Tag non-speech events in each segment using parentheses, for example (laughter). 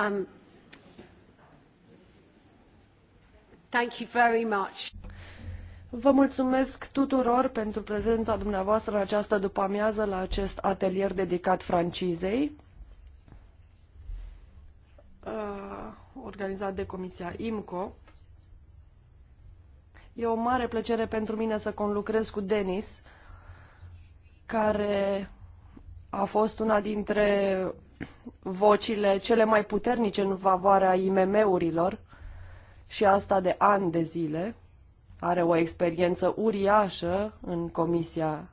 Um, Vă mulțumesc tuturor pentru prezența dumneavoastră în această după-amiază la acest atelier dedicat francizei, uh, organizat de Comisia IMCO. E o mare plăcere pentru mine să conlucrez cu Denis, care a fost una dintre vocile cele mai puternice în favoarea IMM-urilor și asta de ani de zile. Are o experiență uriașă în comisia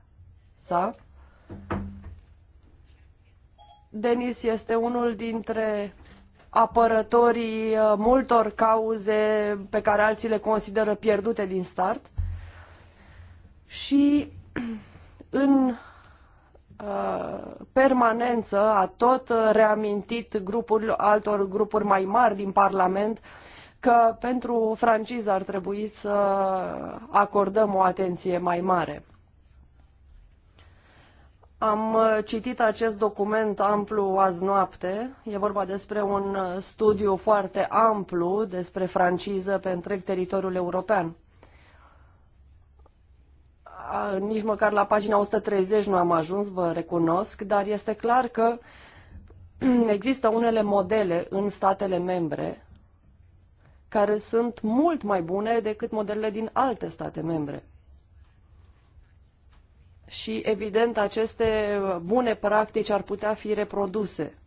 sa. Denis este unul dintre apărătorii uh, multor cauze pe care alții le consideră pierdute din start. Și (clears throat) în Uh, permanență a tot reamintit grupul, altor grupuri mai mari din Parlament că pentru franciză ar trebui să acordăm o atenție mai mare. Am citit acest document amplu azi noapte. E vorba despre un studiu foarte amplu despre franciză pe întreg teritoriul european nici măcar la pagina 130 nu am ajuns, vă recunosc, dar este clar că (clears throat) există unele modele în statele membre care sunt mult mai bune decât modelele din alte state membre. Și, evident, aceste bune practici ar putea fi reproduse.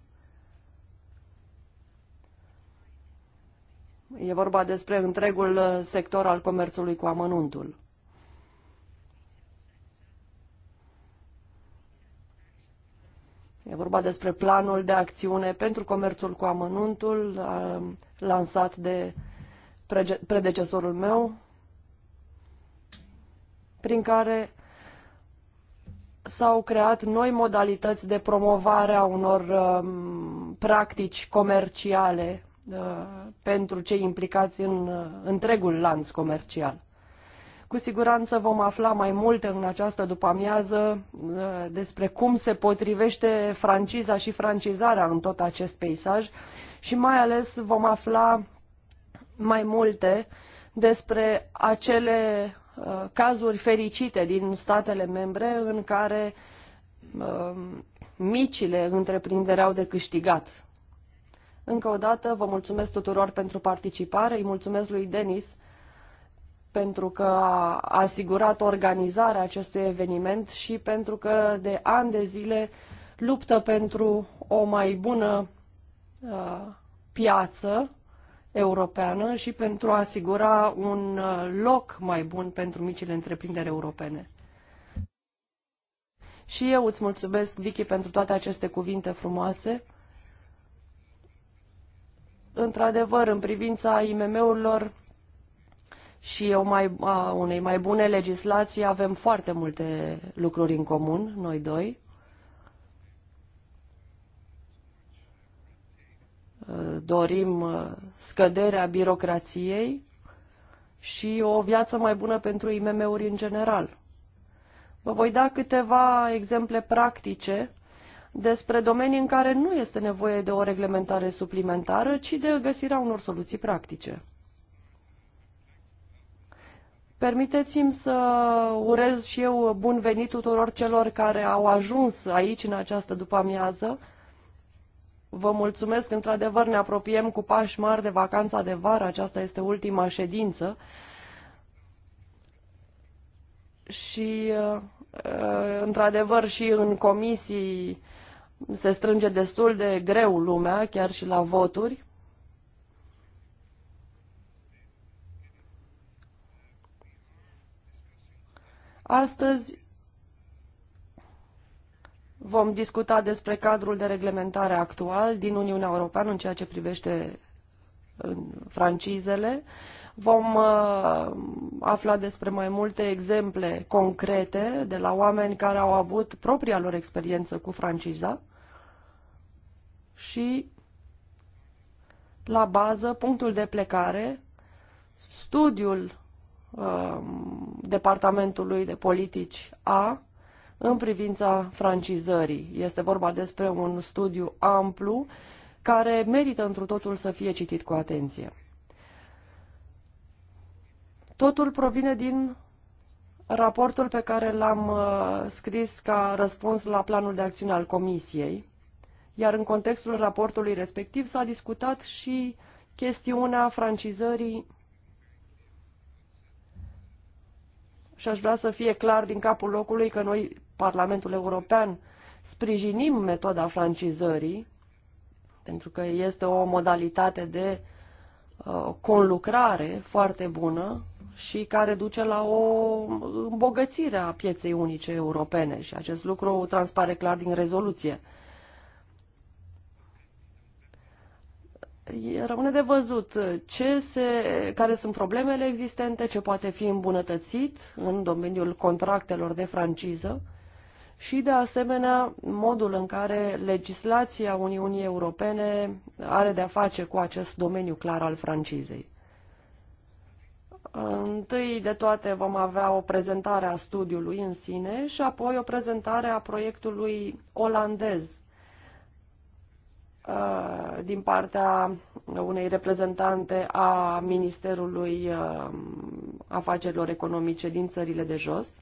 E vorba despre întregul sector al comerțului cu amănuntul. E vorba despre planul de acțiune pentru comerțul cu amănuntul um, lansat de predecesorul meu, prin care s-au creat noi modalități de promovare a unor um, practici comerciale uh, pentru cei implicați în uh, întregul lanț comercial. Cu siguranță vom afla mai multe în această după-amiază uh, despre cum se potrivește franciza și francizarea în tot acest peisaj și mai ales vom afla mai multe despre acele uh, cazuri fericite din statele membre în care uh, micile întreprinderi au de câștigat. Încă o dată vă mulțumesc tuturor pentru participare, îi mulțumesc lui Denis pentru că a asigurat organizarea acestui eveniment și pentru că de ani de zile luptă pentru o mai bună uh, piață europeană și pentru a asigura un uh, loc mai bun pentru micile întreprinderi europene. Și eu îți mulțumesc, Vicky, pentru toate aceste cuvinte frumoase. Într-adevăr, în privința IMM-urilor, și o mai, a unei mai bune legislații avem foarte multe lucruri în comun, noi doi. Dorim scăderea birocrației și o viață mai bună pentru IMM-uri în general. Vă voi da câteva exemple practice despre domenii în care nu este nevoie de o reglementare suplimentară, ci de găsirea unor soluții practice. Permiteți-mi să urez și eu bun venit tuturor celor care au ajuns aici în această după-amiază. Vă mulțumesc, într-adevăr ne apropiem cu pași mari de vacanța de vară, aceasta este ultima ședință. Și, uh, într-adevăr, și în comisii se strânge destul de greu lumea, chiar și la voturi. Astăzi vom discuta despre cadrul de reglementare actual din Uniunea Europeană în ceea ce privește francizele. Vom uh, afla despre mai multe exemple concrete de la oameni care au avut propria lor experiență cu franciza și la bază, punctul de plecare, studiul uh, Departamentului de Politici A în privința francizării. Este vorba despre un studiu amplu care merită întru totul să fie citit cu atenție. Totul provine din raportul pe care l-am uh, scris ca răspuns la planul de acțiune al Comisiei, iar în contextul raportului respectiv s-a discutat și chestiunea francizării și aș vrea să fie clar din capul locului că noi, Parlamentul European, sprijinim metoda francizării, pentru că este o modalitate de uh, conlucrare foarte bună și care duce la o îmbogățire a pieței unice europene și acest lucru transpare clar din rezoluție. rămâne de văzut ce se, care sunt problemele existente, ce poate fi îmbunătățit în domeniul contractelor de franciză și, de asemenea, modul în care legislația Uniunii Europene are de-a face cu acest domeniu clar al francizei. Întâi de toate vom avea o prezentare a studiului în sine și apoi o prezentare a proiectului olandez Uh, din partea unei reprezentante a Ministerului uh, Afacerilor Economice din țările de jos,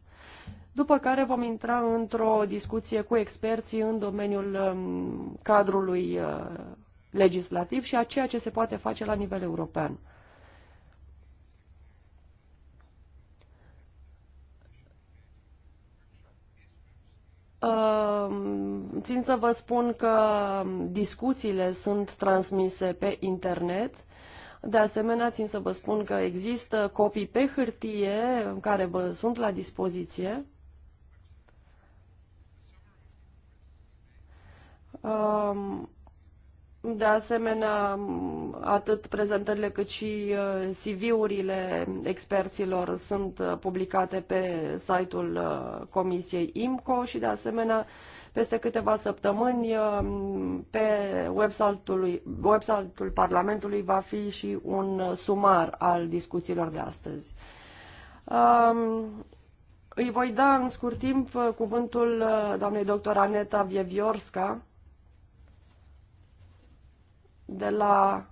după care vom intra într-o discuție cu experții în domeniul um, cadrului uh, legislativ și a ceea ce se poate face la nivel european. Uh, țin să vă spun că discuțiile sunt transmise pe internet. De asemenea, țin să vă spun că există copii pe hârtie care vă sunt la dispoziție. Um, de asemenea, atât prezentările cât și uh, CV-urile experților sunt uh, publicate pe site-ul uh, Comisiei IMCO și, de asemenea, peste câteva săptămâni um, pe website-ul website Parlamentului va fi și un sumar al discuțiilor de astăzi. Um, îi voi da în scurt timp cuvântul uh, doamnei doctor Aneta Vieviorska de la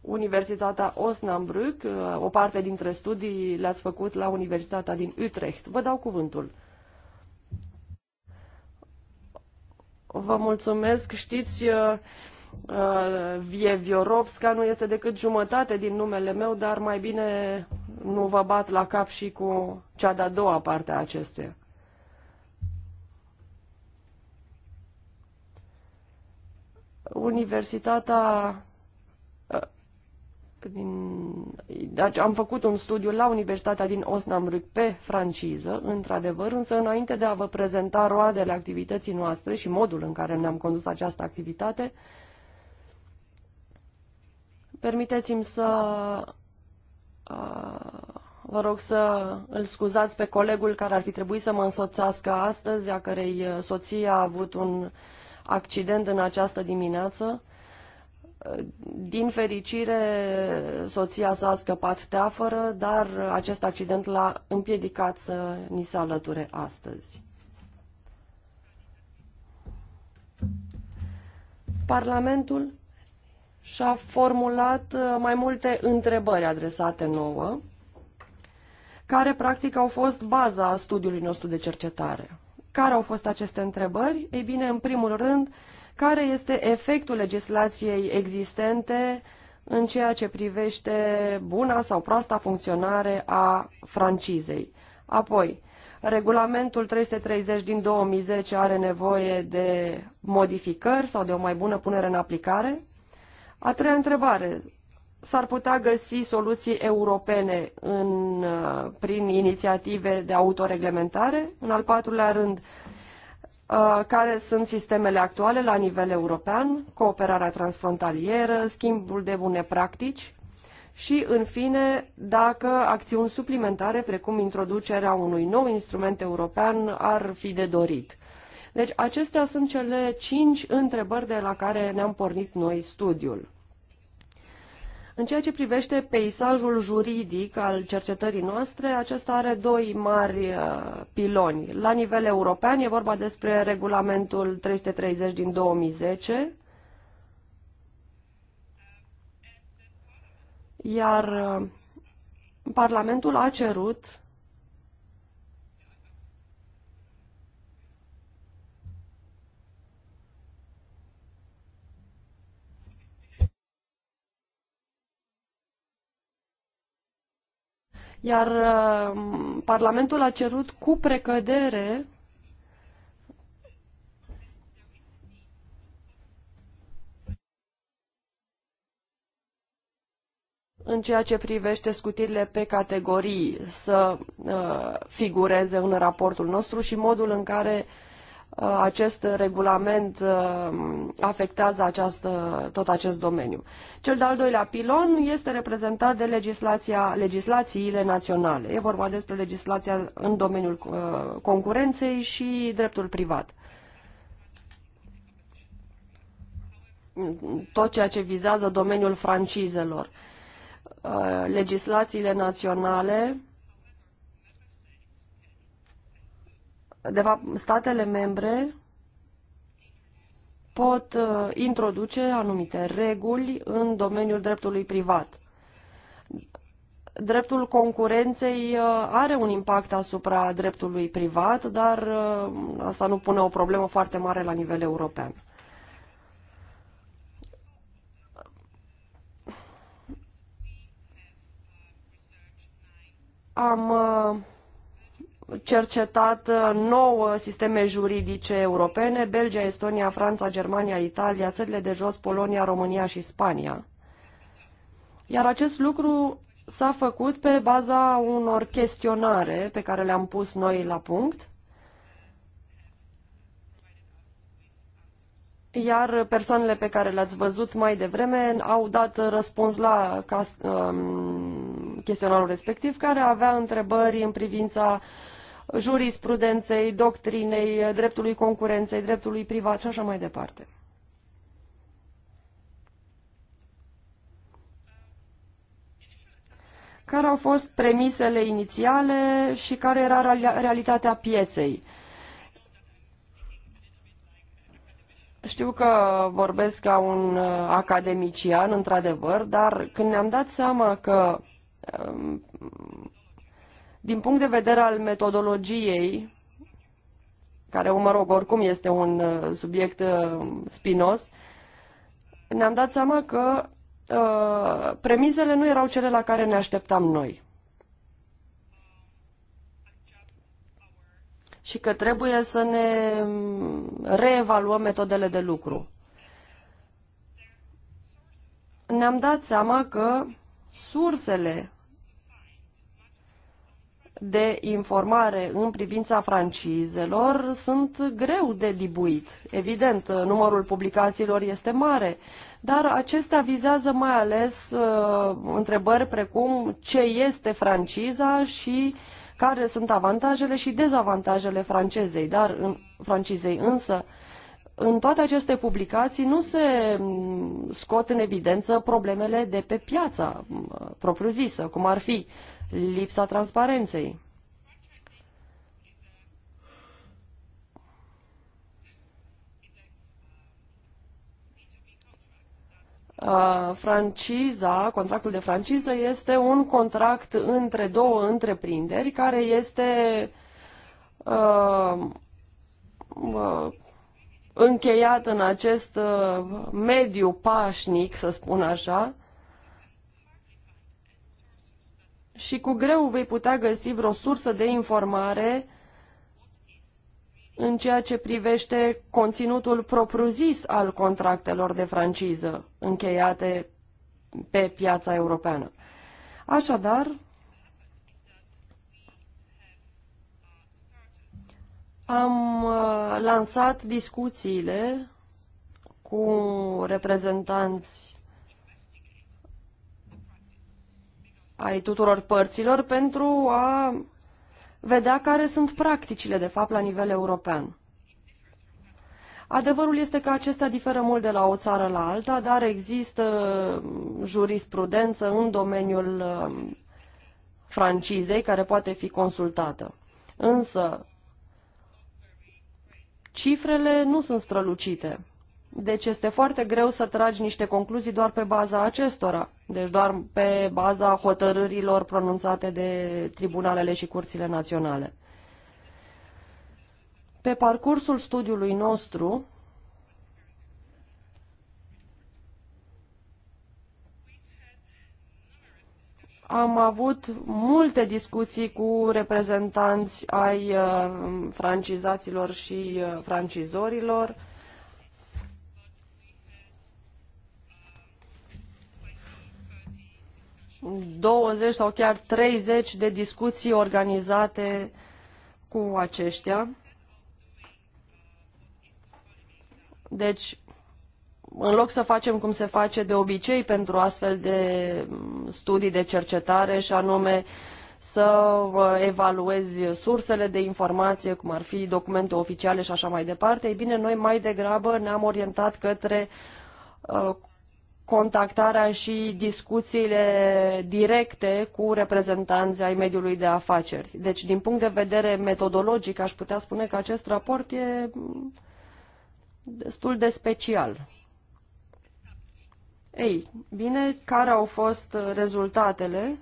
Universitatea Osnabrück. Uh, o parte dintre studii le-ați făcut la Universitatea din Utrecht. Vă dau cuvântul. Vă mulțumesc, știți, uh, uh, Vieviorovska nu este decât jumătate din numele meu, dar mai bine nu vă bat la cap și cu cea de-a doua parte a acestuia. Universitatea uh, din... Deci am făcut un studiu la Universitatea din Osnabrück pe franciză, într-adevăr, însă înainte de a vă prezenta roadele activității noastre și modul în care ne-am condus această activitate, permiteți-mi să vă rog să îl scuzați pe colegul care ar fi trebuit să mă însoțească astăzi, a cărei soție a avut un accident în această dimineață. Din fericire, soția s-a scăpat teafără, dar acest accident l-a împiedicat să ni se alăture astăzi. Parlamentul și-a formulat uh, mai multe întrebări adresate nouă, care practic au fost baza studiului nostru de cercetare. Care au fost aceste întrebări? Ei bine, în primul rând, care este efectul legislației existente în ceea ce privește buna sau proasta funcționare a francizei. Apoi, regulamentul 330 din 2010 are nevoie de modificări sau de o mai bună punere în aplicare? A treia întrebare, s-ar putea găsi soluții europene în, prin inițiative de autoreglementare? În al patrulea rând, Uh, care sunt sistemele actuale la nivel european, cooperarea transfrontalieră, schimbul de bune practici și, în fine, dacă acțiuni suplimentare, precum introducerea unui nou instrument european, ar fi de dorit. Deci acestea sunt cele cinci întrebări de la care ne-am pornit noi studiul. În ceea ce privește peisajul juridic al cercetării noastre, acesta are doi mari uh, piloni. La nivel european e vorba despre regulamentul 330 din 2010, iar uh, Parlamentul a cerut Iar uh, Parlamentul a cerut cu precădere în ceea ce privește scutirile pe categorii să uh, figureze în raportul nostru și modul în care uh, Uh, acest regulament uh, afectează această, tot acest domeniu. Cel de-al doilea pilon este reprezentat de legislația, legislațiile naționale. E vorba despre legislația în domeniul uh, concurenței și dreptul privat. Tot ceea ce vizează domeniul francizelor. Legislațiile naționale de fapt, statele membre pot uh, introduce anumite reguli în domeniul dreptului privat. Dreptul concurenței uh, are un impact asupra dreptului privat, dar uh, asta nu pune o problemă foarte mare la nivel european. Am cercetat uh, nouă uh, sisteme juridice europene, Belgia, Estonia, Franța, Germania, Italia, țările de jos, Polonia, România și Spania. Iar acest lucru s-a făcut pe baza unor chestionare pe care le-am pus noi la punct, iar persoanele pe care le-ați văzut mai devreme au dat răspuns la um, chestionarul respectiv, care avea întrebări în privința jurisprudenței, doctrinei, dreptului concurenței, dreptului privat și așa mai departe. Care au fost premisele inițiale și care era realitatea pieței? Știu că vorbesc ca un uh, academician, într-adevăr, dar când ne-am dat seama că um, din punct de vedere al metodologiei, care, mă rog, oricum este un uh, subiect uh, spinos, ne-am dat seama că uh, premizele nu erau cele la care ne așteptam noi. Și că trebuie să ne um, reevaluăm metodele de lucru. Ne-am dat seama că sursele de informare în privința francizelor sunt greu de dibuit. Evident, numărul publicațiilor este mare, dar acestea vizează mai ales uh, întrebări precum ce este franciza și care sunt avantajele și dezavantajele francezei, dar în, francizei însă în toate aceste publicații nu se mm, scot în evidență problemele de pe piața mm, propriu-zisă, cum ar fi uh, lipsa transparenței. franciza, contractul de franciză este un contract între două întreprinderi care este uh, uh, încheiat în acest mediu pașnic, să spun așa, și cu greu vei putea găsi vreo sursă de informare în ceea ce privește conținutul propriu-zis al contractelor de franciză încheiate pe piața europeană. Așadar, am uh, lansat discuțiile cu reprezentanți ai tuturor părților pentru a vedea care sunt practicile, de fapt, la nivel european. Adevărul este că acestea diferă mult de la o țară la alta, dar există jurisprudență în domeniul um, francizei care poate fi consultată. Însă, cifrele nu sunt strălucite. Deci este foarte greu să tragi niște concluzii doar pe baza acestora, deci doar pe baza hotărârilor pronunțate de tribunalele și curțile naționale. Pe parcursul studiului nostru, am avut multe discuții cu reprezentanți ai uh, francizaților și uh, francizorilor, 20 sau chiar 30 de discuții organizate cu aceștia. Deci, în loc să facem cum se face de obicei pentru astfel de studii de cercetare și anume să uh, evaluezi sursele de informație, cum ar fi documente oficiale și așa mai departe, ei bine, noi mai degrabă ne-am orientat către uh, contactarea și discuțiile directe cu reprezentanții ai mediului de afaceri. Deci, din punct de vedere metodologic, aș putea spune că acest raport e destul de special. Ei, bine, care au fost rezultatele?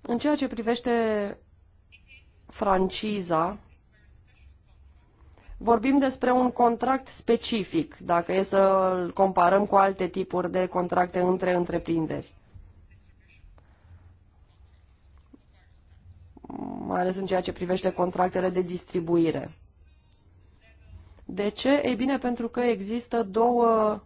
În ceea ce privește franciza, Vorbim despre un contract specific, dacă e să îl comparăm cu alte tipuri de contracte între întreprinderi. mai ales în ceea ce privește contractele de distribuire. De ce? Ei bine, pentru că există două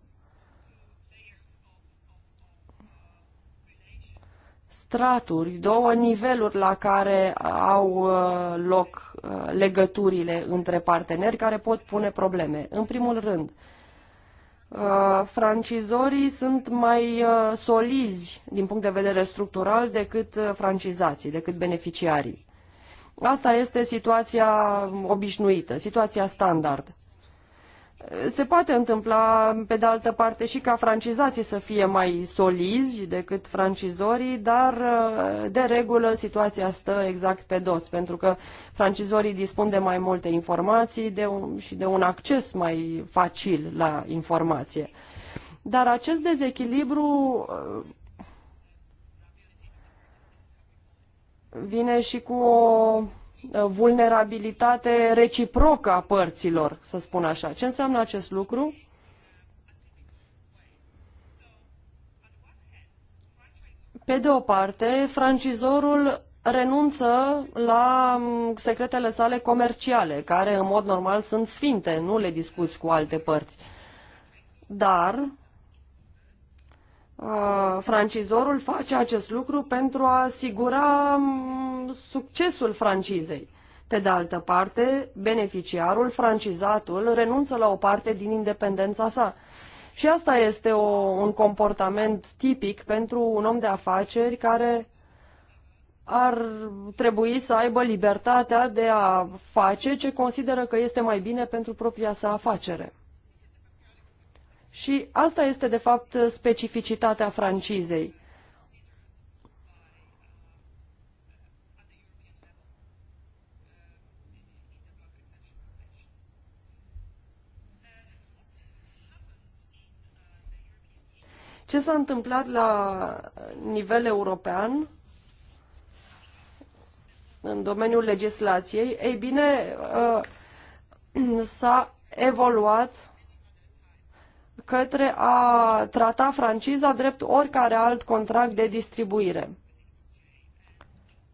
straturi, două niveluri la care au uh, loc uh, legăturile între parteneri care pot pune probleme. În primul rând, uh, francizorii sunt mai solizi din punct de vedere structural decât francizații, decât beneficiarii. Asta este situația obișnuită, situația standard se poate întâmpla, pe de altă parte, și ca francizații să fie mai solizi decât francizorii, dar uh, de regulă situația stă exact pe dos, pentru că francizorii dispun de mai multe informații de un, și de un acces mai facil la informație. Dar acest dezechilibru uh, vine și cu o Uh, vulnerabilitate reciprocă a părților, să spun așa. Ce înseamnă acest lucru? Pe de o parte, francizorul renunță la mm, secretele sale comerciale, care în mod normal sunt sfinte, nu le discuți cu alte părți. Dar Uh, francizorul face acest lucru pentru a asigura mm, succesul francizei. Pe de altă parte, beneficiarul, francizatul, renunță la o parte din independența sa. Și asta este o, un comportament tipic pentru un om de afaceri care ar trebui să aibă libertatea de a face ce consideră că este mai bine pentru propria sa afacere. Și asta este, de fapt, specificitatea francizei. Ce s-a întâmplat la nivel european în domeniul legislației? Ei bine, uh, s-a evoluat către a trata franciza drept oricare alt contract de distribuire.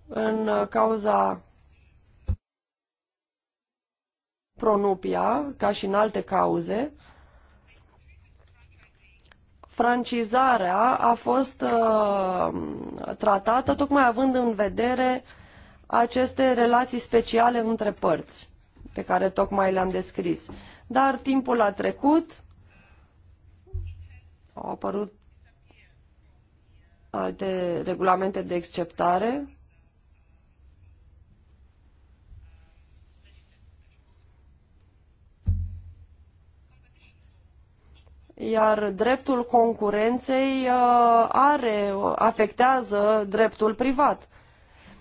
În cauza Pronupia, ca și în alte cauze, francizarea a fost uh, tratată tocmai având în vedere aceste relații speciale între părți pe care tocmai le-am descris. Dar timpul a trecut, au apărut alte regulamente de exceptare. Iar dreptul concurenței uh, are, afectează dreptul privat.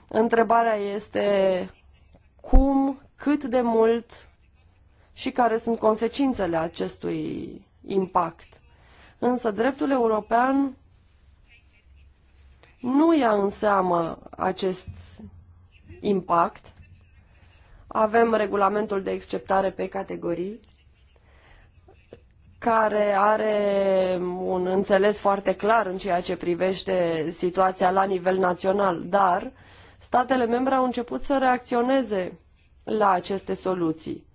Întrebarea este cum, cât de mult și care sunt consecințele acestui impact. Însă dreptul european nu ia în seamă acest impact. Avem regulamentul de exceptare pe categorii, care are un înțeles foarte clar în ceea ce privește situația la nivel național, dar statele membre au început să reacționeze la aceste soluții.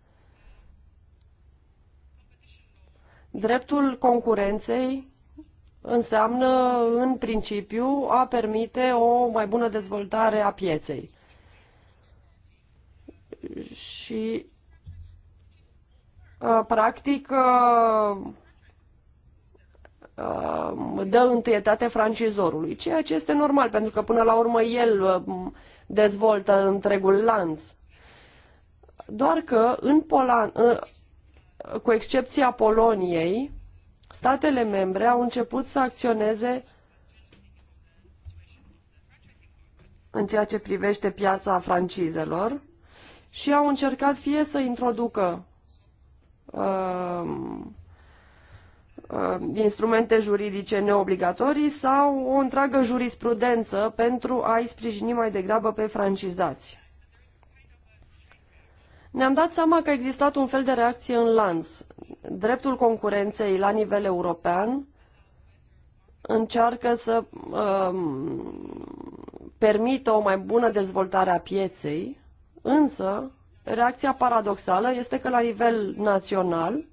Dreptul concurenței înseamnă, în principiu, a permite o mai bună dezvoltare a pieței. Și, uh, practic, uh, uh, dă întâietate francizorului, ceea ce este normal, pentru că până la urmă el dezvoltă întregul lanț. Doar că în, Polan, cu excepția Poloniei, statele membre au început să acționeze în ceea ce privește piața francizelor și au încercat fie să introducă uh, uh, instrumente juridice neobligatorii sau o întreagă jurisprudență pentru a-i sprijini mai degrabă pe francizați. Ne-am dat seama că a existat un fel de reacție în lanț. Dreptul concurenței la nivel european încearcă să um, permită o mai bună dezvoltare a pieței, însă reacția paradoxală este că la nivel național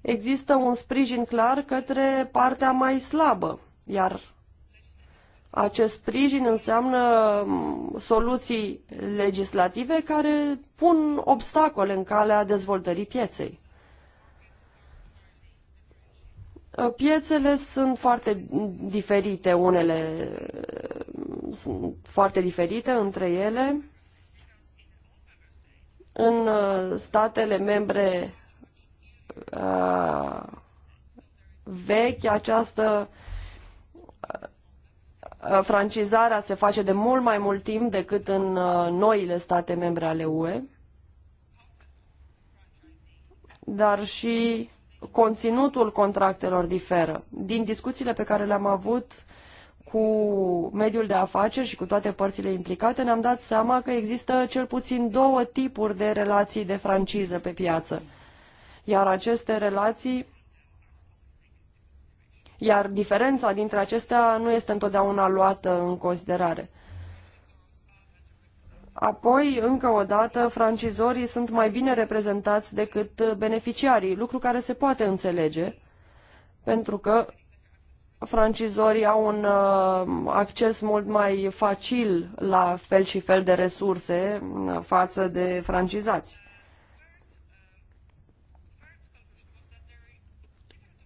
există un sprijin clar către partea mai slabă, iar acest sprijin înseamnă soluții legislative care pun obstacole în calea dezvoltării pieței. Ă, piețele sunt foarte diferite, unele sunt foarte diferite între ele. În ă, statele membre ă, vechi această Uh, francizarea se face de mult mai mult timp decât în uh, noile state membre ale UE, dar și conținutul contractelor diferă. Din discuțiile pe care le-am avut cu mediul de afaceri și cu toate părțile implicate, ne-am dat seama că există cel puțin două tipuri de relații de franciză pe piață. Iar aceste relații iar diferența dintre acestea nu este întotdeauna luată în considerare. Apoi, încă o dată, francizorii sunt mai bine reprezentați decât beneficiarii, lucru care se poate înțelege, pentru că francizorii au un uh, acces mult mai facil la fel și fel de resurse uh, față de francizați.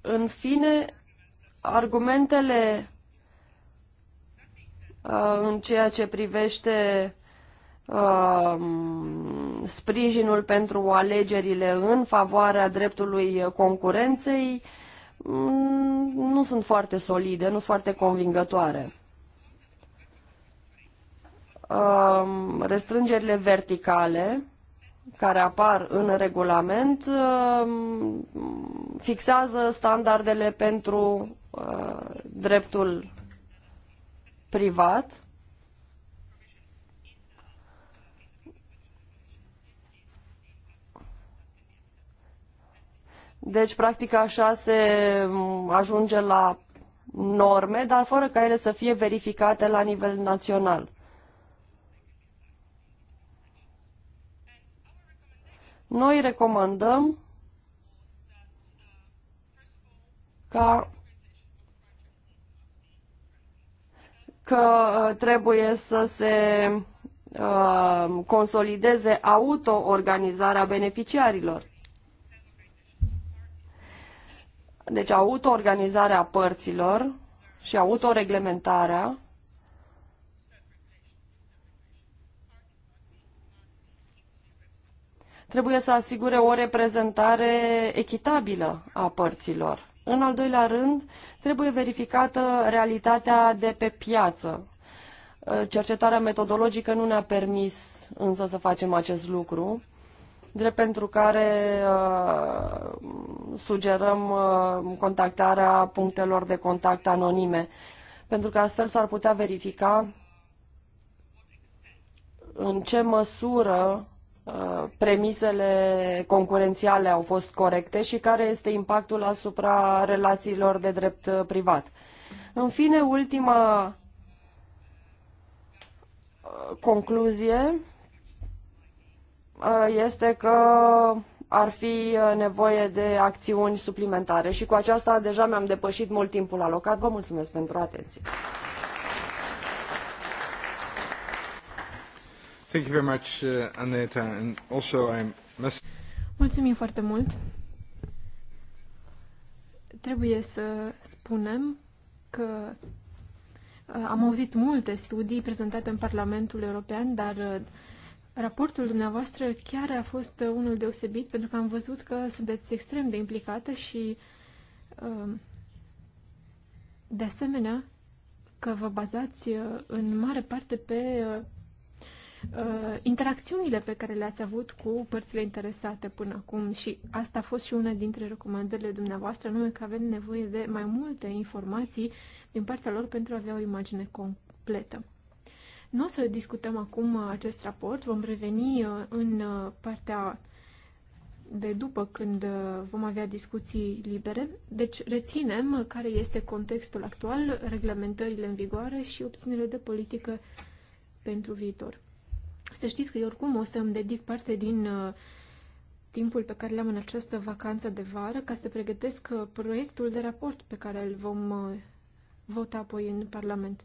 În fine, argumentele uh, în ceea ce privește uh, sprijinul pentru alegerile în favoarea dreptului concurenței mm, nu sunt foarte solide, nu sunt foarte convingătoare. Uh, restrângerile verticale care apar în regulament fixează standardele pentru Uh, dreptul privat. Deci, practic, așa se ajunge la norme, dar fără ca ele să fie verificate la nivel național. Noi recomandăm ca că uh, trebuie să se uh, consolideze autoorganizarea beneficiarilor. Deci autoorganizarea părților și autoreglementarea trebuie să asigure o reprezentare echitabilă a părților. În al doilea rând, trebuie verificată realitatea de pe piață. Uh, cercetarea metodologică nu ne-a permis însă să facem acest lucru, drept pentru care uh, sugerăm uh, contactarea punctelor de contact anonime, pentru că astfel s-ar putea verifica în ce măsură Uh, premisele concurențiale au fost corecte și care este impactul asupra relațiilor de drept uh, privat. În fine, ultima uh, concluzie este că ar fi nevoie de acțiuni suplimentare și cu aceasta deja mi-am depășit mult timpul alocat. Vă mulțumesc pentru atenție. Thank you very much, uh, Aneta. And also Mulțumim foarte mult. Trebuie să spunem că uh, am auzit multe studii prezentate în Parlamentul European, dar uh, raportul dumneavoastră chiar a fost uh, unul deosebit, pentru că am văzut că sunteți extrem de implicată și, de asemenea, că vă bazați în mare parte pe uh, interacțiunile pe care le-ați avut cu părțile interesate până acum și asta a fost și una dintre recomandările dumneavoastră, anume că avem nevoie de mai multe informații din partea lor pentru a avea o imagine completă. Nu o să discutăm acum uh, acest raport, vom reveni uh, în uh, partea de după când vom avea discuții libere. Deci reținem care este contextul actual, reglementările în vigoare și opțiunile de politică pentru viitor. Să știți că eu oricum o să îmi dedic parte din uh, timpul pe care l-am în această vacanță de vară ca să pregătesc uh, proiectul de raport pe care îl vom uh, vota apoi în Parlament.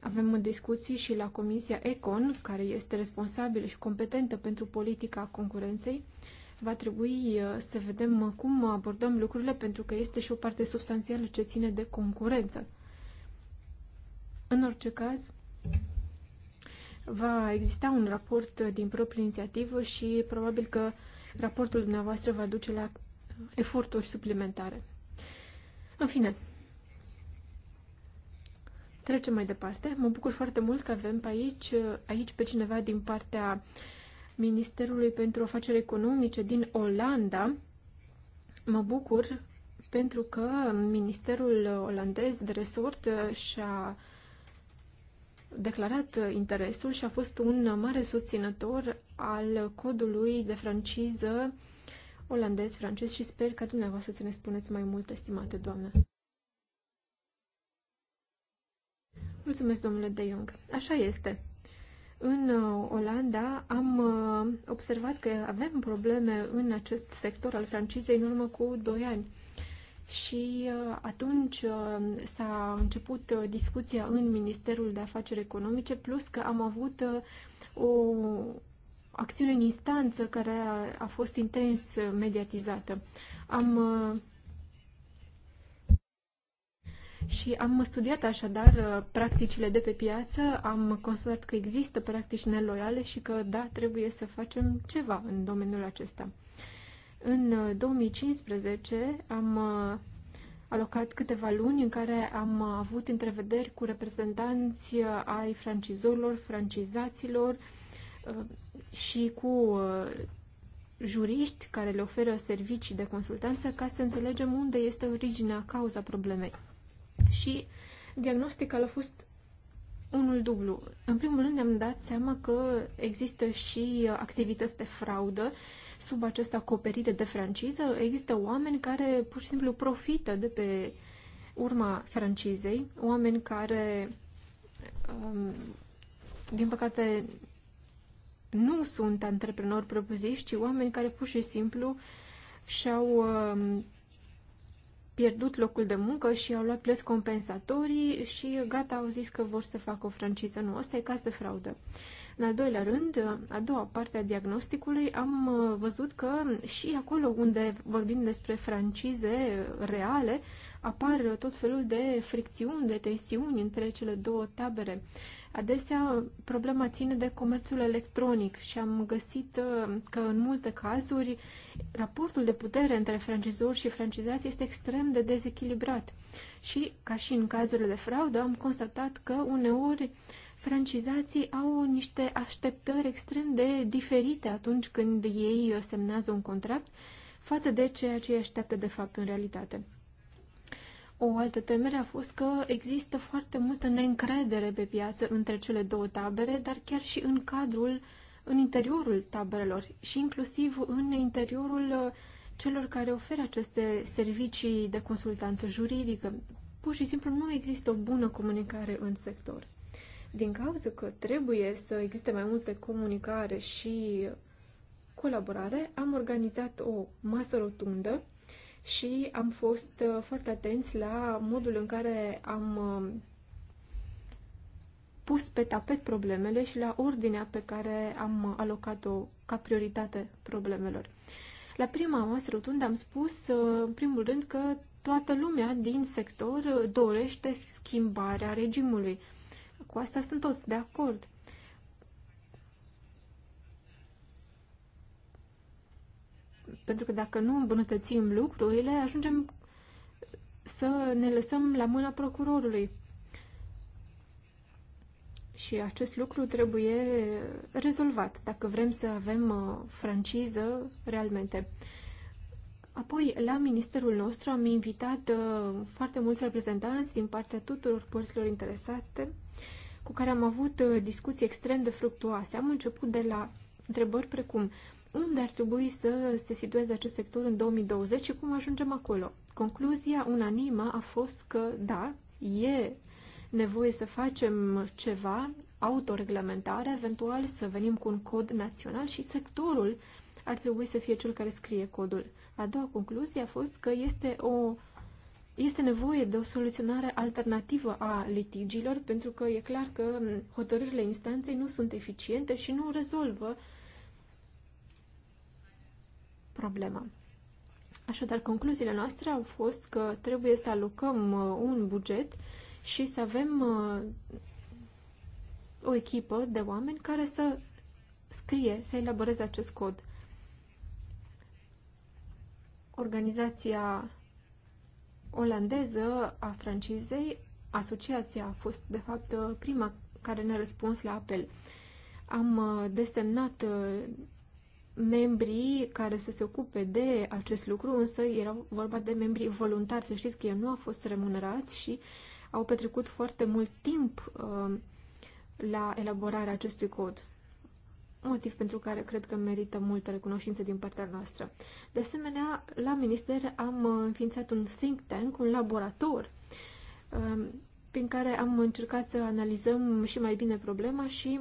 Avem discuții și la Comisia Econ, care este responsabilă și competentă pentru politica concurenței. Va trebui să vedem cum abordăm lucrurile, pentru că este și o parte substanțială ce ține de concurență. În orice caz, va exista un raport din proprie inițiativă și probabil că raportul dumneavoastră va duce la eforturi suplimentare. În fine, trecem mai departe. Mă bucur foarte mult că avem pe aici, aici pe cineva din partea Ministerului pentru Afaceri Economice din Olanda. Mă bucur pentru că Ministerul Olandez de Resort și-a uh, declarat interesul și a fost un mare susținător al codului de franciză olandez, francez și sper că dumneavoastră să ne spuneți mai mult, estimate doamnă. Mulțumesc, domnule De Jong. Așa este. În uh, Olanda am uh, observat că avem probleme în acest sector al francizei în urmă cu 2 ani și uh, atunci uh, s-a început uh, discuția în Ministerul de Afaceri Economice, plus că am avut o acțiune în instanță care a, fost intens mediatizată. Am și am studiat așadar practicile de pe piață, am constatat că există practici neloiale și că, da, trebuie să facem ceva în domeniul acesta. În 2015 uh, am uh, alocat câteva luni în care am uh, avut întrevederi cu reprezentanți ai francizorilor, francizaților și cu juriști care le oferă servicii de consultanță ca să înțelegem unde este originea, cauza problemei. Și diagnosticul a fost unul dublu. În primul rând ne-am dat seama că există și activități de fraudă sub această acoperire de franciză, există oameni care pur și simplu profită de pe urma francizei, oameni care, um, din păcate, nu sunt antreprenori propuziști, ci oameni care pur și simplu și-au um, pierdut locul de muncă și au luat plăți compensatorii și gata, au zis că vor să facă o franciză. Nu, asta e caz de fraudă. În al doilea rând, a doua parte a diagnosticului, am uh, văzut că și acolo unde vorbim despre francize reale, apar tot felul de fricțiuni, de tensiuni între cele două tabere. Adesea, problema ține de comerțul electronic și am găsit uh, că în multe cazuri raportul de putere între francizori și francizați este extrem de dezechilibrat. Și, ca și în cazurile de fraudă, am constatat că uneori francizații au niște așteptări extrem de diferite atunci când ei semnează un contract față de ceea ce îi așteaptă de fapt în realitate. O altă temere a fost că există foarte multă neîncredere pe piață între cele două tabere, dar chiar și în cadrul, în interiorul taberelor și inclusiv în interiorul uh, celor care oferă aceste servicii de consultanță juridică. Pur și simplu nu există o bună comunicare în sector. Din cauza că trebuie să existe mai multe comunicare și colaborare, am organizat o masă rotundă și am fost uh, foarte atenți la modul în care am uh, pus pe tapet problemele și la ordinea pe care am alocat-o ca prioritate problemelor. La prima masă rotundă am spus, uh, în primul rând, că toată lumea din sector dorește schimbarea regimului. Cu asta sunt toți de acord. Pentru că dacă nu îmbunătățim lucrurile, ajungem să ne lăsăm la mâna procurorului. Și acest lucru trebuie rezolvat dacă vrem să avem uh, franciză realmente. Apoi, la ministerul nostru am invitat uh, foarte mulți reprezentanți din partea tuturor părților interesate cu care am avut uh, discuții extrem de fructuoase. Am început de la întrebări precum unde ar trebui să se situeze acest sector în 2020 și cum ajungem acolo. Concluzia unanimă a fost că, da, e nevoie să facem ceva, autoreglementare, eventual să venim cu un cod național și sectorul ar trebui să fie cel care scrie codul. A doua concluzie a fost că este o este nevoie de o soluționare alternativă a litigiilor, pentru că e clar că hotărârile instanței nu sunt eficiente și nu rezolvă problema. Așadar, concluziile noastre au fost că trebuie să alocăm uh, un buget și să avem uh, o echipă de oameni care să scrie, să elaboreze acest cod. Organizația olandeză a francizei, asociația a fost, de fapt, prima care ne-a răspuns la apel. Am uh, desemnat uh, membrii care să se ocupe de acest lucru, însă era vorba de membrii voluntari. Să știți că ei nu au fost remunerați și au petrecut foarte mult timp uh, la elaborarea acestui cod motiv pentru care cred că merită multă recunoștință din partea noastră. De asemenea, la minister am înființat un think tank, un laborator, um, prin care am încercat să analizăm și mai bine problema și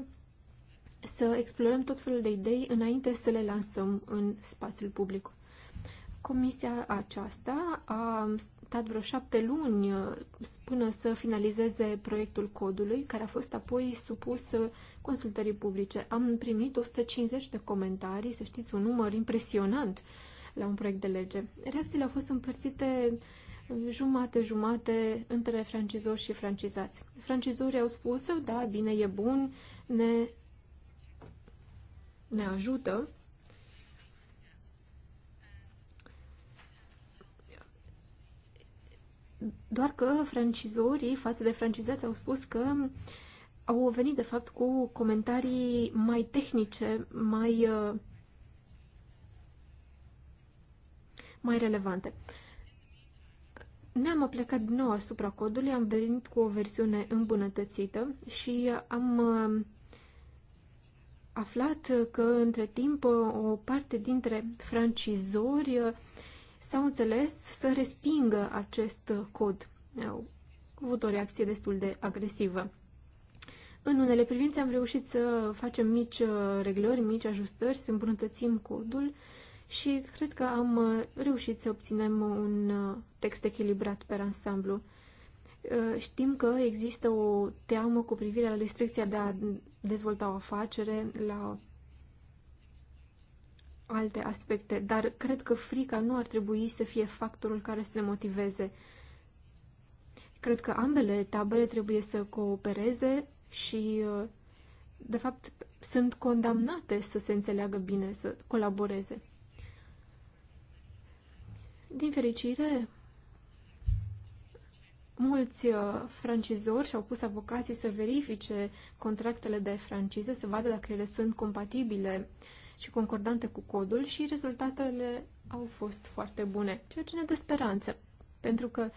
să explorăm tot felul de idei înainte să le lansăm în spațiul public. Comisia aceasta a dat vreo șapte luni uh, până să finalizeze proiectul codului, care a fost apoi supus uh, consultării publice. Am primit 150 de comentarii, să știți, un număr impresionant la un proiect de lege. Reacțiile au fost împărțite jumate-jumate uh, între francizori și francizați. Francizorii au spus, da, bine, e bun, ne, ne ajută, Doar că francizorii, față de francizați, au spus că au venit, de fapt, cu comentarii mai tehnice, mai, uh, mai relevante. Ne-am aplicat din nou asupra codului, am venit cu o versiune îmbunătățită și am uh, aflat că, între timp, o parte dintre francizori uh, s-au înțeles să respingă acest cod. Au avut o reacție destul de agresivă. În unele privințe am reușit să facem mici uh, reglări, mici ajustări, să îmbunătățim codul și cred că am uh, reușit să obținem un uh, text echilibrat pe ansamblu. Știm că există o teamă cu privire la restricția de a dezvolta o afacere, la alte aspecte, dar cred că frica nu ar trebui să fie factorul care să ne motiveze. Cred că ambele tabele trebuie să coopereze și, de fapt, sunt condamnate să se înțeleagă bine, să colaboreze. Din fericire, mulți uh, francizori și-au pus avocații să verifice contractele de franciză, să vadă dacă ele sunt compatibile uh, și concordante cu codul și rezultatele au fost foarte bune, ceea ce ne dă speranță. Pentru că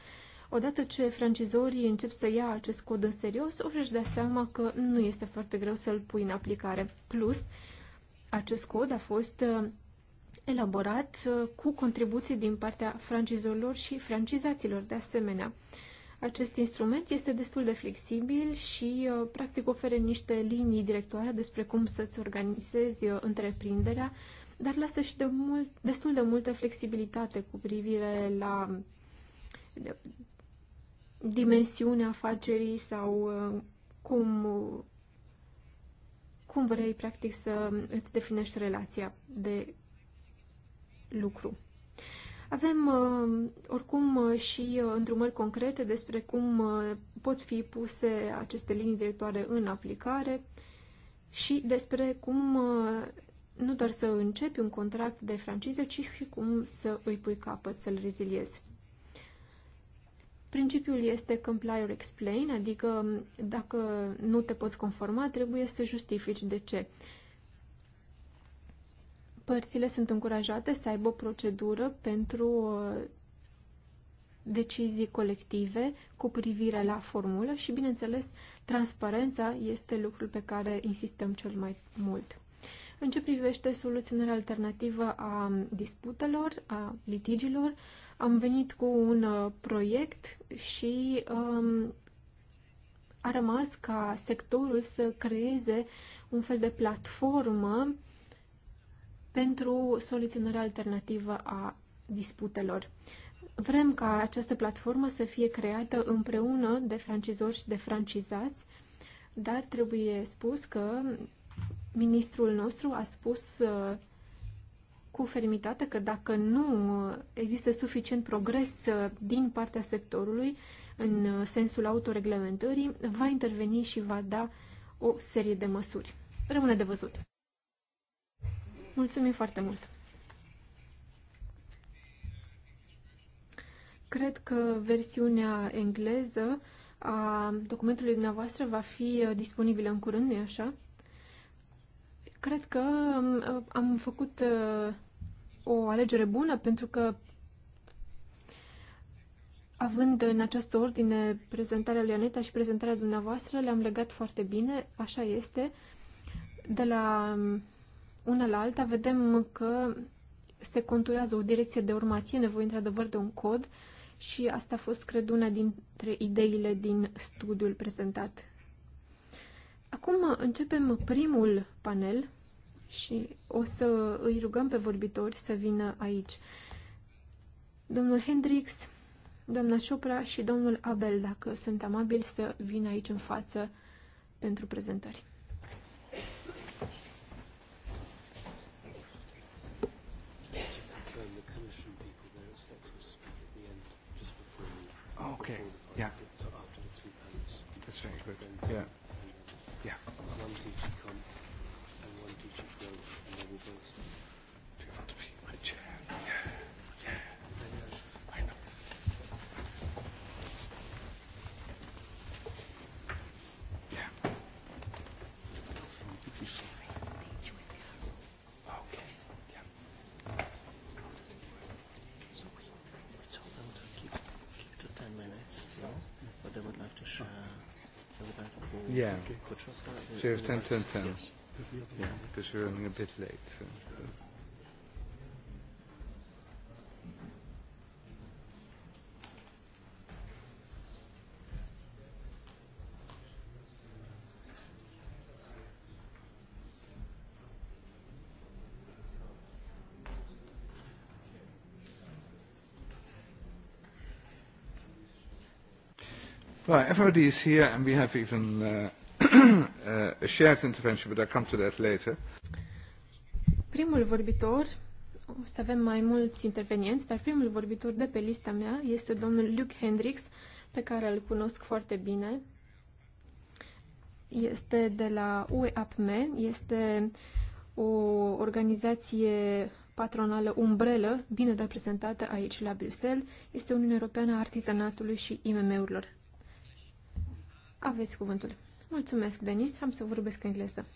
odată ce francizorii încep să ia acest cod în serios, o să-și dea seama că nu este foarte greu să-l pui în aplicare. Plus, acest cod a fost uh, elaborat uh, cu contribuții din partea francizorilor și francizaților de asemenea. Acest instrument este destul de flexibil și uh, practic oferă niște linii directoare despre cum să-ți organizezi uh, întreprinderea, dar lasă și de mult, destul de multă flexibilitate cu privire la dimensiunea afacerii sau uh, cum, cum vrei practic să îți definești relația de lucru. Avem uh, oricum uh, și uh, îndrumări concrete despre cum pot fi puse aceste linii directoare în aplicare și despre cum nu doar să începi un contract de franciză, ci și cum să îi pui capăt, să-l reziliezi. Principiul este comply or explain, adică dacă nu te poți conforma, trebuie să justifici de ce părțile sunt încurajate să aibă o procedură pentru uh, decizii colective cu privire la formulă și, bineînțeles, transparența este lucrul pe care insistăm cel mai mult. În ce privește soluționarea alternativă a disputelor, a litigilor, am venit cu un uh, proiect și um, a rămas ca sectorul să creeze un fel de platformă pentru soluționarea alternativă a disputelor. Vrem ca această platformă să fie creată împreună de francizori și de francizați, dar trebuie spus că ministrul nostru a spus uh, cu fermitate că dacă nu uh, există suficient progres uh, din partea sectorului în sensul autoreglementării, va interveni și va da o serie de măsuri. Rămâne de văzut. Mulțumim foarte mult! Cred că versiunea engleză a documentului dumneavoastră va fi uh, disponibilă în curând, nu așa? Cred că um, uh, am făcut uh, o alegere bună pentru că având în această ordine prezentarea lui Aneta și prezentarea dumneavoastră, le-am legat foarte bine, așa este. De la um, una la alta, vedem că se conturează o direcție de urmat. E nevoie, într-adevăr, de un cod și asta a fost, cred, una dintre ideile din studiul prezentat. Acum începem primul panel și o să îi rugăm pe vorbitori să vină aici. Domnul Hendrix, doamna Ciopra și domnul Abel, dacă sunt amabili să vină aici în față pentru prezentări. Okay. Yeah. That's very good. Yeah. Yeah. One teacher come and one teacher go, and they will both do 10. So you have 10, 10, 10. Yes. Yeah, because you're running a bit late. So. Right, everybody is here and we have even uh, a shared intervention, but I'll come to that later. Primul vorbitor, o să avem mai mulți intervenienți, dar primul vorbitor de pe lista mea este domnul Luke Hendricks, pe care îl cunosc foarte bine. Este de la UEAPME, este o organizație patronală umbrelă, bine reprezentată aici la Bruxelles, este Uniunea Europeană a Artizanatului și IMM-urilor. Aveți cuvântul. Mulțumesc, Denis. Am să vorbesc engleză.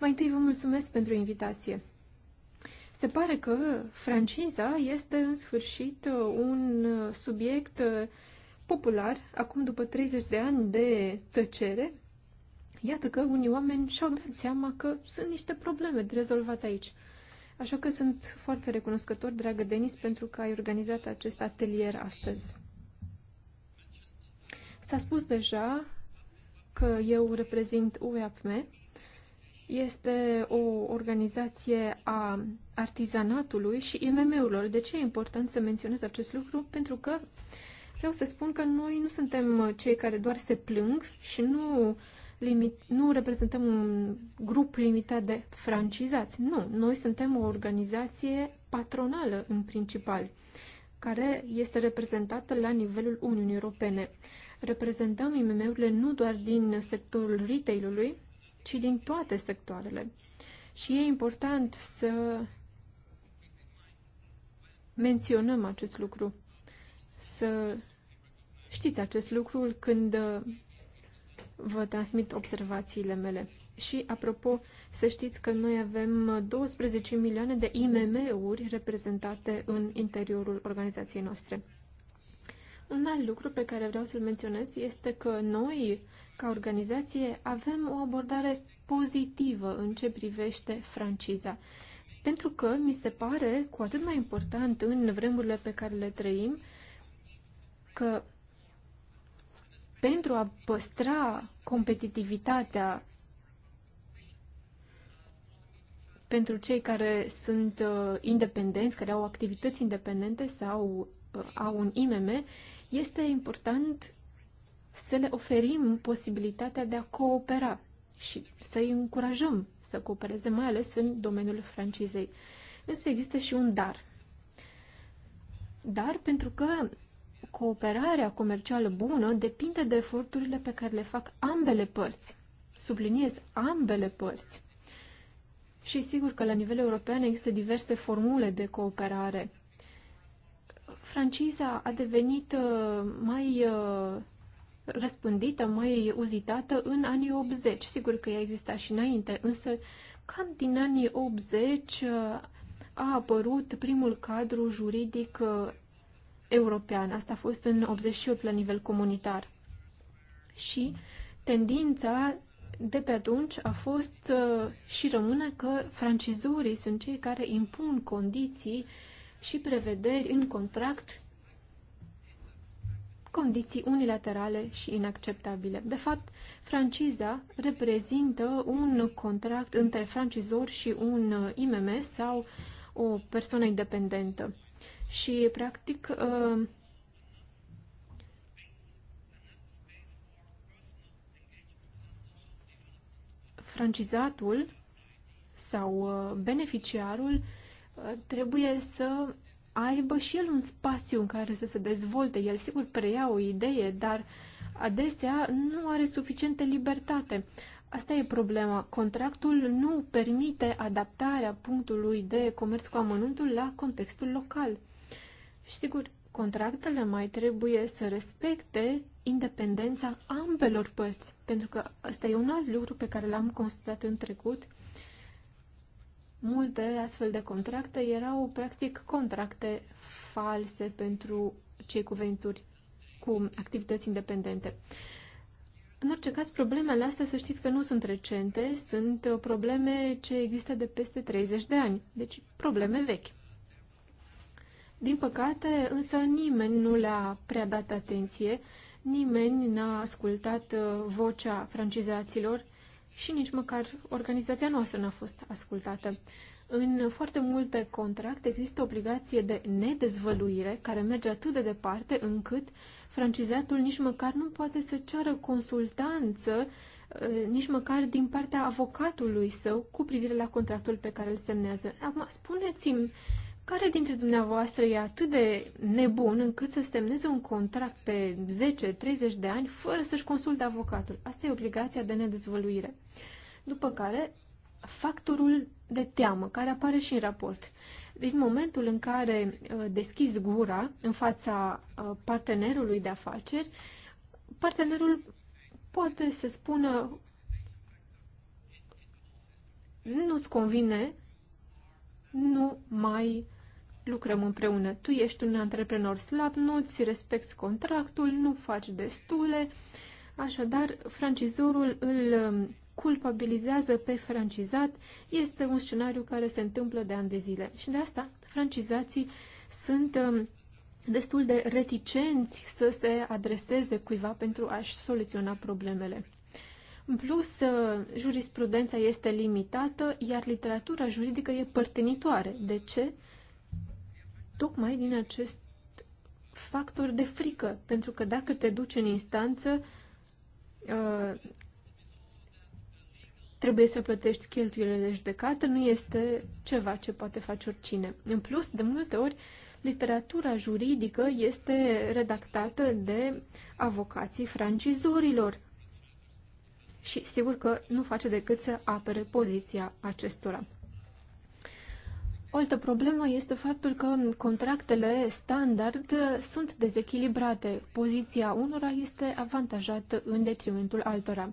Mai întâi vă mulțumesc pentru invitație. Se pare că franciza este în sfârșit un subiect popular, acum după 30 de ani de tăcere. Iată că unii oameni și-au dat seama că sunt niște probleme de rezolvat aici. Așa că sunt foarte recunoscător, dragă Denis, pentru că ai organizat acest atelier astăzi. S-a spus deja că eu reprezint UEAPME. Este o organizație a artizanatului și IMM-urilor. De ce e important să menționez acest lucru? Pentru că vreau să spun că noi nu suntem cei care doar se plâng și nu, limit, nu reprezentăm un grup limitat de francizați. Nu, noi suntem o organizație patronală în principal, care este reprezentată la nivelul Uniunii Europene reprezentăm IMM-urile nu doar din sectorul retailului, ci din toate sectoarele. Și e important să menționăm acest lucru, să știți acest lucru când uh, vă transmit observațiile mele. Și, apropo, să știți că noi avem 12 milioane de IMM-uri reprezentate în interiorul organizației noastre. Un alt lucru pe care vreau să-l menționez este că noi, ca organizație, avem o abordare pozitivă în ce privește franciza. Pentru că mi se pare cu atât mai important în vremurile pe care le trăim că pentru a păstra competitivitatea pentru cei care sunt uh, independenți, care au activități independente sau uh, au un IMM, este important să le oferim posibilitatea de a coopera și să îi încurajăm să coopereze, mai ales în domeniul francizei. Însă există și un dar. Dar pentru că cooperarea comercială bună depinde de eforturile pe care le fac ambele părți. Subliniez ambele părți. Și sigur că la nivel european există diverse formule de cooperare franciza a devenit uh, mai uh, răspândită, mai uzitată în anii 80. Sigur că ea exista și înainte, însă cam din anii 80 uh, a apărut primul cadru juridic european. Asta a fost în 88 la nivel comunitar. Și tendința de pe atunci a fost și rămâne că francizorii sunt cei care impun condiții uh, și prevederi în contract condiții unilaterale și inacceptabile. De fapt, franciza reprezintă un contract între francizor și un uh, IMM sau o persoană independentă. Și, practic, uh, francizatul sau uh, beneficiarul trebuie să aibă și el un spațiu în care să se dezvolte. El sigur preia o idee, dar adesea nu are suficientă libertate. Asta e problema. Contractul nu permite adaptarea punctului de comerț cu amănuntul la contextul local. Și sigur, contractele mai trebuie să respecte independența ambelor părți, pentru că asta e un alt lucru pe care l-am constatat în trecut, multe astfel de contracte erau practic contracte false pentru cei cu venituri cu activități independente. În orice caz, problemele astea, să știți că nu sunt recente, sunt uh, probleme ce există de peste 30 de ani, deci probleme vechi. Din păcate, însă nimeni nu le-a prea dat atenție, nimeni n-a ascultat uh, vocea francizaților, și nici măcar organizația noastră n-a fost ascultată. În foarte multe contracte există obligație de nedezvăluire care merge atât de departe încât francizatul nici măcar nu poate să ceară consultanță eh, nici măcar din partea avocatului său cu privire la contractul pe care îl semnează. Acum, spuneți-mi care dintre dumneavoastră e atât de nebun încât să semneze un contract pe 10-30 de ani fără să-și consulte avocatul? Asta e obligația de nedezvăluire. După care, factorul de teamă, care apare și în raport. Din deci, momentul în care uh, deschizi gura în fața uh, partenerului de afaceri, partenerul poate să spună nu-ți convine, nu mai lucrăm împreună. Tu ești un antreprenor slab, nu-ți respecti contractul, nu faci destule. Așadar, francizorul îl um, culpabilizează pe francizat. Este un scenariu care se întâmplă de ani de zile. Și de asta, francizații sunt um, destul de reticenți să se adreseze cuiva pentru a-și soluționa problemele. În plus, uh, jurisprudența este limitată, iar literatura juridică e părtenitoare. De ce? tocmai din acest factor de frică, pentru că dacă te duci în instanță, uh, trebuie să plătești cheltuielile de judecată, nu este ceva ce poate face oricine. În plus, de multe ori, literatura juridică este redactată de avocații francizorilor și sigur că nu face decât să apere poziția acestora. O altă problemă este faptul că contractele standard sunt dezechilibrate. Poziția unora este avantajată în detrimentul altora.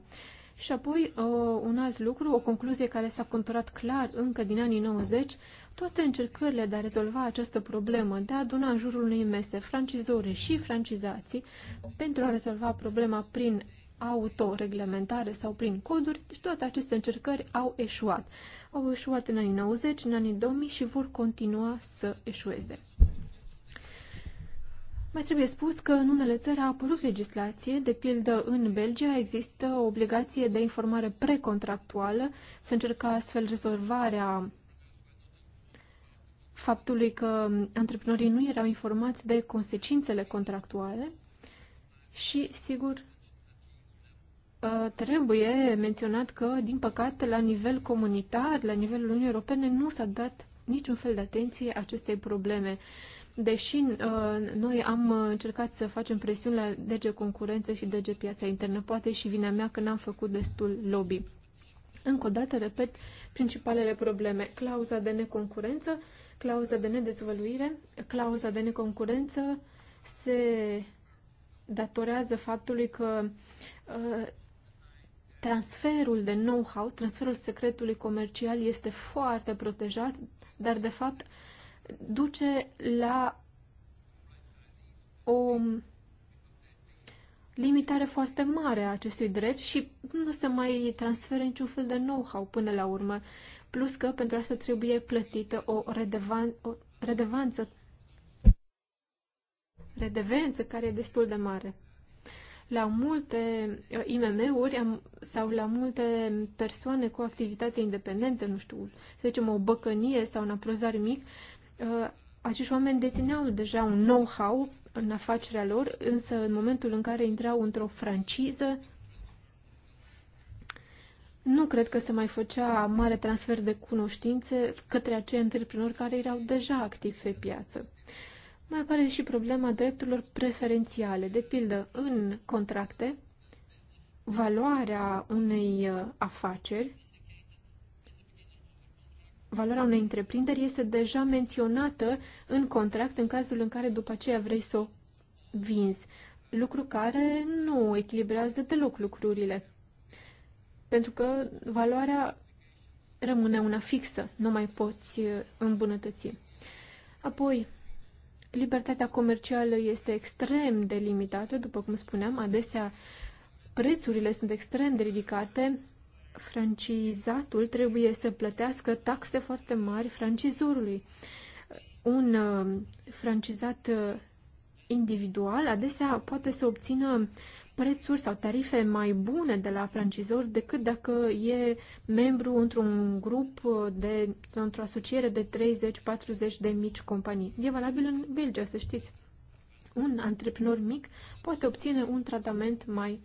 Și apoi, un alt lucru, o concluzie care s-a conturat clar încă din anii 90, toate încercările de a rezolva această problemă, de a aduna în jurul unei mese francizori și francizații, pentru a rezolva problema prin autoreglementare sau prin coduri, deci toate aceste încercări au eșuat. Au eșuat în anii 90, în anii 2000 și vor continua să eșueze. Mai trebuie spus că în unele țări a apărut legislație, de pildă în Belgia există o obligație de informare precontractuală, să încerca astfel rezolvarea faptului că antreprenorii nu erau informați de consecințele contractuale și, sigur, Uh, trebuie menționat că, din păcate, la nivel comunitar, la nivelul Uniunii Europene, nu s-a dat niciun fel de atenție acestei probleme. Deși uh, noi am încercat să facem presiuni la DG Concurență și DG Piața Internă, poate și vina mea că n-am făcut destul lobby. Încă o dată, repet, principalele probleme. Clauza de neconcurență, clauza de nedezvăluire, clauza de neconcurență se datorează faptului că uh, transferul de know-how, transferul secretului comercial este foarte protejat, dar de fapt duce la o limitare foarte mare a acestui drept și nu se mai transferă niciun fel de know-how până la urmă. Plus că pentru asta trebuie plătită o, redevan, o redevanță, redevență care e destul de mare la multe uh, IMM-uri sau la multe persoane cu activitate independentă, nu știu, să zicem o băcănie sau un aprozar mic, uh, acești oameni dețineau deja un know-how în afacerea lor, însă în momentul în care intrau într-o franciză, nu cred că se mai făcea mare transfer de cunoștințe către acei antreprenori care erau deja activi pe piață. Mai apare și problema drepturilor preferențiale. De pildă, în contracte, valoarea unei uh, afaceri, valoarea unei întreprinderi este deja menționată în contract în cazul în care după aceea vrei să o vinzi, lucru care nu echilibrează deloc lucrurile. Pentru că valoarea rămâne una fixă, nu mai poți uh, îmbunătăți. Apoi, Libertatea comercială este extrem de limitată, după cum spuneam, adesea prețurile sunt extrem de ridicate, francizatul trebuie să plătească taxe foarte mari francizorului. Un uh, francizat uh, individual adesea poate să obțină prețuri sau tarife mai bune de la francizor decât dacă e membru într-un grup de, într-o asociere de 30-40 de mici companii. E valabil în Belgia, să știți. Un antreprenor mic poate obține un tratament mai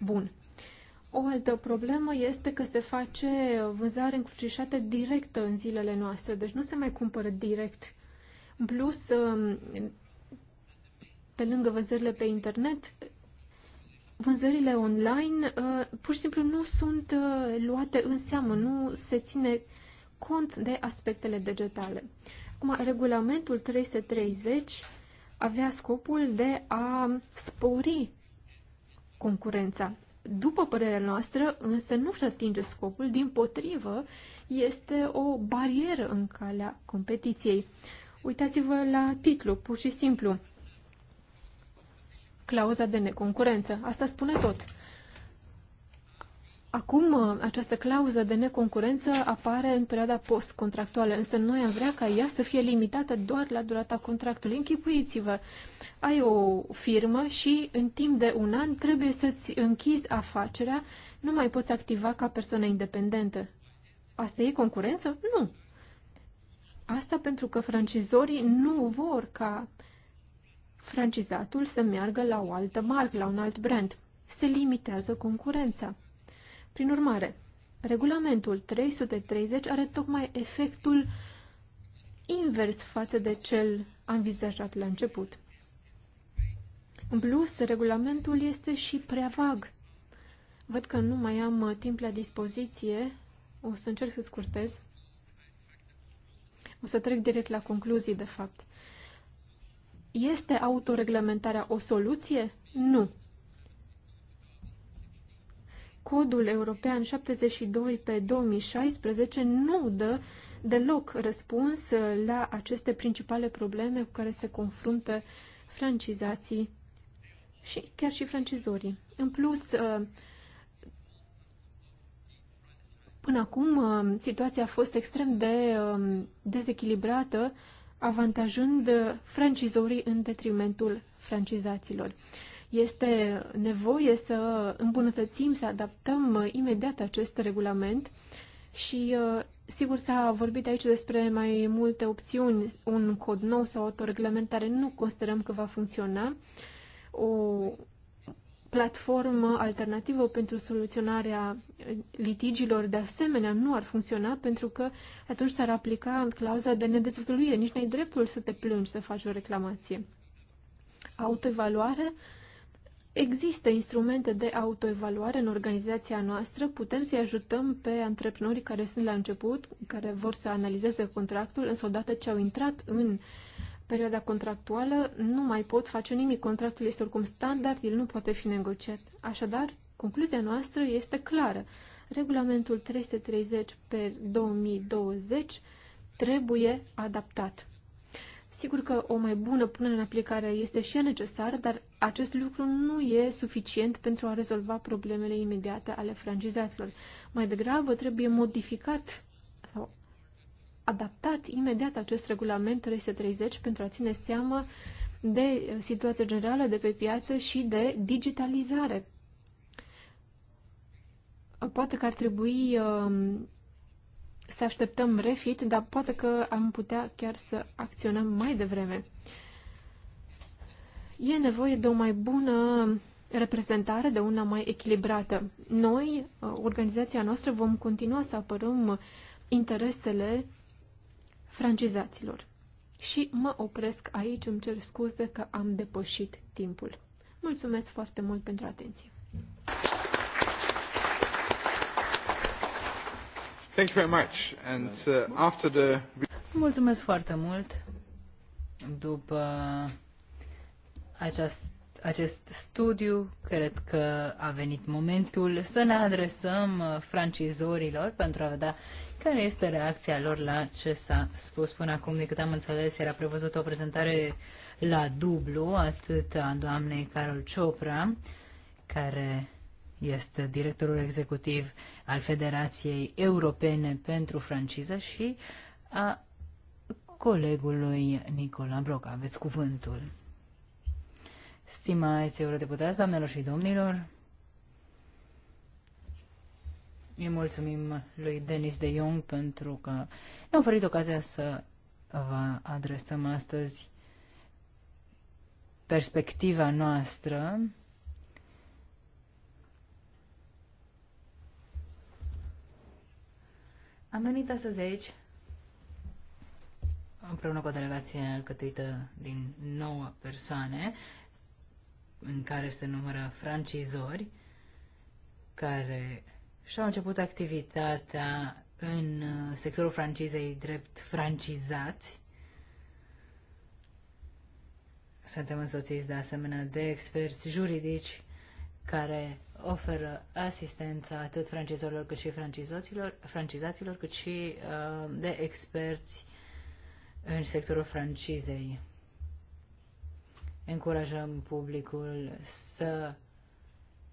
bun. O altă problemă este că se face vânzare încrucișată directă în zilele noastre, deci nu se mai cumpără direct. În plus, pe lângă vânzările pe internet, vânzările online uh, pur și simplu nu sunt uh, luate în seamă, nu se ține cont de aspectele digitale. Acum, regulamentul 330 avea scopul de a spori concurența. După părerea noastră, însă nu-și atinge scopul, din potrivă, este o barieră în calea competiției. Uitați-vă la titlu, pur și simplu clauza de neconcurență. Asta spune tot. Acum, uh, această clauză de neconcurență apare în perioada post-contractuală, însă noi am vrea ca ea să fie limitată doar la durata contractului. Închipuiți-vă, ai o firmă și în timp de un an trebuie să-ți închizi afacerea, nu mai poți activa ca persoană independentă. Asta e concurență? Nu. Asta pentru că francizorii nu vor ca uh, francizatul să meargă la o altă marcă, la un alt brand. Se limitează concurența. Prin urmare, regulamentul 330 are tocmai efectul invers față de cel anvizajat la început. În plus, regulamentul este și prea vag. Văd că nu mai am uh, timp la dispoziție. O să încerc să scurtez. O să trec direct la concluzii, de fapt. Este autoreglementarea o soluție? Nu. Codul european 72 pe 2016 nu dă deloc răspuns la aceste principale probleme cu care se confruntă francizații și chiar și francizorii. În plus, uh, până acum uh, situația a fost extrem de uh, dezechilibrată avantajând francizorii în detrimentul francizaților. Este nevoie să îmbunătățim, să adaptăm uh, imediat acest regulament și uh, sigur s-a vorbit aici despre mai multe opțiuni, un cod nou sau o autoreglementare nu considerăm că va funcționa. O platformă alternativă pentru soluționarea eh, litigilor de asemenea nu ar funcționa pentru că atunci s-ar aplica clauza de nedezvăluire. Nici n-ai dreptul să te plângi să faci o reclamație. Autoevaluare Există instrumente de autoevaluare în organizația noastră. Putem să-i ajutăm pe antreprenorii care sunt la început, care vor să analizeze contractul, însă odată ce au intrat în uh, perioada contractuală, nu mai pot face nimic. Contractul este oricum standard, el nu poate fi negociat. Așadar, concluzia noastră este clară. Regulamentul 330 pe 2020 trebuie adaptat. Sigur că o mai bună punere în aplicare este și ea necesară, dar acest lucru nu e suficient pentru a rezolva problemele imediate ale francizaților. Mai degrabă trebuie modificat adaptat imediat acest regulament 330 pentru a ține seama de situația generală de pe piață și de digitalizare. Poate că ar trebui um, să așteptăm refit, dar poate că am putea chiar să acționăm mai devreme. E nevoie de o mai bună reprezentare, de una mai echilibrată. Noi, uh, organizația noastră, vom continua să apărăm interesele francizaților. Și mă opresc aici, îmi cer scuze că am depășit timpul. Mulțumesc foarte mult pentru atenție. Thank you very much. And uh, after the Mulțumesc foarte mult. După această acest studiu, cred că a venit momentul să ne adresăm francizorilor pentru a vedea care este reacția lor la ce s-a spus până acum? De cât am înțeles, era prevăzută o prezentare la dublu, atât a doamnei Carol Ciopra, care este directorul executiv al Federației Europene pentru Franciză și a colegului Nicola Broca, Aveți cuvântul. Stimați eurodeputați, doamnelor și domnilor, Îi mulțumim lui Denis de Jong pentru că ne-a oferit ocazia să vă adresăm astăzi perspectiva noastră Am venit astăzi aici împreună cu o delegație alcătuită din nouă persoane, în care se numără francizori, care și-au început activitatea în uh, sectorul francizei drept francizați. Suntem însoțiți de asemenea de experți juridici care oferă asistența atât francizorilor cât și francizoților, francizaților, cât și uh, de experți în sectorul francizei. Încurajăm publicul să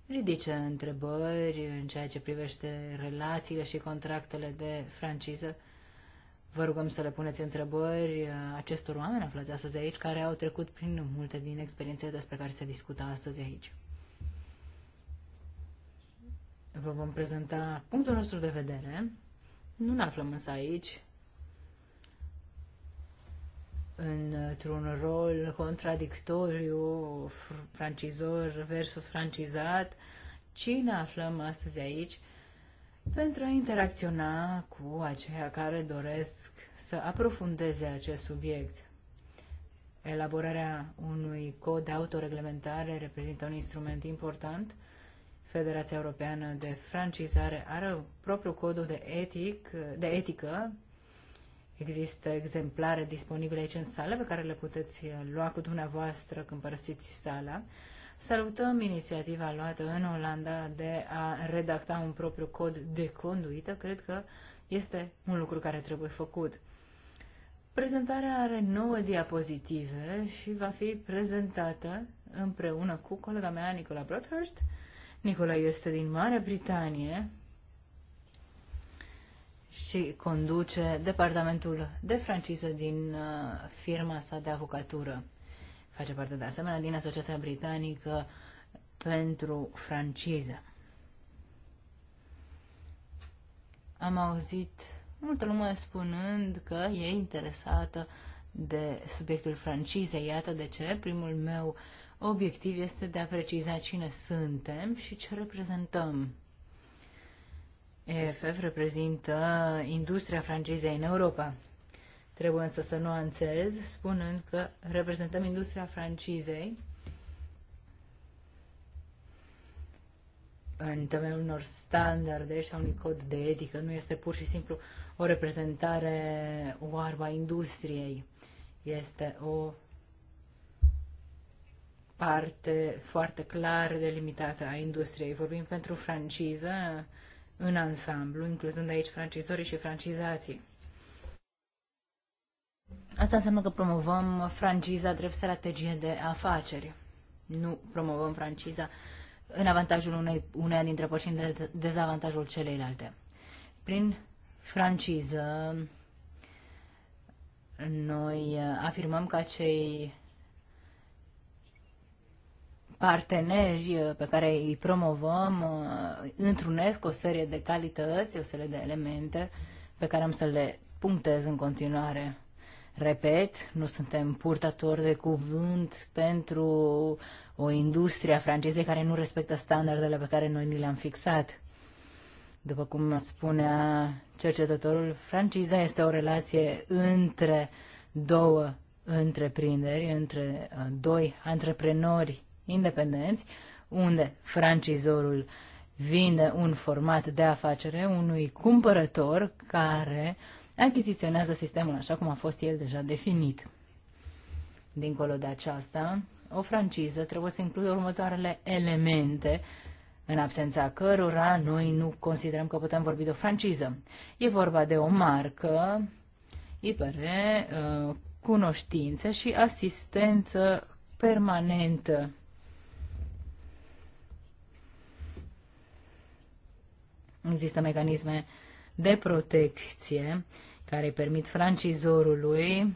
ridice întrebări în ceea ce privește relațiile și contractele de franciză. Vă rugăm să le puneți întrebări uh, acestor oameni aflați astăzi aici, care au trecut prin multe din experiențele despre care se discută astăzi aici. Vă vom prezenta punctul nostru de vedere. Nu ne aflăm însă aici într-un rol contradictoriu, francizor versus francizat, ci ne aflăm astăzi aici pentru a interacționa cu aceia care doresc să aprofundeze acest subiect. Elaborarea unui cod de autoreglementare reprezintă un instrument important. Federația Europeană de Francizare are propriul codul de, etic, de etică Există exemplare disponibile aici în sală pe care le puteți lua cu dumneavoastră când părăsiți sala. Salutăm inițiativa luată în Olanda de a redacta un propriu cod de conduită. Cred că este un lucru care trebuie făcut. Prezentarea are 9 diapozitive și va fi prezentată împreună cu colega mea Nicola Brothurst. Nicola este din Marea Britanie, și conduce departamentul de franciză din uh, firma sa de avocatură. Face parte de asemenea din Asociația Britanică pentru franciză. Am auzit multă lume spunând că e interesată de subiectul francizei. Iată de ce primul meu obiectiv este de a preciza cine suntem și ce reprezentăm. EFF reprezintă industria francizei în Europa. Trebuie însă să nuanțez spunând că reprezentăm industria francizei în temelul unor standarde sau unui cod de etică. Nu este pur și simplu o reprezentare oarbă a industriei. Este o parte foarte clar delimitată a industriei. Vorbim pentru franciză, în ansamblu, incluzând aici francizorii și francizații. Asta înseamnă că promovăm franciza drept strategie de afaceri. Nu promovăm franciza în avantajul unei, uneia dintre părți și în dezavantajul celeilalte. Prin franciză, noi afirmăm că acei parteneri uh, pe care îi promovăm uh, întrunesc o serie de calități, o serie de elemente pe care am să le punctez în continuare. Repet, nu suntem purtători de cuvânt pentru o industrie a francezei care nu respectă standardele pe care noi ni le-am fixat. După cum spunea cercetătorul, franciza este o relație între două întreprinderi, între uh, doi antreprenori independenți, unde francizorul vinde un format de afacere unui cumpărător care achiziționează sistemul așa cum a fost el deja definit. Dincolo de aceasta, o franciză trebuie să includă următoarele elemente în absența cărora noi nu considerăm că putem vorbi de o franciză. E vorba de o marcă, IPR, uh, cunoștințe și asistență permanentă. Există mecanisme de protecție care permit francizorului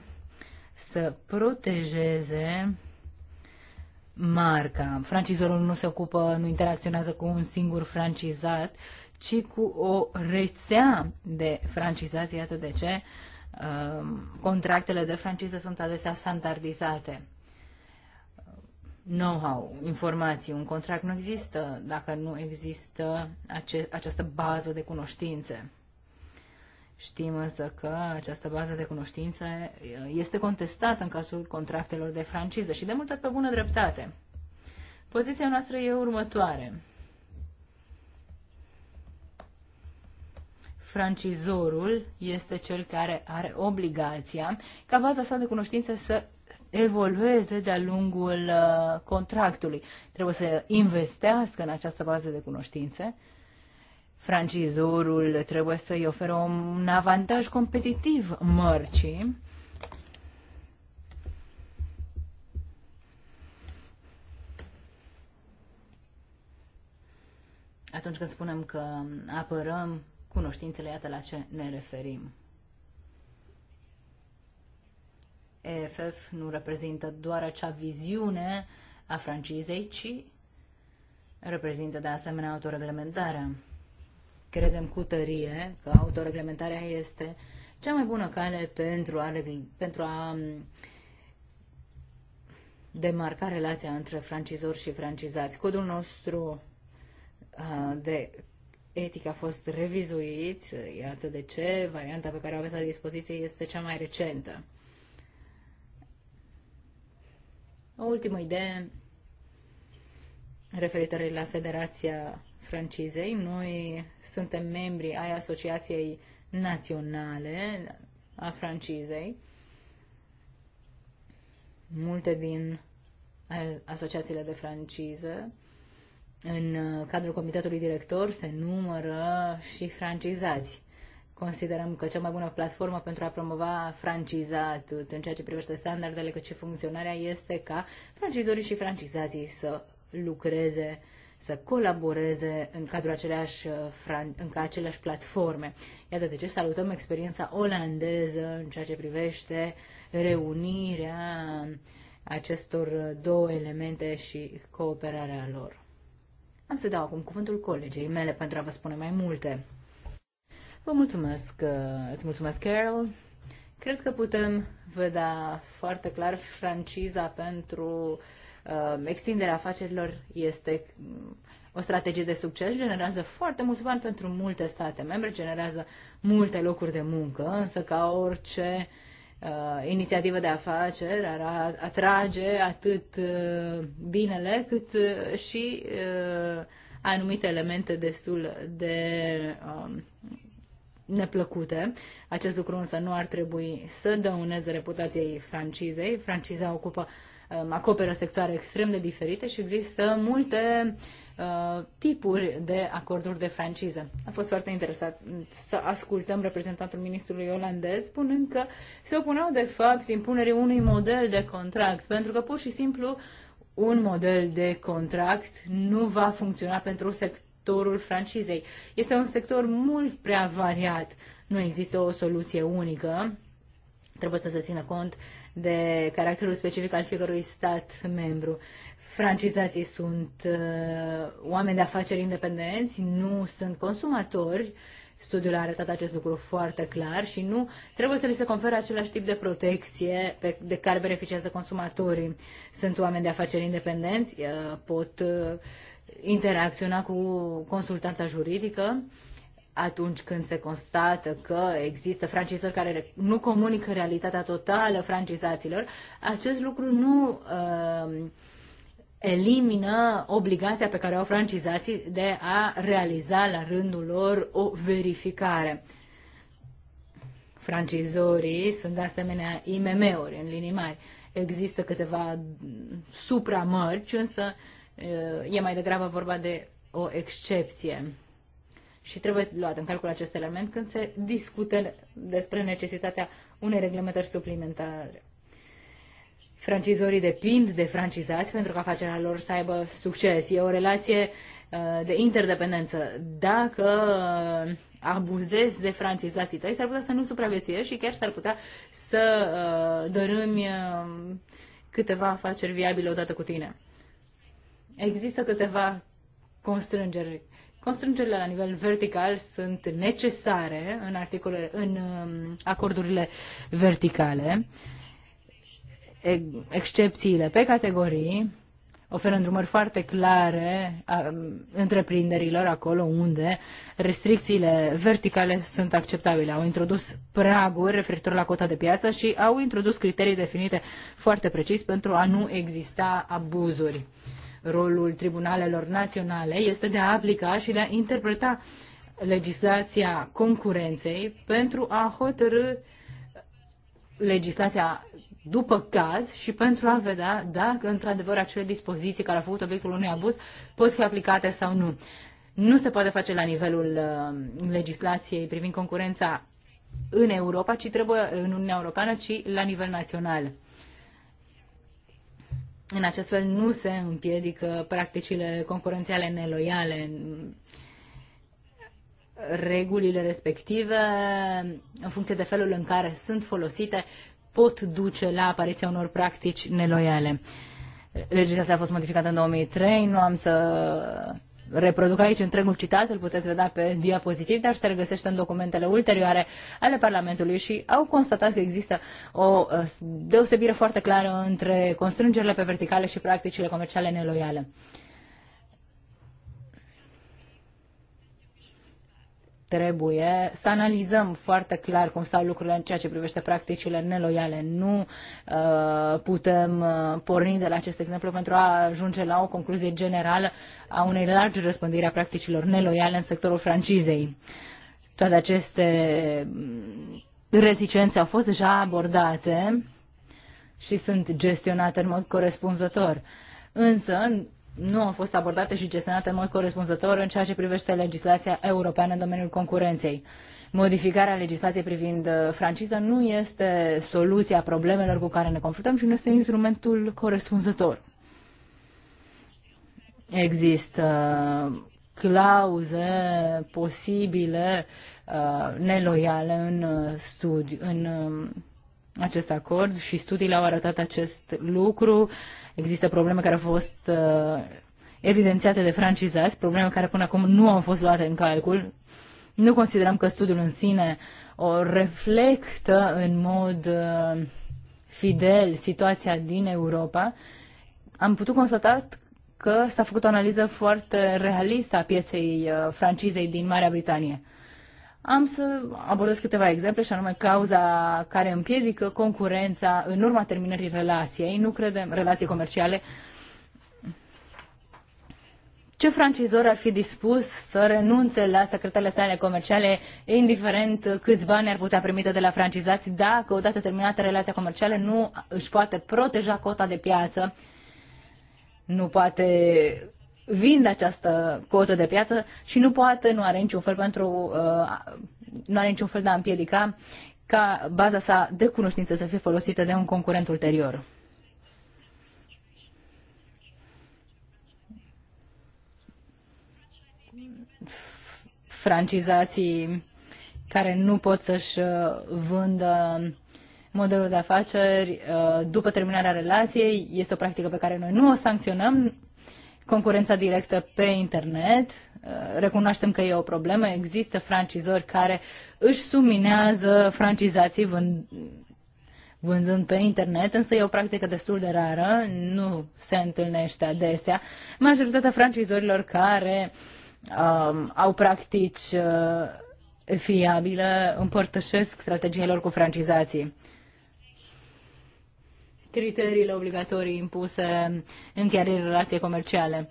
să protejeze marca. Francizorul nu se ocupă, nu interacționează cu un singur francizat, ci cu o rețea de francizați. Iată de ce uh, contractele de franciză sunt adesea standardizate know-how, informații. Un contract nu există dacă nu există ace- această bază de cunoștințe. Știm însă că această bază de cunoștințe uh, este contestată în cazul contractelor de franciză și de multe pe bună dreptate. Poziția noastră e următoare. Francizorul este cel care are obligația ca baza sa de cunoștințe să evolueze de-a lungul uh, contractului. Trebuie să investească în această bază de cunoștințe. Francizorul trebuie să-i oferă un avantaj competitiv mărcii. Atunci când spunem că apărăm cunoștințele, iată la ce ne referim. EFF nu reprezintă doar acea viziune a francizei, ci reprezintă de asemenea autoreglementarea. Credem cu tărie că autoreglementarea este cea mai bună cale pentru a, pentru a demarca relația între francizori și francizați. Codul nostru de etică a fost revizuit, iată de ce, varianta pe care o aveți la dispoziție este cea mai recentă. O ultimă idee referitoare la Federația Francizei. Noi suntem membri ai Asociației Naționale a Francizei. Multe din asociațiile de franciză în cadrul comitetului director se numără și francizați considerăm că cea mai bună platformă pentru a promova franciza, atât în ceea ce privește standardele, cât și funcționarea, este ca francizorii și francizații să lucreze, să colaboreze în cadrul aceleași, uh, în aceleași platforme. Iată de ce salutăm experiența olandeză în ceea ce privește reunirea acestor uh, două elemente și cooperarea lor. Am să dau acum cuvântul colegei mele pentru a vă spune mai multe. Vă mulțumesc, uh, îți mulțumesc, Carol. Cred că putem vedea foarte clar franciza pentru uh, extinderea afacerilor este o strategie de succes, generează foarte mulți bani pentru multe state membre, generează multe locuri de muncă, însă ca orice uh, inițiativă de afaceri ar atrage atât uh, binele cât uh, și uh, anumite elemente destul de Uh, neplăcute. Acest lucru însă nu ar trebui să dăuneze reputației francizei. Franciza ocupă, um, acoperă sectoare extrem de diferite și există multe uh, tipuri de acorduri de franciză. A fost foarte interesat să ascultăm reprezentantul ministrului olandez spunând că se opuneau de fapt impunerii unui model de contract, pentru că pur și simplu un model de contract nu va funcționa pentru sector sectorul francizei. Este un sector mult prea variat. Nu există o soluție unică. Trebuie să se țină cont de caracterul specific al fiecărui stat membru. Francizații sunt uh, oameni de afaceri independenți, nu sunt consumatori. Studiul a arătat acest lucru foarte clar și nu trebuie să li se confere același tip de protecție pe, de care beneficiază consumatorii. Sunt oameni de afaceri independenți, uh, pot uh, interacționa cu consultanța juridică atunci când se constată că există francizori care nu comunică realitatea totală francizaților, acest lucru nu uh, elimină obligația pe care o au francizații de a realiza la rândul lor o verificare. Francizorii sunt de asemenea IMM-uri în linii mari. Există câteva supramărci, însă uh, e mai degrabă vorba de o excepție. Și trebuie luat în calcul acest element când se discută despre necesitatea unei reglementări suplimentare. Francizorii depind de francizați pentru ca afacerea lor să aibă succes. E o relație uh, de interdependență. Dacă uh, abuzezi de francizații tăi, s-ar putea să nu supraviețuiești și chiar s-ar putea să uh, dărâmi câteva afaceri viabile odată cu tine. Există câteva constrângeri. Constrângerile la nivel vertical sunt necesare în, articole, în um, acordurile verticale. Excepțiile pe categorii oferă îndrumări foarte clare a, întreprinderilor acolo unde restricțiile verticale sunt acceptabile. Au introdus praguri referitor la cota de piață și au introdus criterii definite foarte precis pentru a nu exista abuzuri rolul tribunalelor naționale este de a aplica și de a interpreta legislația concurenței pentru a hotărâ legislația după caz și pentru a vedea dacă într-adevăr acele dispoziții care au făcut obiectul unui abuz pot fi aplicate sau nu. Nu se poate face la nivelul uh, legislației privind concurența în Europa, ci trebuie în Uniunea Europeană, ci la nivel național. În acest fel nu se împiedică practicile concurențiale neloiale. Regulile respective, în funcție de felul în care sunt folosite, pot duce la apariția unor practici neloiale. Legislația a fost modificată în 2003, nu am să reproduc aici întregul citat, îl puteți vedea pe diapozitiv, dar se regăsește în documentele ulterioare ale Parlamentului și au constatat că există o uh, deosebire foarte clară între constrângerile pe verticale și practicile comerciale neloiale. trebuie să analizăm foarte clar cum stau lucrurile în ceea ce privește practicile neloiale. Nu uh, putem uh, porni de la acest exemplu pentru a ajunge la o concluzie generală a unei largi răspândiri a practicilor neloiale în sectorul francizei. Toate aceste reticențe au fost deja abordate și sunt gestionate în mod corespunzător. Însă, nu au fost abordate și gestionate în mod corespunzător în ceea ce privește legislația europeană în domeniul concurenței. Modificarea legislației privind uh, franciza nu este soluția problemelor cu care ne confruntăm și nu este instrumentul corespunzător. Există uh, clauze posibile uh, neloiale în studiu, în acest acord și studiile au arătat acest lucru. Există probleme care au fost uh, evidențiate de francizați, probleme care până acum nu au fost luate în calcul. Nu considerăm că studiul în sine o reflectă în mod uh, fidel situația din Europa. Am putut constata că s-a făcut o analiză foarte realistă a piesei uh, francizei din Marea Britanie am să abordez câteva exemple, și anume cauza care împiedică concurența în urma terminării relației. Nu credem, relații comerciale, ce francizor ar fi dispus să renunțe la secretele sale comerciale, indiferent câți bani ar putea primite de la francizați, dacă odată terminată relația comercială nu își poate proteja cota de piață, nu poate vinde această cotă de piață și nu poate, nu are niciun fel pentru, uh, nu are niciun fel de a împiedica ca baza sa de cunoștință să fie folosită de un concurent ulterior. Francizații care nu pot să-și uh, vândă modelul de afaceri uh, după terminarea relației este o practică pe care noi nu o sancționăm, concurența directă pe internet. Uh, recunoaștem că e o problemă. Există francizori care își suminează francizații vând, vânzând pe internet, însă e o practică destul de rară, nu se întâlnește adesea. Majoritatea francizorilor care um, au practici uh, fiabile împărtășesc strategiile lor cu francizații criteriile obligatorii impuse încheierii relației comerciale.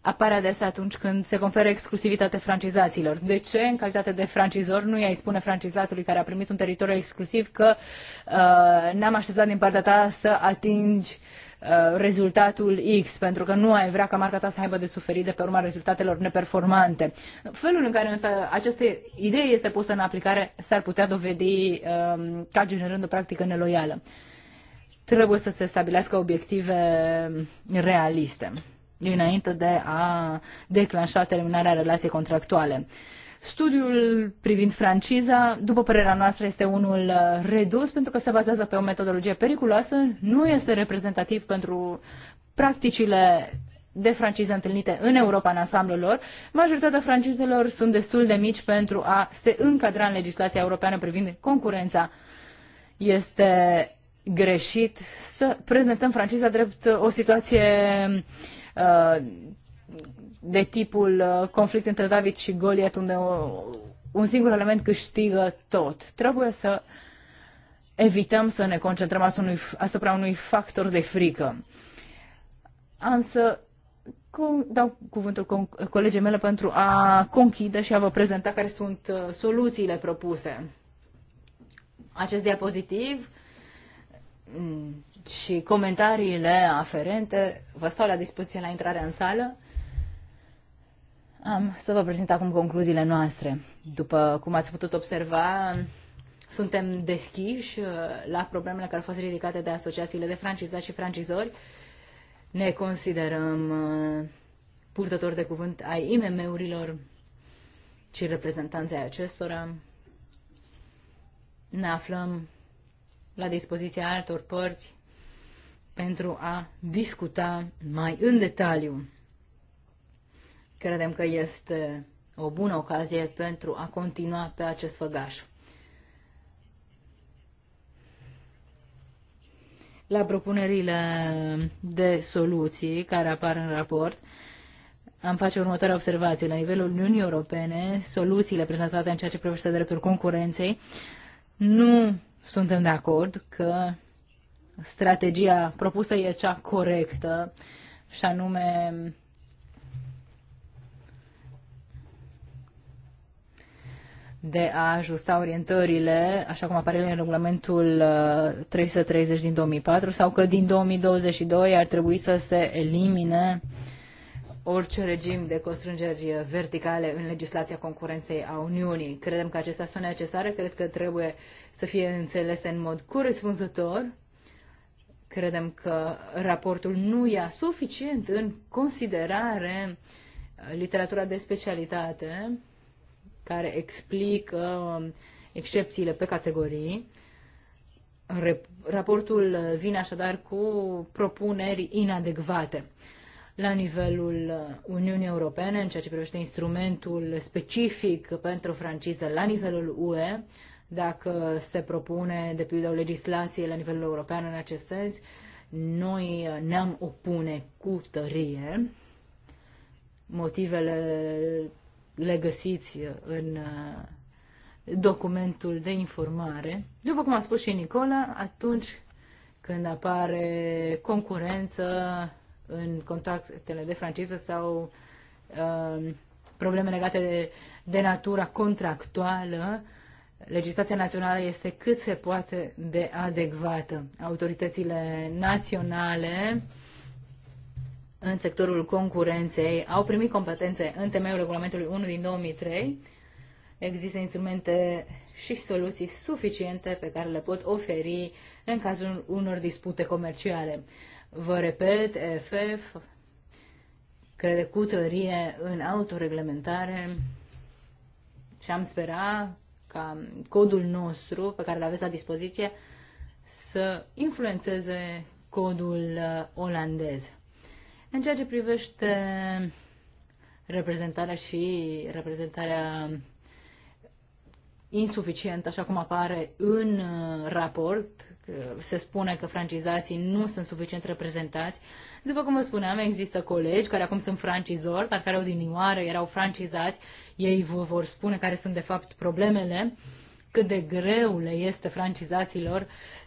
Apare adesea atunci când se conferă exclusivitate francizaților. De ce, în calitate de francizor, nu i-ai spune francizatului care a primit un teritoriu exclusiv că uh, n-am așteptat din partea ta să atingi uh, rezultatul X, pentru că nu ai vrea ca marca ta să aibă de suferit de pe urma rezultatelor neperformante. Felul în care însă această idee este pusă în aplicare s-ar putea dovedi um, ca generând o practică neloială. Uh, trebuie să se stabilească obiective realiste înainte de a declanșa terminarea relației contractuale. Studiul privind franciza, după părerea noastră, este unul uh, redus pentru că se bazează pe o metodologie periculoasă, nu este reprezentativ pentru practicile de franciză întâlnite în Europa în ansamblul lor. Majoritatea francizelor sunt destul de mici pentru a se încadra în legislația europeană privind concurența. Este greșit să prezentăm franciza drept o situație uh, de tipul uh, conflict între David și Goliat, unde o, un singur element câștigă tot. Trebuie să evităm să ne concentrăm asupra unui, asupra unui factor de frică. Am să cu, dau cuvântul cu, colegii mele pentru a conchide și a vă prezenta care sunt uh, soluțiile propuse. Acest diapozitiv și comentariile aferente vă stau la dispoziție la intrarea în sală. Am să vă prezint acum concluziile noastre. După cum ați putut observa, suntem deschiși uh, la problemele care au fost ridicate de asociațiile de francizați și francizori. Ne considerăm uh, purtători de cuvânt ai IMM-urilor și reprezentanții acestora. Ne aflăm la dispoziția altor părți pentru a discuta mai în detaliu. Credem că este o bună ocazie pentru a continua pe acest făgaș. La propunerile de soluții care apar în raport, am face următoarea observație. La nivelul Uniunii Europene, soluțiile prezentate în ceea ce privește dreptul concurenței nu suntem de acord că strategia propusă e cea corectă și anume de a ajusta orientările, așa cum apare în regulamentul 330 uh, din 2004, sau că din 2022 ar trebui să se elimine uh, orice regim de constrângeri verticale în legislația concurenței a Uniunii. Credem că acestea sunt necesare, cred că trebuie să fie înțelese în mod corespunzător. Credem că raportul nu ia suficient în considerare literatura de specialitate care explică excepțiile pe categorii. Raportul vine așadar cu propuneri inadecvate la nivelul uh, Uniunii Europene în ceea ce privește instrumentul specific pentru franciză la nivelul UE, dacă se propune, de pildă, o legislație la nivelul european în acest sens, noi uh, ne-am opune cu tărie. Motivele le găsiți uh, în documentul de informare. După cum a spus și Nicola, atunci când apare concurență, în contactele de franciză sau uh, probleme legate de, de natura contractuală, legislația națională este cât se poate de adecvată. Autoritățile naționale în sectorul concurenței au primit competențe în temeiul regulamentului 1 din 2003. Există instrumente și soluții suficiente pe care le pot oferi în cazul unor dispute comerciale. Vă repet, EFF crede cu tărie în autoreglementare și am spera ca codul nostru pe care îl aveți la dispoziție să influențeze codul uh, olandez. În ceea ce privește reprezentarea și reprezentarea insuficientă, așa cum apare în uh, raport, se spune că francizații nu sunt suficient reprezentați. După cum vă spuneam, există colegi care acum sunt francizori, dar care odinioară erau francizați. Ei vă vor spune care sunt de fapt problemele, cât de greu le este francizaților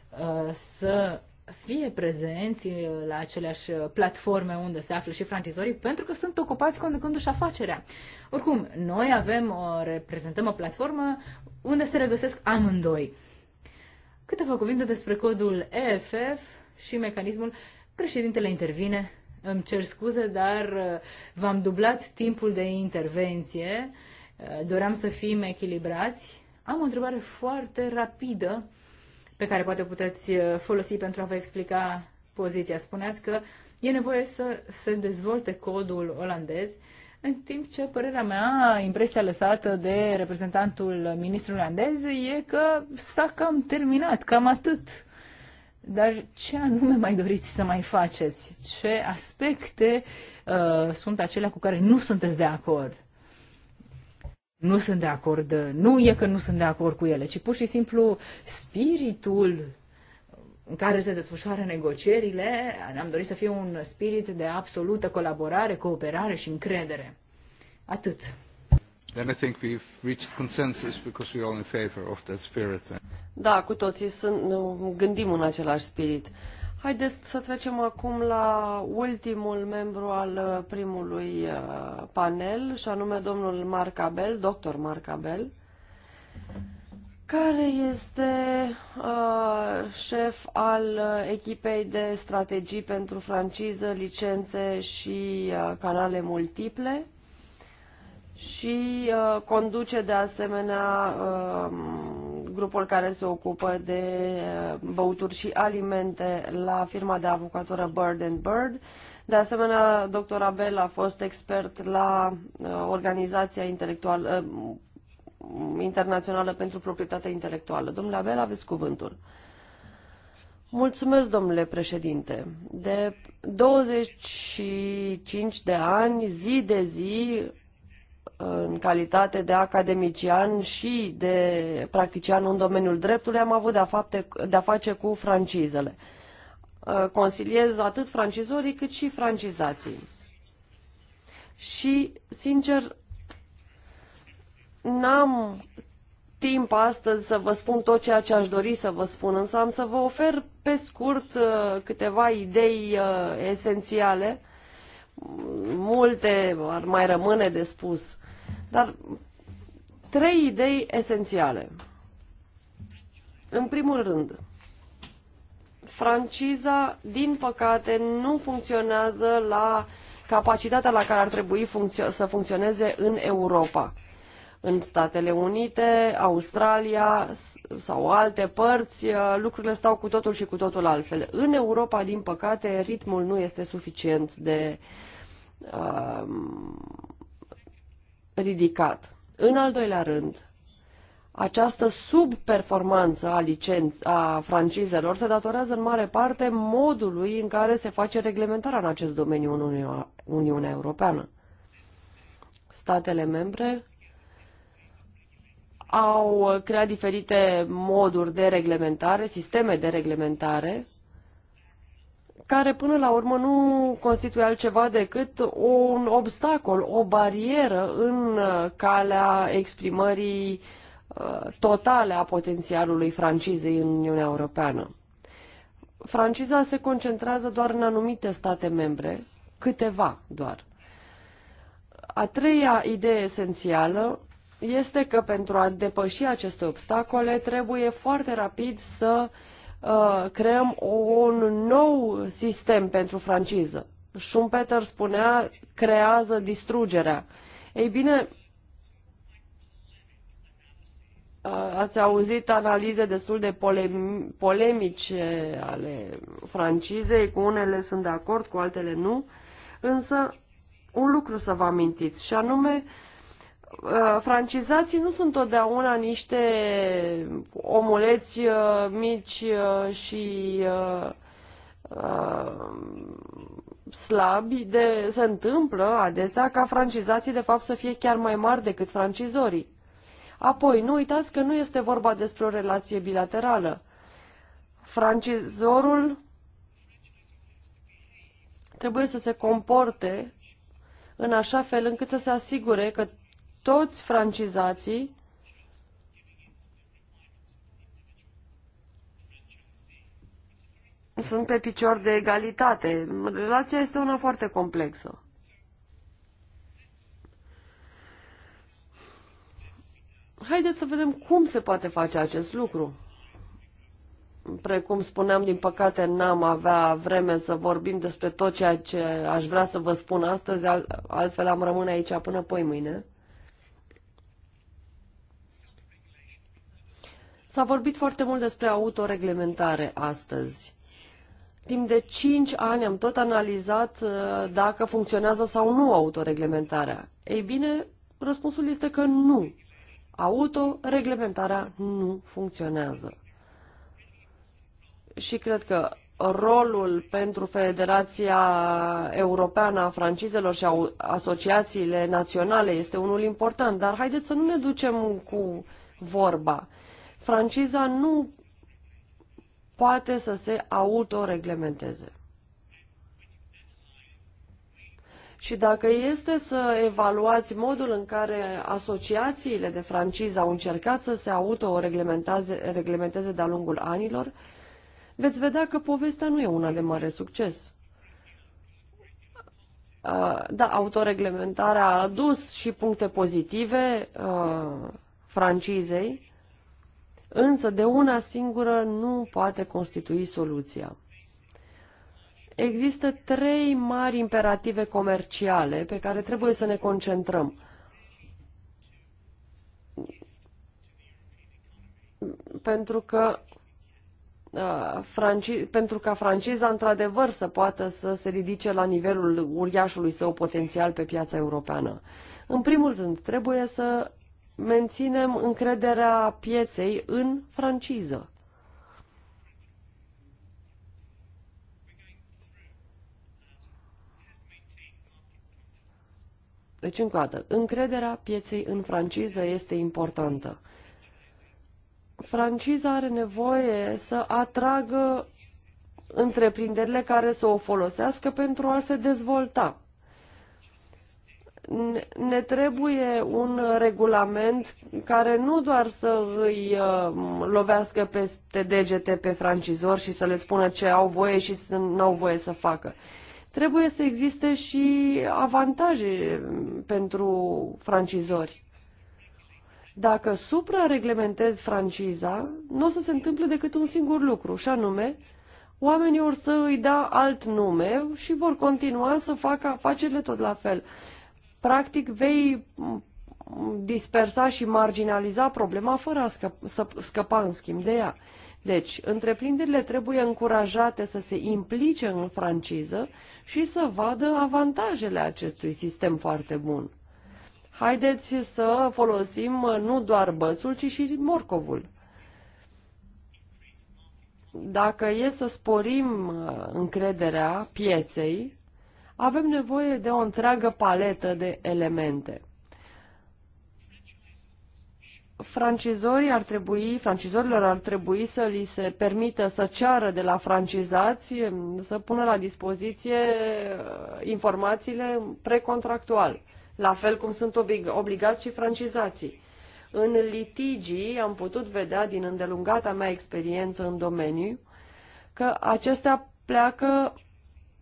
uh, să fie prezenți uh, la aceleași platforme unde se află și francizorii, pentru că sunt ocupați conducându-și afacerea. Oricum, noi avem, o, reprezentăm o platformă unde se regăsesc amândoi Câteva cuvinte despre codul EFF și mecanismul. Președintele intervine. Îmi cer scuze, dar uh, v-am dublat timpul de intervenție. Uh, doream să fim echilibrați. Am o întrebare foarte rapidă pe care poate puteți uh, folosi pentru a vă explica poziția. Spuneați că e nevoie să se dezvolte codul olandez în timp ce părerea mea, impresia lăsată de reprezentantul ministrului andez, e că s-a cam terminat, cam atât. Dar ce anume mai doriți să mai faceți? Ce aspecte uh, sunt acelea cu care nu sunteți de acord? Nu sunt de acord, nu e că nu sunt de acord cu ele, ci pur și simplu spiritul în care se desfășoară negocierile, ne-am dorit să fie un spirit de absolută colaborare, cooperare și încredere. Atât. Then I think we've reached consensus because we're all in favor of that spirit. Da, cu toții sunt, gândim în același spirit. Haideți să trecem acum la ultimul membru al uh, primului uh, panel, și anume domnul Marc Abel, doctor Marc Abel care este uh, șef al uh, echipei de strategii pentru franciză, licențe și uh, canale multiple și uh, conduce de asemenea uh, grupul care se ocupă de uh, băuturi și alimente la firma de avocatură Bird and Bird. De asemenea, dr. Abel a fost expert la uh, organizația intelectuală, uh, internațională pentru proprietatea intelectuală. Domnule Abel, aveți cuvântul. Mulțumesc, domnule președinte. De 25 de ani, zi de zi, în calitate de academician și de practician în domeniul dreptului, am avut de-a, de-a face cu francizele. Consiliez atât francizorii cât și francizații. Și, sincer, N-am timp astăzi să vă spun tot ceea ce aș dori să vă spun, însă am să vă ofer pe scurt uh, câteva idei uh, esențiale. Multe ar mai rămâne de spus, dar trei idei esențiale. În primul rând, franciza, din păcate, nu funcționează la capacitatea la care ar trebui funcțio- să funcționeze în Europa. În Statele Unite, Australia sau alte părți, uh, lucrurile stau cu totul și cu totul altfel. În Europa, din păcate, ritmul nu este suficient de uh, ridicat. În al doilea rând, această subperformanță a, licenț- a francizelor se datorează în mare parte modului în care se face reglementarea în acest domeniu în Uniunea Europeană. Statele membre au creat diferite moduri de reglementare, sisteme de reglementare, care până la urmă nu constituie altceva decât un obstacol, o barieră în uh, calea exprimării uh, totale a potențialului francizei în Uniunea Europeană. Franciza se concentrează doar în anumite state membre, câteva doar. A treia idee esențială este că pentru a depăși aceste obstacole trebuie foarte rapid să uh, creăm un nou sistem pentru franciză. Schumpeter spunea, creează distrugerea. Ei bine, uh, ați auzit analize destul de polemice ale francizei, cu unele sunt de acord, cu altele nu, însă un lucru să vă amintiți, și anume Uh, francizații nu sunt totdeauna niște omuleți uh, mici uh, și slabi, de, se întâmplă adesea ca francizații de fapt să fie chiar mai mari decât francizorii. Apoi, nu uitați că nu este vorba despre o relație bilaterală. Francizorul trebuie să se comporte în așa fel încât să se asigure că toți francizații sunt pe picior de egalitate. Relația este una foarte complexă. Haideți să vedem cum se poate face acest lucru. Precum spuneam, din păcate n-am avea vreme să vorbim despre tot ceea ce aș vrea să vă spun astăzi, altfel am rămâne aici până poi mâine. S-a vorbit foarte mult despre autoreglementare astăzi. Timp de 5 ani am tot analizat uh, dacă funcționează sau nu autoreglementarea. Ei bine, răspunsul este că nu. Autoreglementarea nu funcționează. Și cred că rolul pentru Federația Europeană a Francizelor și a asociațiile naționale este unul important, dar haideți să nu ne ducem cu vorba franciza nu poate să se autoreglementeze. Și dacă este să evaluați modul în care asociațiile de franciză au încercat să se autoreglementeze de-a lungul anilor, veți vedea că povestea nu e una de mare succes. Uh, da, autoreglementarea a adus și puncte pozitive uh, francizei, însă de una singură nu poate constitui soluția. Există trei mari imperative comerciale pe care trebuie să ne concentrăm. Pentru că uh, pentru ca franciza într-adevăr să poată să se ridice la nivelul uriașului său potențial pe piața europeană. În primul rând, trebuie să menținem încrederea pieței în franciză. Deci, încă o dată, încrederea pieței în franciză este importantă. Franciza are nevoie să atragă întreprinderile care să o folosească pentru a se dezvolta ne trebuie un regulament care nu doar să îi uh, lovească peste degete pe francizori și să le spună ce au voie și să nu au voie să facă. Trebuie să existe și avantaje pentru francizori. Dacă suprareglementezi franciza, nu o să se întâmple decât un singur lucru, și anume oamenii or să îi dea alt nume și vor continua să facă afacerile tot la fel practic vei dispersa și marginaliza problema fără a scăp- să scăpa în schimb de ea. Deci, întreprinderile trebuie încurajate să se implice în franciză și să vadă avantajele acestui sistem foarte bun. Haideți să folosim nu doar bățul, ci și morcovul. Dacă e să sporim uh, încrederea pieței, avem nevoie de o întreagă paletă de elemente. Francizorii ar trebui, francizorilor ar trebui să li se permită să ceară de la francizați să pună la dispoziție uh, informațiile precontractual, la fel cum sunt obligați și francizații. În litigii am putut vedea din îndelungata mea experiență în domeniu că acestea pleacă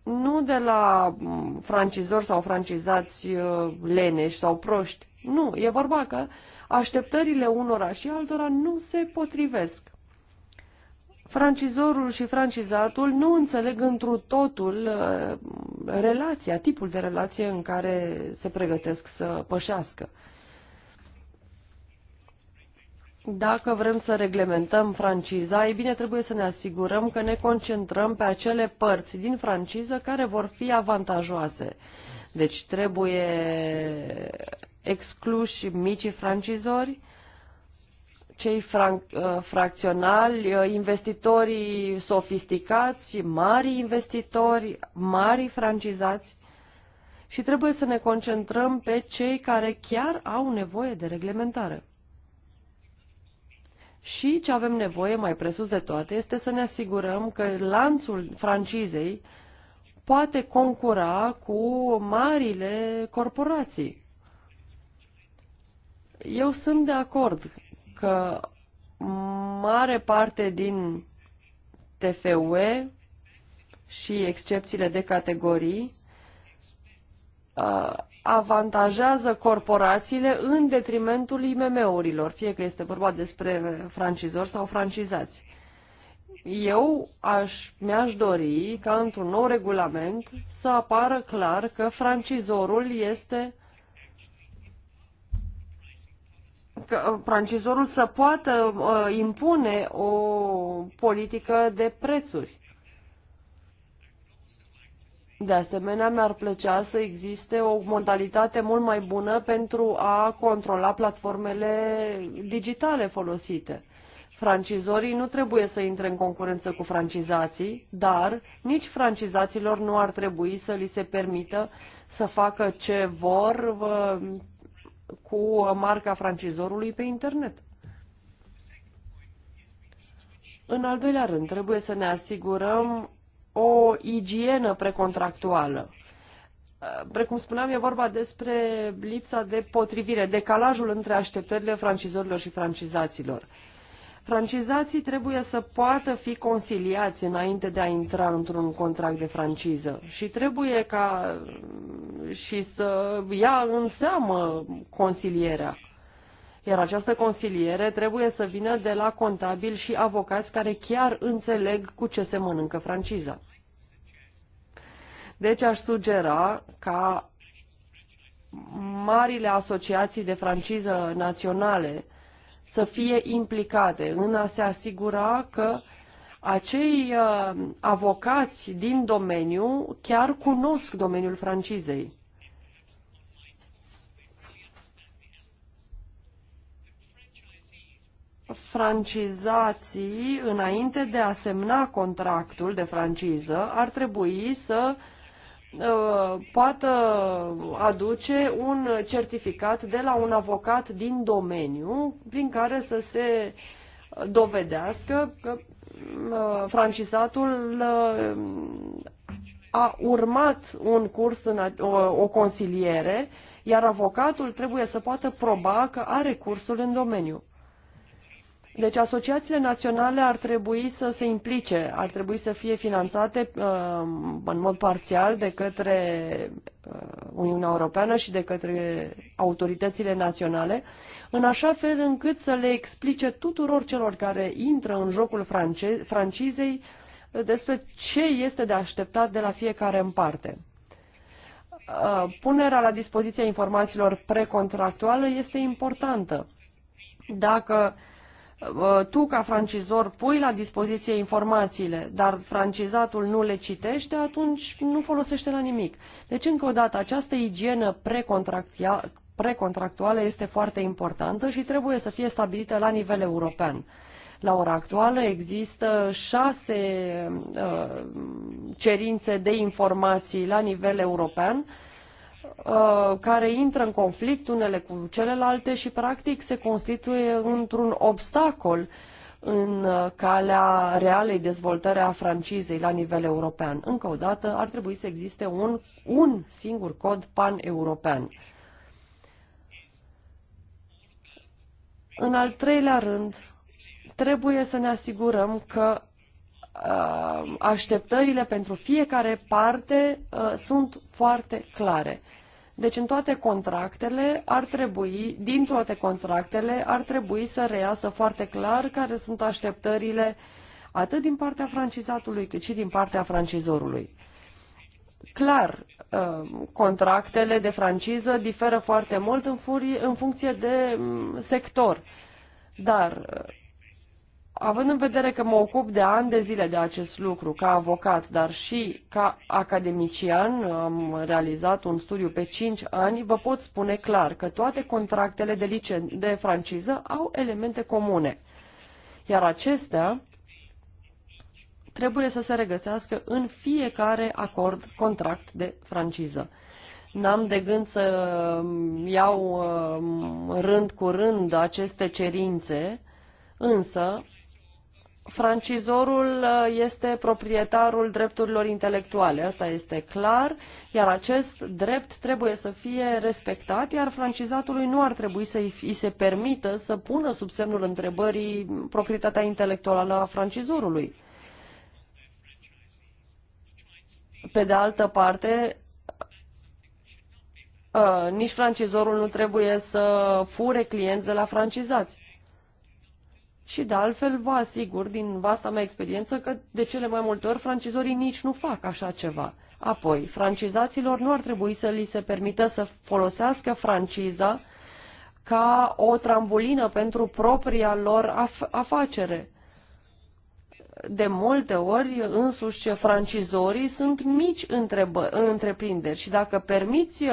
nu de la mm, francizori sau francizați uh, leneși sau proști. Nu, e vorba că așteptările unora și altora nu se potrivesc. Francizorul și francizatul nu înțeleg întru totul uh, relația, tipul de relație în care se pregătesc să pășească dacă vrem să reglementăm franciza, e bine, trebuie să ne asigurăm că ne concentrăm pe acele părți din franciză care vor fi avantajoase. Deci trebuie excluși micii francizori, cei fran- uh, fracționali, uh, investitorii sofisticați, mari investitori, mari francizați și trebuie să ne concentrăm pe cei care chiar au nevoie de reglementare și ce avem nevoie mai presus de toate este să ne asigurăm că lanțul francizei poate concura cu marile corporații. Eu sunt de acord că mare parte din TFUE și excepțiile de categorii avantajează corporațiile în detrimentul IMM-urilor, fie că este vorba despre francizori sau francizați. Eu aș, mi-aș dori ca într-un nou regulament să apară clar că francizorul este că uh, francizorul să poată uh, impune o politică de prețuri. De asemenea, mi-ar plăcea să existe o modalitate mult mai bună pentru a controla platformele digitale folosite. Francizorii nu trebuie să intre în concurență cu francizații, dar nici francizaților nu ar trebui să li se permită să facă ce vor cu marca francizorului pe internet. În al doilea rând, trebuie să ne asigurăm o igienă precontractuală. Precum spuneam, e vorba despre lipsa de potrivire, decalajul între așteptările francizorilor și francizaților. Francizații trebuie să poată fi conciliați înainte de a intra într-un contract de franciză și trebuie ca și să ia în seamă consilierea. Iar această consiliere trebuie să vină de la contabili și avocați care chiar înțeleg cu ce se mănâncă franciza. Deci aș sugera ca marile asociații de franciză naționale să fie implicate în a se asigura că acei uh, avocați din domeniu chiar cunosc domeniul francizei. francizații, înainte de a semna contractul de franciză, ar trebui să uh, poată aduce un certificat de la un avocat din domeniu prin care să se dovedească că uh, francizatul uh, a urmat un curs, în a, o, o consiliere, iar avocatul trebuie să poată proba că are cursul în domeniu. Deci asociațiile naționale ar trebui să se implice, ar trebui să fie finanțate uh, în mod parțial de către uh, Uniunea Europeană și de către autoritățile naționale, în așa fel încât să le explice tuturor celor care intră în jocul france- francizei uh, despre ce este de așteptat de la fiecare în parte uh, punerea la dispoziție informațiilor precontractuale este importantă. Dacă tu ca francizor pui la dispoziție informațiile, dar francizatul nu le citește, atunci nu folosește la nimic. Deci, încă o dată, această igienă precontractuală este foarte importantă și trebuie să fie stabilită la nivel european. La ora actuală există șase uh, cerințe de informații la nivel european uh, Uh, care intră în conflict unele cu celelalte și practic se constituie într-un obstacol în uh, calea realei dezvoltări a francizei la nivel european. Încă o dată, ar trebui să existe un, un singur cod pan-european. În al treilea rând, trebuie să ne asigurăm că uh, așteptările pentru fiecare parte sunt foarte clare. Deci în toate contractele ar trebui, din toate contractele, ar trebui să reiasă foarte clar care sunt așteptările atât din partea francizatului cât și din partea francizorului. Clar, uh, contractele de franciză diferă foarte mult în, furie, în funcție de mm, sector, dar uh, Având în vedere că mă ocup de ani de zile de acest lucru ca avocat, dar și ca academician, am realizat un studiu pe 5 ani, vă pot spune clar că toate contractele de, licen- de franciză au elemente comune, iar acestea trebuie să se regăsească în fiecare acord contract de franciză. N-am de gând să iau uh, rând cu rând aceste cerințe, însă francizorul uh, este proprietarul drepturilor intelectuale, asta este clar, iar acest drept trebuie să fie respectat, iar francizatului nu ar trebui să îi se permită să pună sub semnul întrebării proprietatea intelectuală a francizorului. Pe de altă parte, uh, nici francizorul nu trebuie să fure clienți de la francizați. Și de altfel vă asigur din vasta mea experiență că de cele mai multe ori francizorii nici nu fac așa ceva. Apoi, francizaților nu ar trebui să li se permită să folosească franciza ca o trambulină pentru propria lor af- afacere. De multe ori, însuși francizorii sunt mici întreprinderi și dacă permiți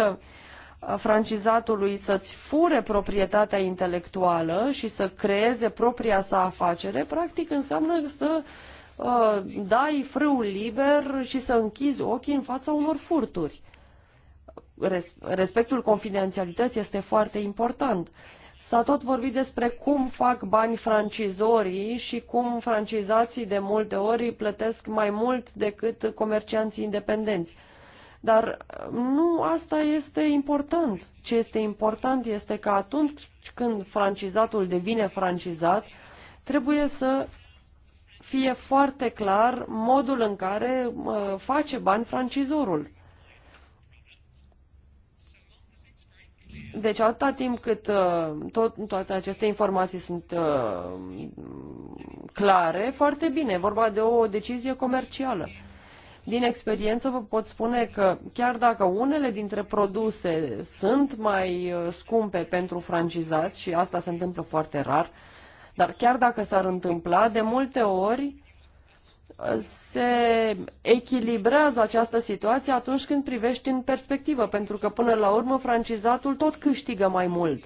francizatului să-ți fure proprietatea intelectuală și să creeze propria sa afacere, practic înseamnă să uh, dai frâul liber și să închizi ochii în fața unor furturi. Res respectul confidențialității este foarte important. S-a tot vorbit despre cum fac bani francizorii și cum francizații de multe ori plătesc mai mult decât comercianții independenți. Dar nu asta este important. Ce este important este că atunci când francizatul devine francizat, trebuie să fie foarte clar modul în care face bani francizorul. Deci atâta timp cât uh, tot, toate aceste informații sunt uh, clare, foarte bine, vorba de o decizie comercială. Din experiență vă pot spune că chiar dacă unele dintre produse sunt mai uh, scumpe pentru francizați și asta se întâmplă foarte rar, dar chiar dacă s-ar întâmpla, de multe ori uh, se echilibrează această situație atunci când privești în perspectivă, pentru că până la urmă francizatul tot câștigă mai mult.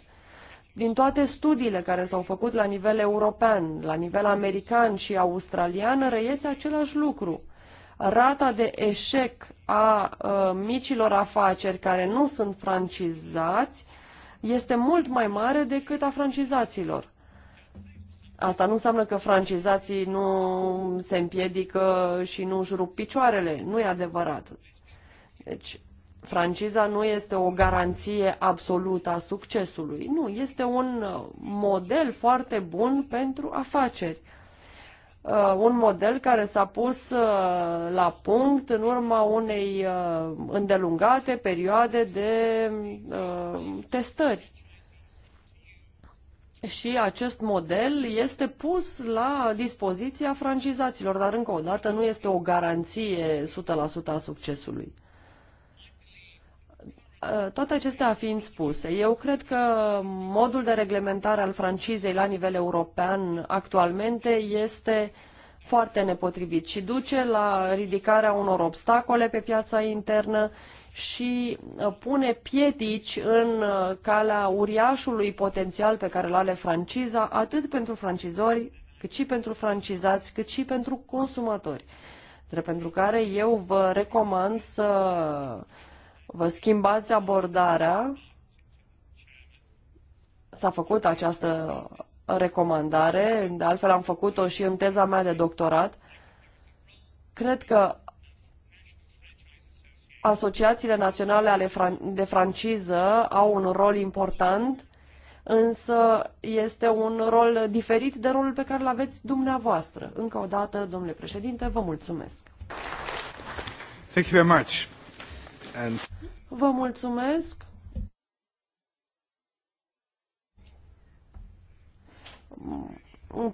Din toate studiile care s-au făcut la nivel european, la nivel american și australian, reiese același lucru – rata de eșec a uh, micilor afaceri care nu sunt francizați este mult mai mare decât a francizaților. Asta nu înseamnă că francizații nu se împiedică și nu își rup picioarele. Nu e adevărat. Deci, franciza nu este o garanție absolută a succesului. Nu, este un model foarte bun pentru afaceri. Uh, un model care s-a pus uh, la punct în urma unei uh, îndelungate perioade de testări. Și acest model este pus la dispoziția francizaților, dar încă o dată nu este o garanție 100% a succesului. Eh, toate acestea fiind spuse, eu cred că modul de reglementare al francizei la nivel european actualmente este foarte nepotrivit și duce la ridicarea unor obstacole pe piața internă și eh, pune piedici în eh, calea uriașului potențial pe care îl are franciza, atât pentru francizori, cât și pentru francizați, cât și pentru consumatori. Drept pentru care eu vă recomand să vă schimbați abordarea. S-a făcut această recomandare, de altfel am făcut-o și în teza mea de doctorat. Cred că asociațiile naționale ale fran- de franciză au un rol important, însă este un rol diferit de rolul pe care îl aveți dumneavoastră. Încă o dată, domnule președinte, vă mulțumesc. Thank you very much and... Vă mulțumesc.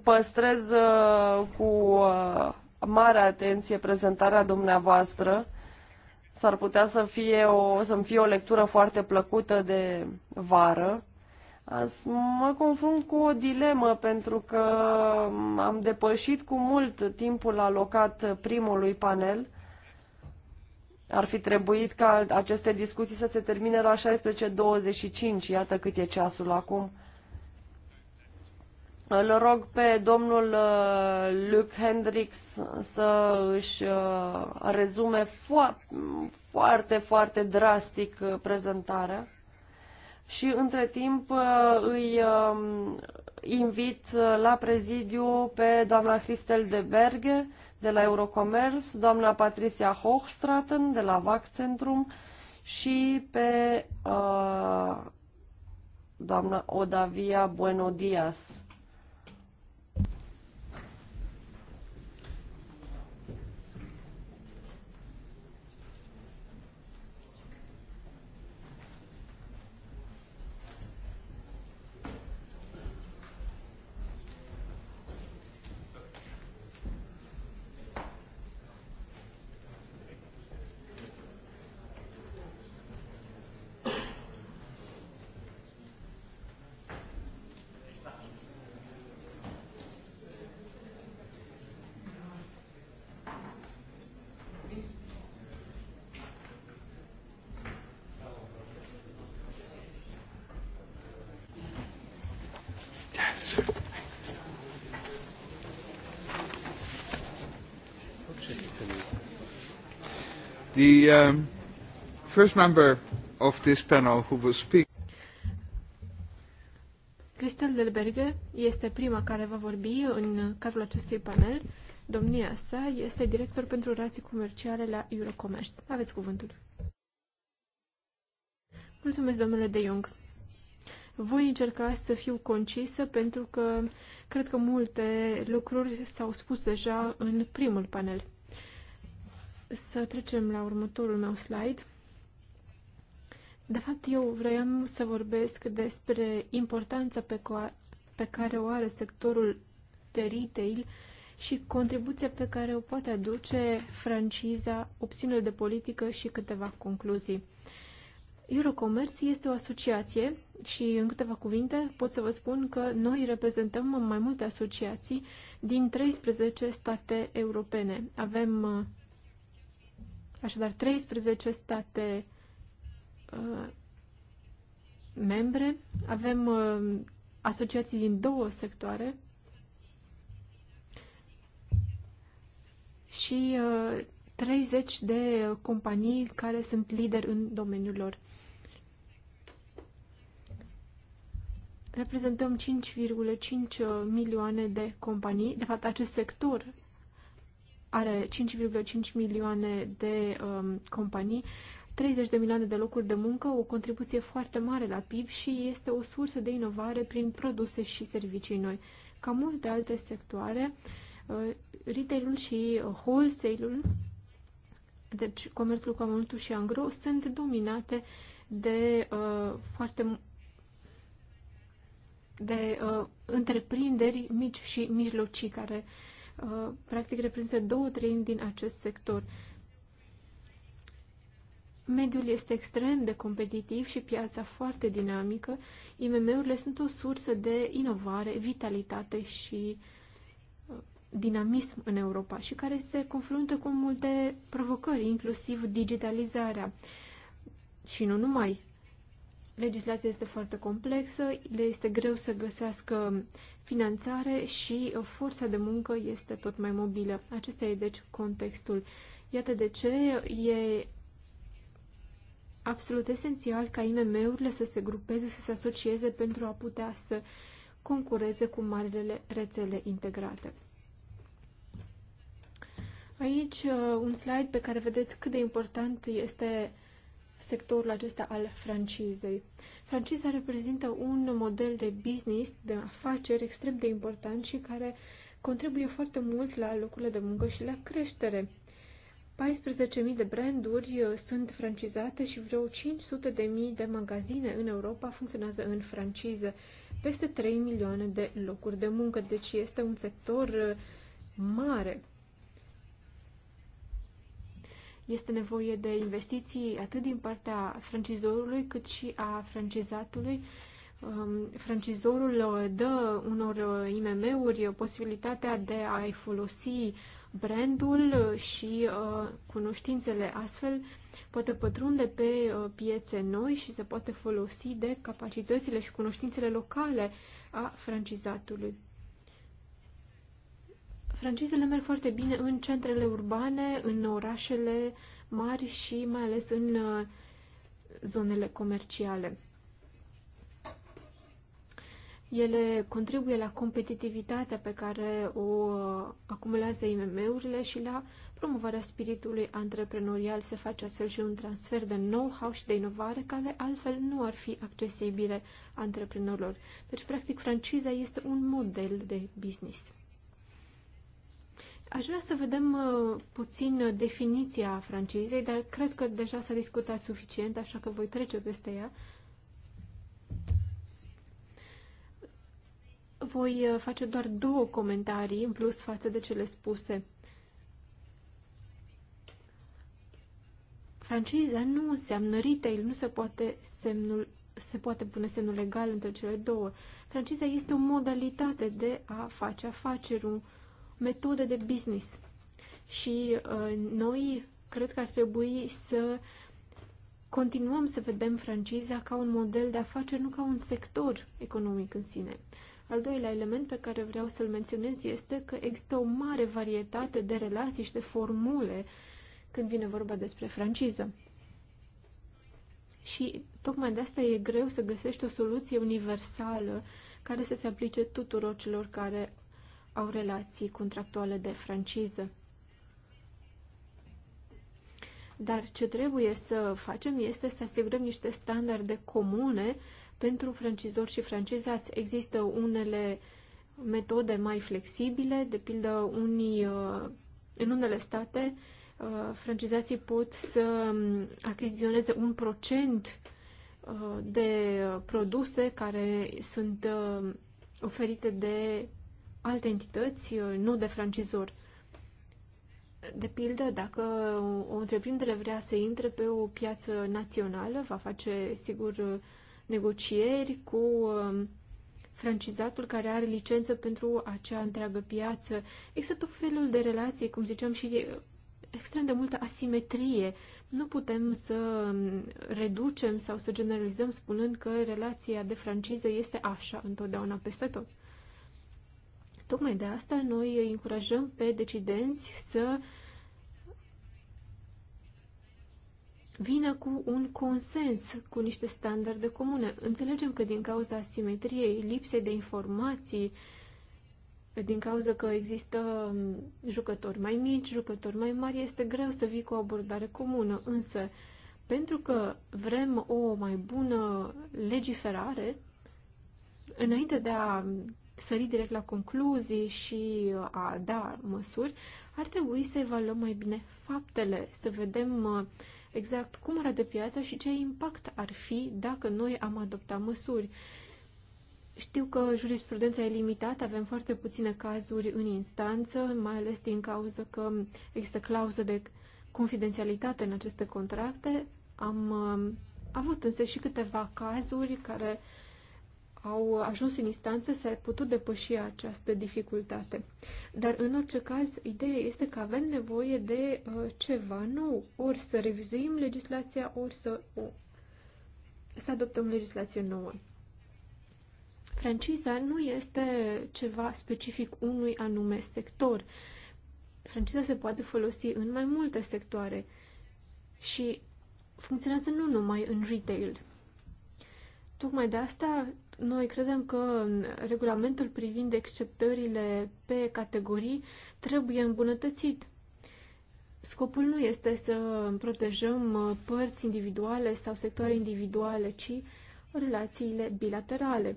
Păstrez uh, cu uh, mare atenție prezentarea dumneavoastră. S-ar putea să fie o, să-mi fie o lectură foarte plăcută de vară. Azi mă confrunt cu o dilemă pentru că am depășit cu mult timpul alocat primului panel ar fi trebuit ca aceste discuții să se termine la 16.25, iată cât e ceasul acum. Îl rog pe domnul uh, Luc Hendricks să își uh, rezume fo- foarte, foarte drastic uh, prezentarea și între timp îi um, invit la prezidiu pe doamna Christel de Berge, de la Eurocommerce, doamna Patricia Hochstraten de la VAC Centrum și pe uh, doamna Odavia Bueno Diaz The um, first member of this panel who will speak. Christel Delberge este prima care va vorbi în cadrul acestui panel. Domnia sa este director pentru relații comerciale la Eurocommerce. Aveți cuvântul. Mulțumesc, domnule De Jong. Voi încerca să fiu concisă pentru că cred că multe lucruri s-au spus deja în primul panel. Să trecem la următorul meu slide. De fapt, eu vreau să vorbesc despre importanța pe, pe care o are sectorul de retail și contribuția pe care o poate aduce franciza, opțiunile de politică și câteva concluzii. Eurocommerce este o asociație și în câteva cuvinte pot să vă spun că noi reprezentăm mai multe asociații din 13 state europene. Avem uh, Așadar, 13 state uh, membre. Avem uh, asociații din două sectoare și uh, 30 de companii care sunt lideri în domeniul lor. Reprezentăm 5,5 uh, milioane de companii. De fapt, acest sector are 5,5 milioane de um, companii, 30 de milioane de locuri de muncă, o contribuție foarte mare la PIB și este o sursă de inovare prin produse și servicii noi. Ca multe alte sectoare, uh, retail-ul și wholesale-ul, deci comerțul cu amănuntul și angro, sunt dominate de uh, foarte de uh, întreprinderi mici și mijlocii care uh, Uh, practic reprezintă două treimi din acest sector. Mediul este extrem de competitiv și piața foarte dinamică. IMM-urile sunt o sursă de inovare, vitalitate și uh, dinamism în Europa și care se confruntă cu multe provocări, inclusiv digitalizarea. Și nu numai. Legislația este foarte complexă, le este greu să găsească finanțare și forța de muncă este tot mai mobilă. Acesta e deci contextul. Iată de ce e absolut esențial ca IMM-urile să se grupeze, să se asocieze pentru a putea să concureze cu marile rețele integrate. Aici uh, un slide pe care vedeți cât de important este uh, sectorul acesta al francizei. Franciza reprezintă un model de business, de afaceri extrem de important și care contribuie foarte mult la locurile de muncă și la creștere. 14.000 de branduri uh, sunt francizate și vreo 500.000 de magazine în Europa funcționează în franciză. Peste 3 milioane de locuri de muncă, deci este un sector uh, mare este nevoie de investiții atât din partea francizorului cât și a francizatului. Um, francizorul uh, dă unor uh, IMM-uri posibilitatea de a-i folosi brandul și uh, cunoștințele astfel poate pătrunde pe piețe noi și se poate folosi de capacitățile și cunoștințele locale a francizatului. Francizele merg foarte bine în centrele urbane, în orașele mari și mai ales în uh, zonele comerciale. Ele contribuie la competitivitatea pe care o uh, acumulează IMM-urile și la promovarea spiritului antreprenorial se face astfel și un transfer de know-how și de inovare care altfel nu ar fi accesibile antreprenorilor. Deci, practic, franciza este un model de business. Aș vrea să vedem uh, puțin uh, definiția francizei, dar cred că deja s-a discutat suficient, așa că voi trece peste ea. Voi uh, face doar două comentarii în plus față de cele spuse. Franciza nu înseamnă retail, nu se poate, semnul, se poate pune semnul legal între cele două. Franciza este o modalitate de a face afaceri, un, uh, metode de business. Și uh, noi cred că ar trebui să continuăm să vedem franciza ca un model de afaceri, nu ca un sector economic în sine. Al doilea element pe care vreau să-l menționez este că există o mare varietate de relații și de formule când vine vorba despre franciză. Și tocmai de asta e greu să găsești o soluție universală care să se aplice tuturor celor care au relații contractuale de franciză. Dar ce trebuie să facem este să asigurăm niște standarde comune pentru francizori și francizați. Există unele metode mai flexibile, de pildă unii, uh, în unele state uh, francizații pot să um, achiziționeze un procent uh, de produse care sunt oferite de alte entități uh, nu de francizori. De pildă, dacă o întreprindere vrea să intre pe o piață națională, va face, sigur, uh, negocieri cu um, francizatul care are licență pentru acea întreagă piață. Există tot felul de relații, cum ziceam, și extrem de multă asimetrie. Nu putem să um, reducem sau să generalizăm spunând că relația de franciză este așa întotdeauna peste tot. Tocmai de asta noi îi încurajăm pe decidenți să vină cu un consens, cu niște standarde comune. Înțelegem că din cauza asimetriei, lipsei de informații, din cauza că există um, jucători mai mici, jucători mai mari, este greu să vii cu o abordare comună, însă pentru că vrem o mai bună legiferare, înainte de a sări direct la concluzii și a da măsuri, ar trebui să evaluăm mai bine faptele, să vedem uh, exact cum arată piața și ce impact ar fi dacă noi am adoptat măsuri. Știu că jurisprudența e limitată, avem foarte puține cazuri în instanță, mai ales din cauza că există clauze de confidențialitate în aceste contracte. Am uh, avut însă și câteva cazuri care au ajuns în instanță, s-a putut depăși această dificultate. Dar, în orice caz, ideea este că avem nevoie de uh, ceva nou. Ori să revizuim legislația, ori să, o, să adoptăm legislație nouă. Franciza nu este ceva specific unui anume sector. Franciza se poate folosi în mai multe sectoare și funcționează nu numai în retail. Tocmai de asta noi credem că regulamentul privind exceptările pe categorii trebuie îmbunătățit. Scopul nu este să protejăm uh, părți individuale sau sectoare individuale, ci relațiile bilaterale.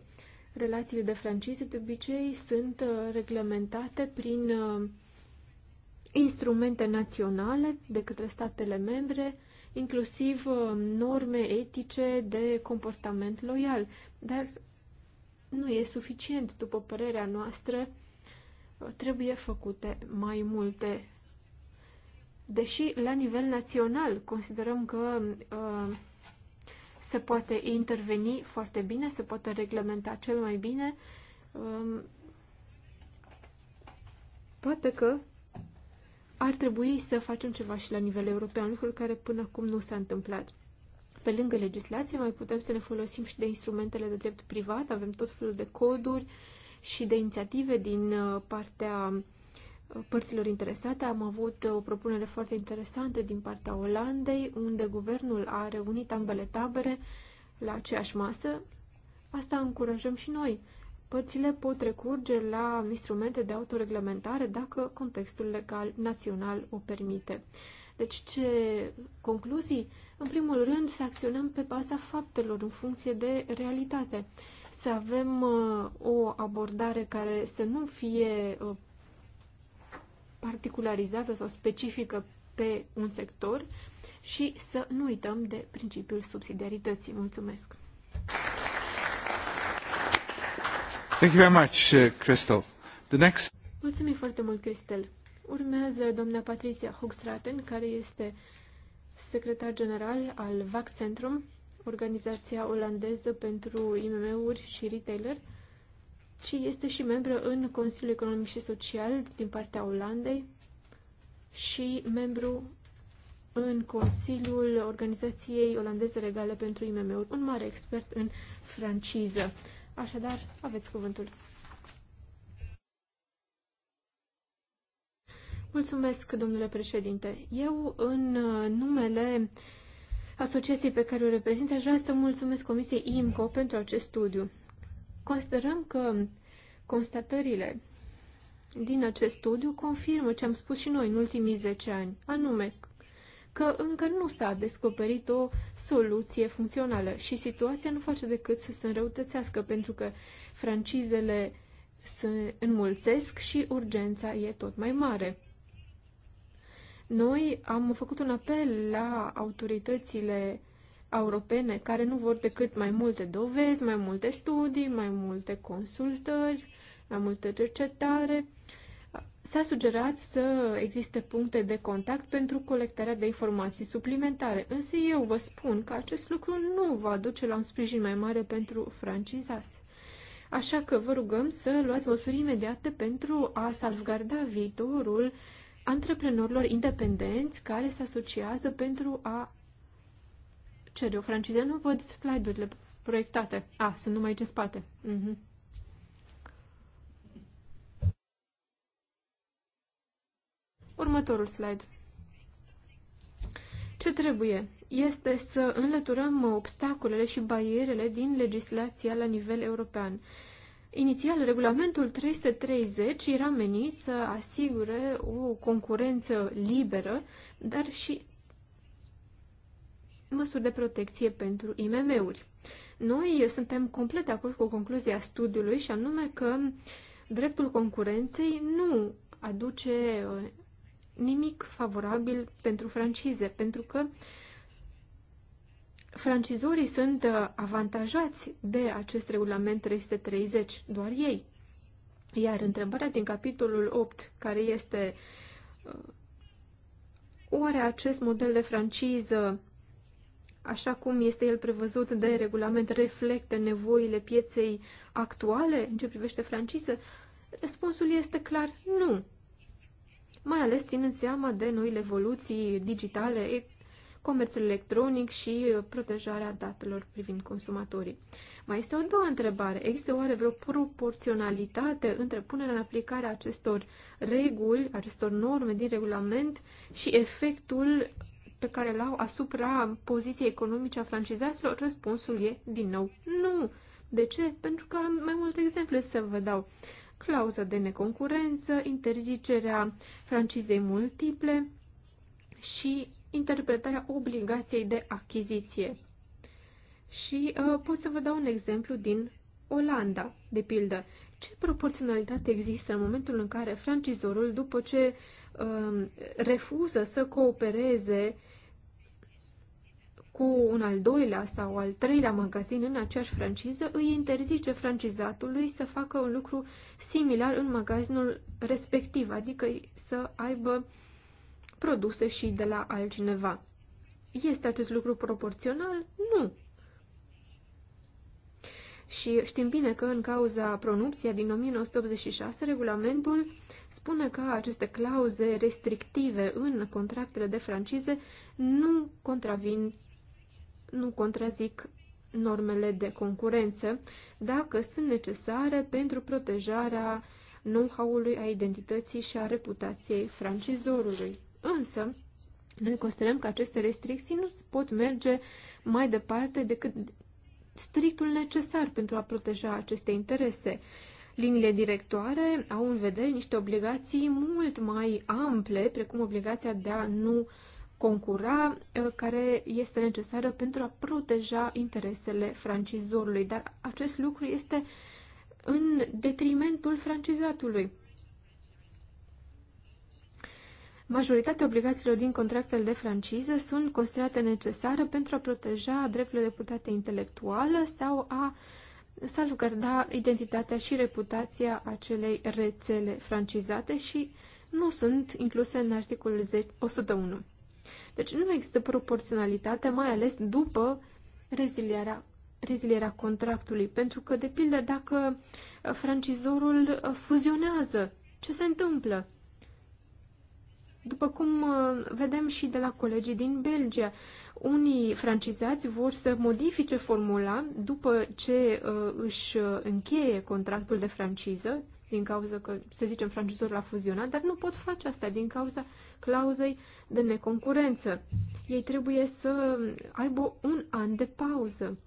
Relațiile de francize de obicei sunt uh, reglementate prin uh, instrumente naționale de către statele membre, inclusiv norme etice de comportament loial, dar nu e suficient, după părerea noastră. Trebuie făcute mai multe. Deși, la nivel național, considerăm că uh, se poate interveni foarte bine, se poate reglementa cel mai bine, um, poate că ar trebui să facem ceva și la nivel european, lucruri care până acum nu s-a întâmplat. Pe lângă legislație, mai putem să ne folosim și de instrumentele de drept privat, avem tot felul de coduri și de inițiative din uh, partea uh, părților interesate. Am avut uh, o propunere foarte interesantă din partea Olandei, unde guvernul a reunit ambele tabere la aceeași masă. Asta încurajăm și noi. Părțile pot recurge la instrumente de autoreglementare dacă contextul legal național o permite. Deci ce concluzii în primul rând, să acționăm pe baza faptelor, în funcție de realitate. Să avem uh, o abordare care să nu fie uh, particularizată sau specifică pe un sector și să nu uităm de principiul subsidiarității. Mulțumesc! Thank you very much, uh, Crystal. The next... Mulțumim foarte mult, Cristel. Urmează doamna Patricia Hugstraten, care este secretar general al VAC Centrum, organizația olandeză pentru IMM-uri și retailer, ci este și membru în Consiliul Economic și Social din partea Olandei și membru în Consiliul Organizației Olandeze Regale pentru IMM-uri, un mare expert în franciză. Așadar, aveți cuvântul. Mulțumesc, domnule președinte. Eu, în uh, numele asociației pe care o reprezint, aș vrea să mulțumesc Comisiei IMCO pentru acest studiu. Considerăm că constatările din acest studiu confirmă ce am spus și noi în ultimii 10 ani, anume că încă nu s-a descoperit o soluție funcțională și situația nu face decât să se înrăutățească pentru că francizele se înmulțesc și urgența e tot mai mare. Noi am făcut un apel la autoritățile europene care nu vor decât mai multe dovezi, mai multe studii, mai multe consultări, mai multe cercetare. S-a sugerat să existe puncte de contact pentru colectarea de informații suplimentare, însă eu vă spun că acest lucru nu va duce la un sprijin mai mare pentru francizați. Așa că vă rugăm să luați măsuri imediate pentru a salvgarda viitorul antreprenorilor independenți care se asociază pentru a cere o franciză. Nu văd slide-urile proiectate. A, ah, sunt numai aici în spate. Uh-huh. Următorul slide. Ce trebuie? Este să înlăturăm obstacolele și barierele din legislația la nivel european. Uh, Inițial, regulamentul 330 era menit să asigure o concurență liberă, dar și măsuri de protecție pentru IMM-uri. Noi suntem complet de acord cu concluzia studiului și anume că dreptul concurenței nu aduce uh, nimic favorabil pentru francize, pentru că uh, francizorii sunt uh, avantajați de acest regulament 330, doar ei. Iar întrebarea din capitolul 8, care este uh, oare acest model de franciză, așa cum este el prevăzut de regulament, reflectă nevoile pieței actuale în ce privește franciză? Răspunsul este clar nu. Mai ales ținând seama de noile evoluții digitale, comerțul electronic și uh, protejarea datelor privind consumatorii. Mai este o doua întrebare. Există oare vreo proporționalitate între punerea în aplicare a acestor reguli, acestor norme din regulament și efectul pe care îl au asupra poziției economice a francizaților? Răspunsul e, din nou, nu. De ce? Pentru că am mai multe exemple să vă dau. Clauza de neconcurență, interzicerea francizei multiple și interpretarea obligației de achiziție. Și uh, pot să vă dau un exemplu din Olanda, de pildă. Ce proporționalitate există în momentul în care francizorul, după ce uh, refuză să coopereze cu un al doilea sau al treilea magazin în aceeași franciză, îi interzice francizatului să facă un lucru similar în magazinul respectiv, adică să aibă uh, produse și de la altcineva. Este acest lucru proporțional? Nu. Și știm bine că în cauza pronupția din 1986, regulamentul spune că aceste clauze restrictive în contractele de francize nu contravin, nu contrazic normele de concurență, dacă sunt necesare pentru protejarea know-how-ului, a identității și a reputației francizorului. Însă, noi considerăm că aceste restricții nu pot merge mai departe decât strictul necesar pentru a proteja aceste interese. Liniile directoare au în vedere niște obligații mult mai ample, precum obligația de a nu concura, uh, care este necesară pentru a proteja interesele francizorului. Dar acest lucru este în detrimentul francizatului. Majoritatea obligațiilor din contractele de franciză sunt considerate necesare pentru a proteja drepturile de proprietate intelectuală sau a salvgarda identitatea și reputația acelei rețele francizate și nu sunt incluse în articolul 101. Deci nu există proporționalitate, mai ales după rezilierea, rezilierea contractului, pentru că, de pildă, dacă francizorul fuzionează, ce se întâmplă? După cum uh, vedem și de la colegii din Belgia, unii francizați vor să modifice formula după ce uh, își uh, încheie contractul de franciză, din cauza că, să zicem, francizorul a fuzionat, dar nu pot face asta din cauza clauzei de neconcurență. Ei trebuie să aibă un an de pauză.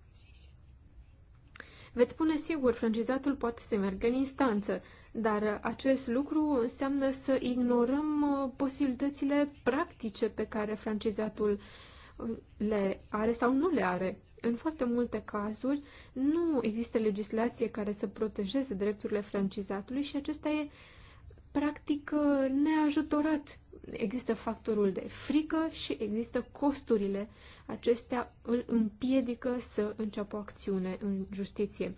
Veți spune sigur, francizatul poate să meargă în instanță, dar acest lucru înseamnă să ignorăm uh, posibilitățile practice pe care francizatul uh, le are sau nu le are. În foarte multe cazuri nu există legislație care să protejeze drepturile francizatului și acesta e practic uh, neajutorat. Există factorul de frică și există costurile. Acestea îl împiedică să înceapă o acțiune în justiție.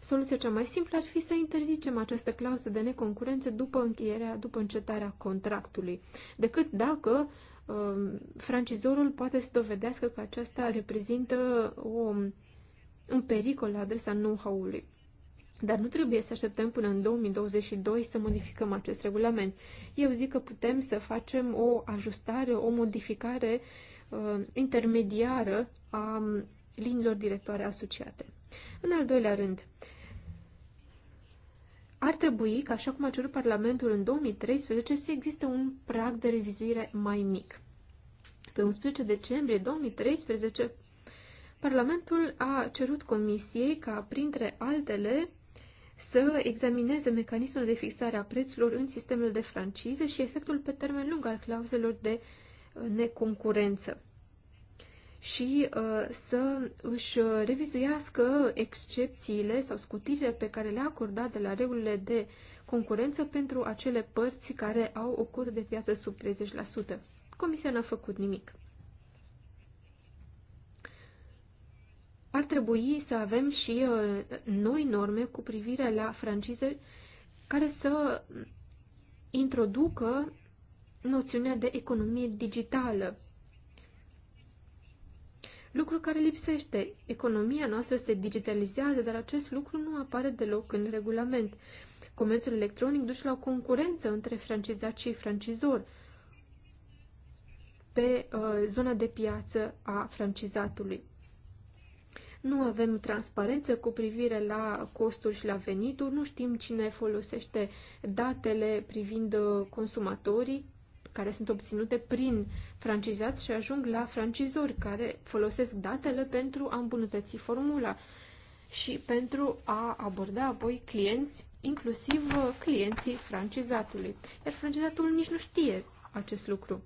Soluția cea mai simplă ar fi să interzicem această clauză de neconcurență după încheierea, după încetarea contractului, decât dacă um, francizorul poate să dovedească că aceasta reprezintă o, un pericol la adresa know-how-ului. Dar nu trebuie să așteptăm până în 2022 să modificăm acest regulament. Eu zic că putem să facem o ajustare, o modificare uh, intermediară a um, liniilor directoare asociate. În al doilea rând, ar trebui, ca așa cum a cerut Parlamentul în 2013, să existe un prag de revizuire mai mic. Pe 11 decembrie 2013, Parlamentul a cerut Comisiei ca, printre altele, să examineze mecanismul de fixare a prețurilor în sistemul de franciză și efectul pe termen lung al clauzelor de uh, neconcurență și uh, să își uh, revizuiască excepțiile sau scutirile pe care le-a acordat de la regulile de concurență pentru acele părți care au o cotă de piață sub 30%. Comisia n-a făcut nimic. ar trebui să avem și uh, noi norme cu privire la francize care să introducă noțiunea de economie digitală. Lucru care lipsește. Economia noastră se digitalizează, dar acest lucru nu apare deloc în regulament. Comerțul electronic duce la o concurență între francizat și francizor pe uh, zona de piață a francizatului nu avem transparență cu privire la costuri și la venituri, nu știm cine folosește datele privind uh, consumatorii care sunt obținute prin francizați și ajung la francizori care folosesc datele pentru a îmbunătăți formula și pentru a aborda apoi clienți, inclusiv uh, clienții francizatului. Iar francizatul nici nu știe acest lucru.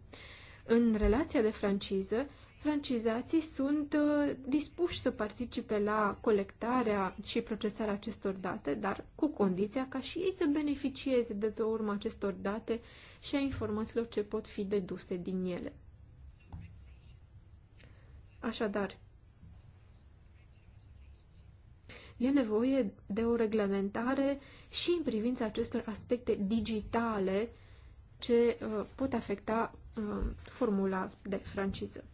În relația de franciză, francizații sunt uh, dispuși să participe la colectarea și procesarea acestor date, dar cu condiția ca și ei să beneficieze de pe urma acestor date și a informațiilor ce pot fi deduse din ele. Așadar, e nevoie de o reglementare și în privința acestor aspecte digitale ce uh, pot afecta uh, formula de franciză.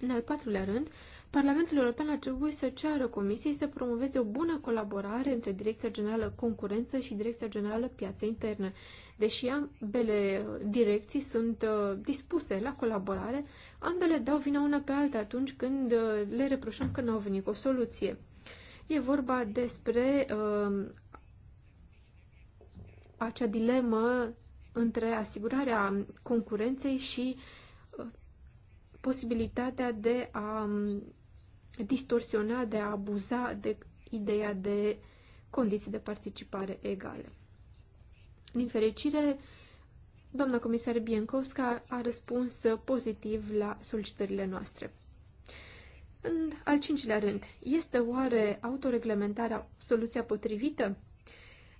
În al patrulea rând, Parlamentul European ar trebui să ceară Comisiei să promoveze o bună colaborare între Direcția Generală Concurență și Direcția Generală Piață Internă, deși ambele direcții sunt uh, dispuse la colaborare, ambele dau vina una pe alta atunci când uh, le reproșăm că nu au venit cu o soluție. E vorba despre uh, acea dilemă între asigurarea concurenței și uh, posibilitatea de a um, distorsiona, de a abuza de ideea de condiții de participare egale. Din fericire, doamna comisar Biencovska a răspuns pozitiv la solicitările noastre. În al cincilea rând, este oare autoreglementarea soluția potrivită?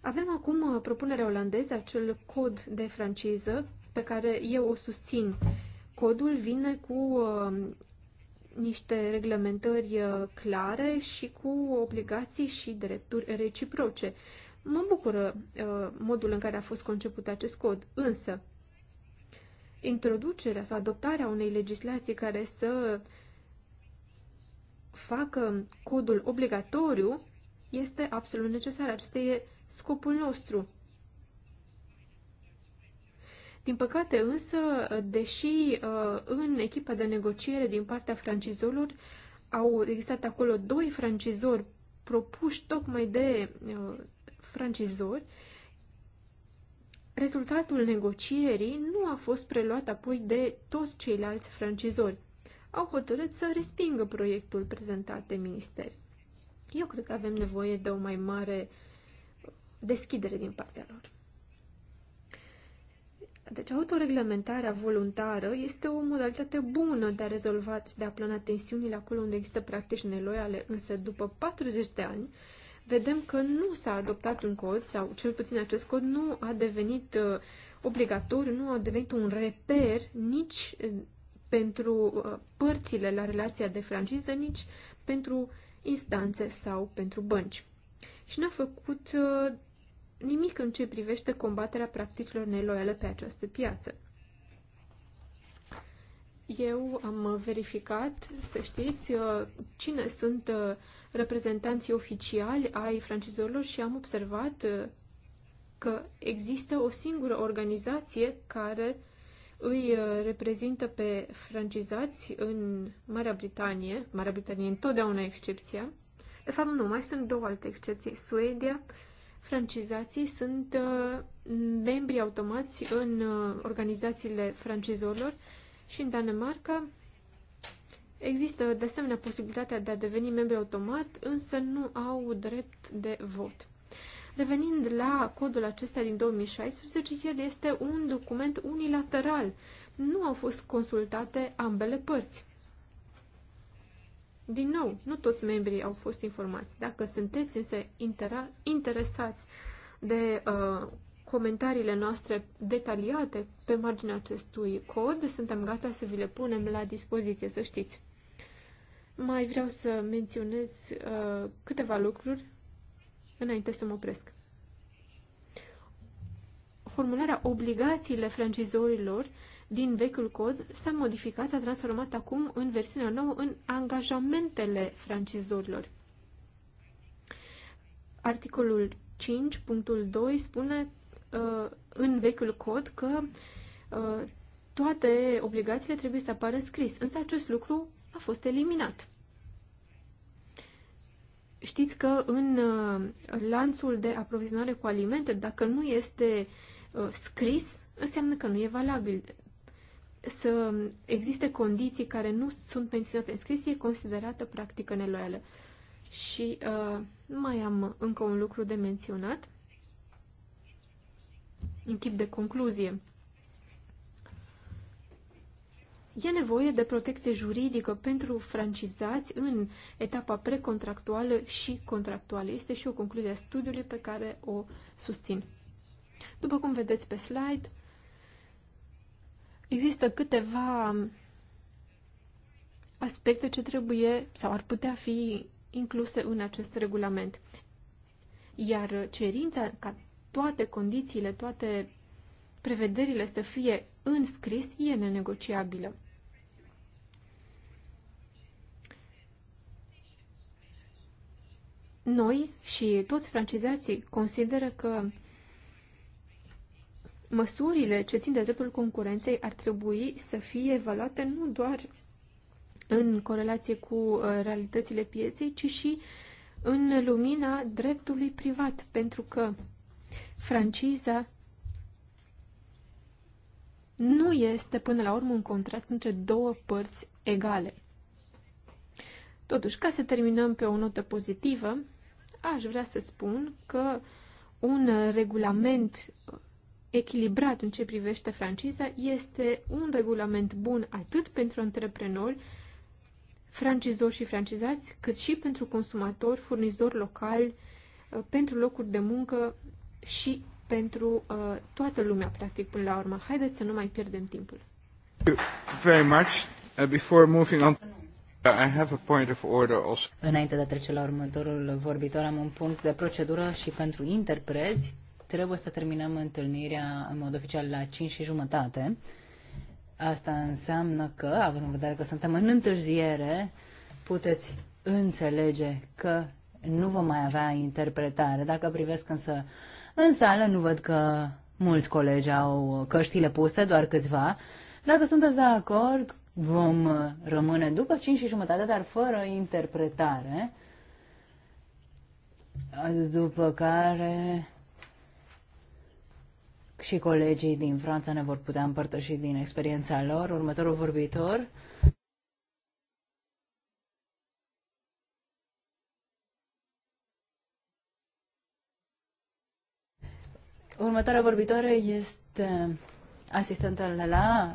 Avem acum propunerea olandeză, acel cod de franciză, pe care eu o susțin Codul vine cu uh, niște reglementări uh, clare și cu obligații și drepturi reciproce. Mă bucură uh, modul în care a fost conceput acest cod, însă introducerea sau adoptarea unei legislații care să facă codul obligatoriu este absolut necesar. Acesta e scopul nostru. Din păcate însă, deși uh, în echipa de negociere din partea francizorilor au existat acolo doi francizori propuși tocmai de uh, francizori, rezultatul negocierii nu a fost preluat apoi de toți ceilalți francizori. Au hotărât să respingă proiectul prezentat de minister. Eu cred că avem nevoie de o mai mare deschidere din partea lor. Deci autoreglementarea voluntară este o modalitate bună de a rezolva și de a plana tensiunile acolo unde există practici neloiale, însă după 40 de ani vedem că nu s-a adoptat un cod sau cel puțin acest cod nu a devenit uh, obligatoriu, nu a devenit un reper nici uh, pentru uh, părțile la relația de franciză, nici pentru instanțe sau pentru bănci. Și n a făcut nimic în ce privește combaterea practicilor neloiale pe această piață. Eu am verificat, să știți, uh, cine sunt uh, reprezentanții oficiali ai francizorilor și am observat uh, că există o singură organizație care îi reprezintă pe francizați în Marea Britanie. Marea Britanie întotdeauna excepția. De fapt, nu, mai sunt două alte excepții. Suedia francizații sunt uh, membri automați în uh, organizațiile francizorilor și în Danemarca există de asemenea posibilitatea de a deveni membri automat, însă nu au drept de vot. Revenind la codul acesta din 2016, el este un document unilateral. Nu au fost consultate ambele părți. Din nou, nu toți membrii au fost informați. Dacă sunteți însă interesați de uh, comentariile noastre detaliate pe marginea acestui cod, suntem gata să vi le punem la dispoziție, să știți. Mai vreau să menționez uh, câteva lucruri înainte să mă opresc. Formularea obligațiile francizorilor uh, din vechiul cod s-a modificat, s-a transformat acum în versiunea nouă în angajamentele francizorilor. Articolul 5.2 spune uh, în vechiul cod că uh, toate obligațiile trebuie să apară scris, însă acest lucru a fost eliminat. Știți că în uh, lanțul de aprovizionare cu alimente, dacă nu este uh, scris, înseamnă că nu e valabil să existe condiții care nu sunt menționate în scris, e considerată practică neloială. Și uh, mai am încă un lucru de menționat, în chip de concluzie. E nevoie de protecție juridică pentru francizați în etapa precontractuală și contractuală. Este și o concluzie a studiului pe care o susțin. După cum vedeți pe slide, uh, Există câteva aspecte ce trebuie sau ar putea fi incluse în acest regulament. Iar cerința ca toate condițiile, toate prevederile să fie înscris e nenegociabilă. Noi și toți francizații consideră că măsurile ce țin de dreptul concurenței ar trebui să fie evaluate nu doar în corelație cu uh, realitățile pieței, ci și în lumina dreptului privat, pentru că franciza nu este până la urmă un contract între două părți egale. Totuși, ca să terminăm pe o notă pozitivă, aș vrea să spun că un regulament echilibrat în ce privește franciza este un regulament bun atât pentru antreprenori, francizori și francizați, cât și pentru consumatori, furnizori locali, uh, pentru locuri de muncă și pentru uh, toată lumea, practic, până la urmă. Haideți să nu mai pierdem timpul. Uh, Înainte de a trece la următorul vorbitor, am un punct de procedură și pentru interpreți Trebuie să terminăm întâlnirea în mod oficial la 5 și jumătate. Asta înseamnă că, având în vedere că suntem în întârziere, puteți înțelege că nu vom mai avea interpretare. Dacă privesc însă în sală, nu văd că mulți colegi au căștile puse, doar câțiva. Dacă sunteți de acord, vom rămâne după 5 și jumătate, dar fără interpretare. După care și colegii din Franța ne vor putea împărtăși din experiența lor. Următorul vorbitor. Următoarea vorbitoare este asistentă la, la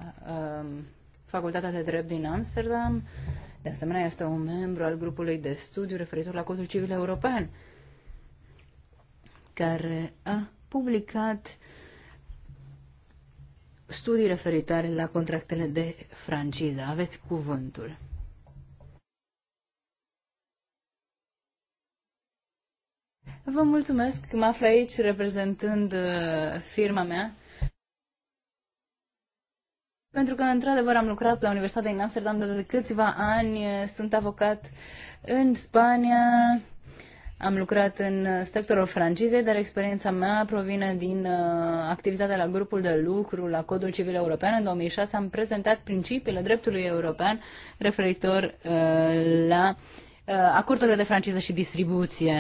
um, Facultatea de Drept din Amsterdam. De asemenea, este un membru al grupului de studiu referitor la Codul Civil European, care a publicat studii referitoare la contractele de franciză. Aveți cuvântul. Vă mulțumesc. că Mă aflu aici reprezentând uh, firma mea. Pentru că, într-adevăr, am lucrat la Universitatea din Amsterdam de câțiva ani, sunt avocat în Spania, am lucrat în sectorul francizei, dar experiența mea provine din uh, activitatea la grupul de lucru la Codul Civil European. În 2006 am prezentat principiile dreptului european referitor uh, la uh, acordurile de franciză și distribuție.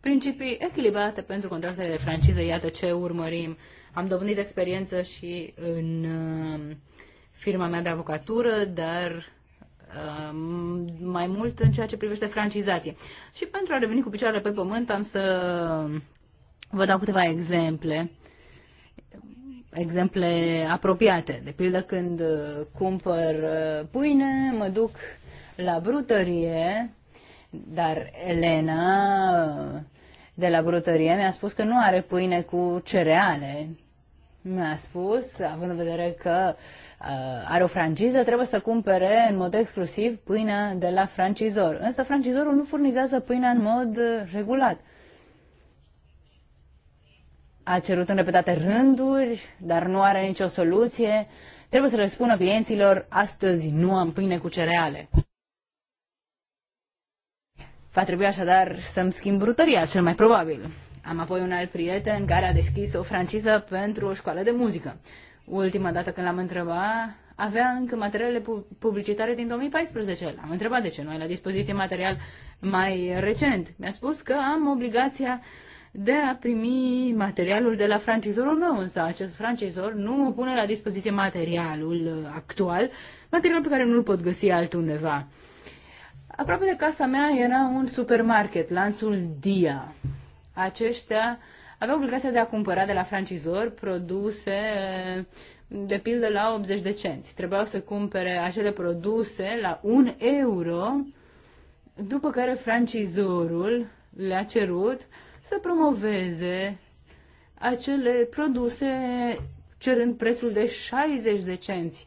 Principii echilibrate pentru contractele de franciză, iată ce urmărim. Am dobândit experiență și în uh, firma mea de avocatură, dar uh, mai mult în ceea ce privește francizații. Și pentru a reveni cu picioarele pe pământ, am să vă dau câteva exemple, exemple apropiate. De pildă când uh, cumpăr uh, pâine, mă duc la brutărie, dar Elena de la brutărie mi-a spus că nu are pâine cu cereale. Mi-a spus, având în vedere că uh, Uh, are o franciză, trebuie să cumpere în mod exclusiv pâinea de la francizor. Însă francizorul nu furnizează pâinea în mod uh, regulat. A cerut în repetate rânduri, dar nu are nicio soluție. Trebuie să le spună clienților, astăzi nu am pâine cu cereale. Va trebui așadar să-mi schimb brutăria, cel mai probabil. Am apoi un alt prieten care a deschis o franciză pentru o școală de muzică. Ultima dată când l-am întrebat, avea încă materialele publicitare din 2014. L-am întrebat de ce nu ai la dispoziție material mai recent. Mi-a spus că am obligația de a primi materialul de la francizorul meu, însă acest francizor nu mă pune la dispoziție materialul uh, actual, material pe care nu-l pot găsi altundeva. Aproape de casa mea era un supermarket, lanțul Dia. Aceștia uh, avea obligația de a cumpăra de la francizor produse de pildă la 80 de cenți. Trebuiau să cumpere acele produse la 1 euro, după care francizorul le-a cerut să promoveze acele produse cerând prețul de 60 de cenți.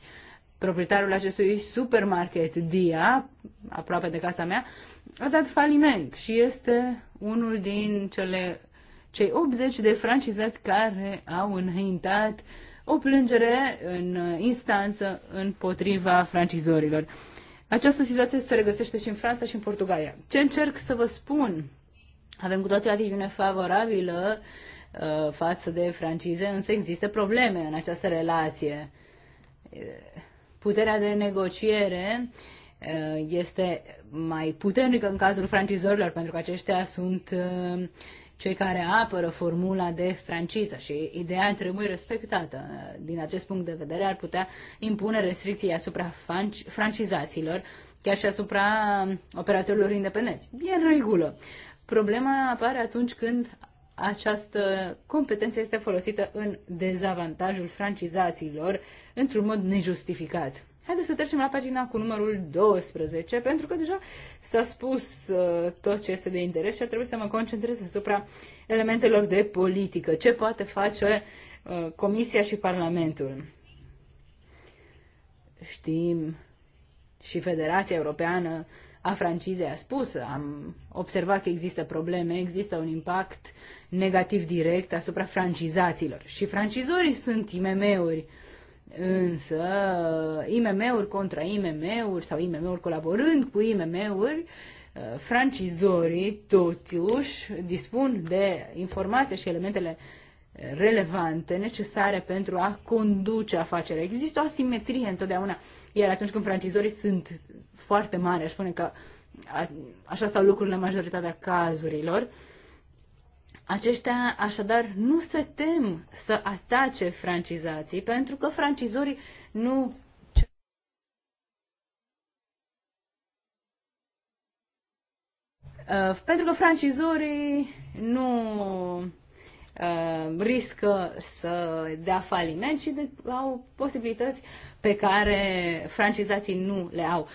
Proprietarul acestui supermarket, Dia, aproape de casa mea, a dat faliment și este unul din cele cei 80 de francizați care au înaintat o plângere în instanță împotriva francizorilor. Această situație se regăsește și în Franța și în Portugalia. Ce încerc să vă spun? Avem cu toții o atitudine favorabilă uh, față de francize, însă există probleme în această relație. Puterea de negociere uh, este mai puternică în cazul francizorilor, pentru că aceștia sunt uh, cei care apără formula de franciză și ideea trebuie respectată. Din acest punct de vedere ar putea impune restricții asupra francizaților, chiar și asupra um, operatorilor independenți. E în regulă. Problema apare atunci când această competență este folosită în dezavantajul francizațiilor într-un mod nejustificat. Haideți să trecem la pagina cu numărul 12, pentru că deja s-a spus uh, tot ce este de interes și ar trebui să mă concentrez asupra elementelor de politică. Ce poate face uh, Comisia și Parlamentul? Știm și Federația Europeană a francizei a spus, am observat că există probleme, există un impact negativ direct asupra francizaților. Și francizorii sunt IMM-uri. Uh, Însă IMM-uri contra IMM-uri sau IMM-uri colaborând cu IMM-uri, uh, francizorii totuși dispun de informații și elementele uh, relevante, necesare pentru a conduce afacerea. Există o asimetrie întotdeauna, iar atunci când francizorii sunt foarte mari, aș spune că așa stau lucrurile în majoritatea cazurilor, aceștia așadar nu se tem să atace francizații pentru că francizorii nu Uh, pentru că francizorii nu uh, riscă să dea faliment și de, au posibilități pe care francizații nu le au.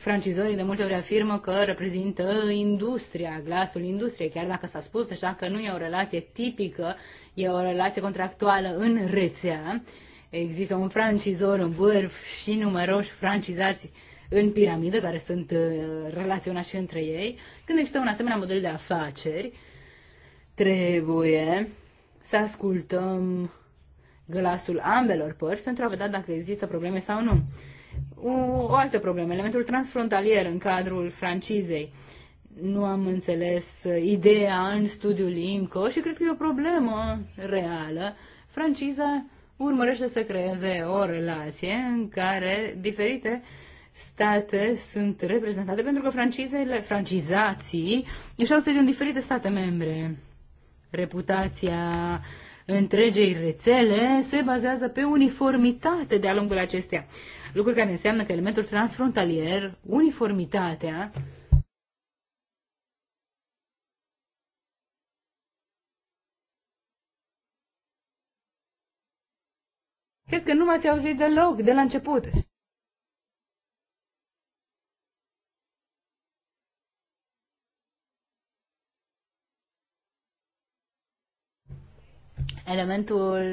francizorii de multe ori afirmă că reprezintă industria, glasul industriei, chiar dacă s-a spus așa că nu e o relație tipică, e o relație contractuală în rețea. Există un francizor în vârf și numeroși francizați în piramidă, care sunt uh, relaționați și între ei. Când există un asemenea model de afaceri, trebuie să ascultăm glasul ambelor părți pentru a vedea dacă există probleme sau nu. O altă problemă, elementul transfrontalier în cadrul francizei. Nu am înțeles ideea în studiul IMCO și cred că e o problemă reală. Franciza urmărește să creeze o relație în care diferite state sunt reprezentate pentru că francizele, francizații își au sediu în diferite state membre. Reputația întregei rețele se bazează pe uniformitate de-a lungul acestea lucru care înseamnă că elementul transfrontalier, uniformitatea, Cred că nu m-ați auzit deloc de la început. Elementul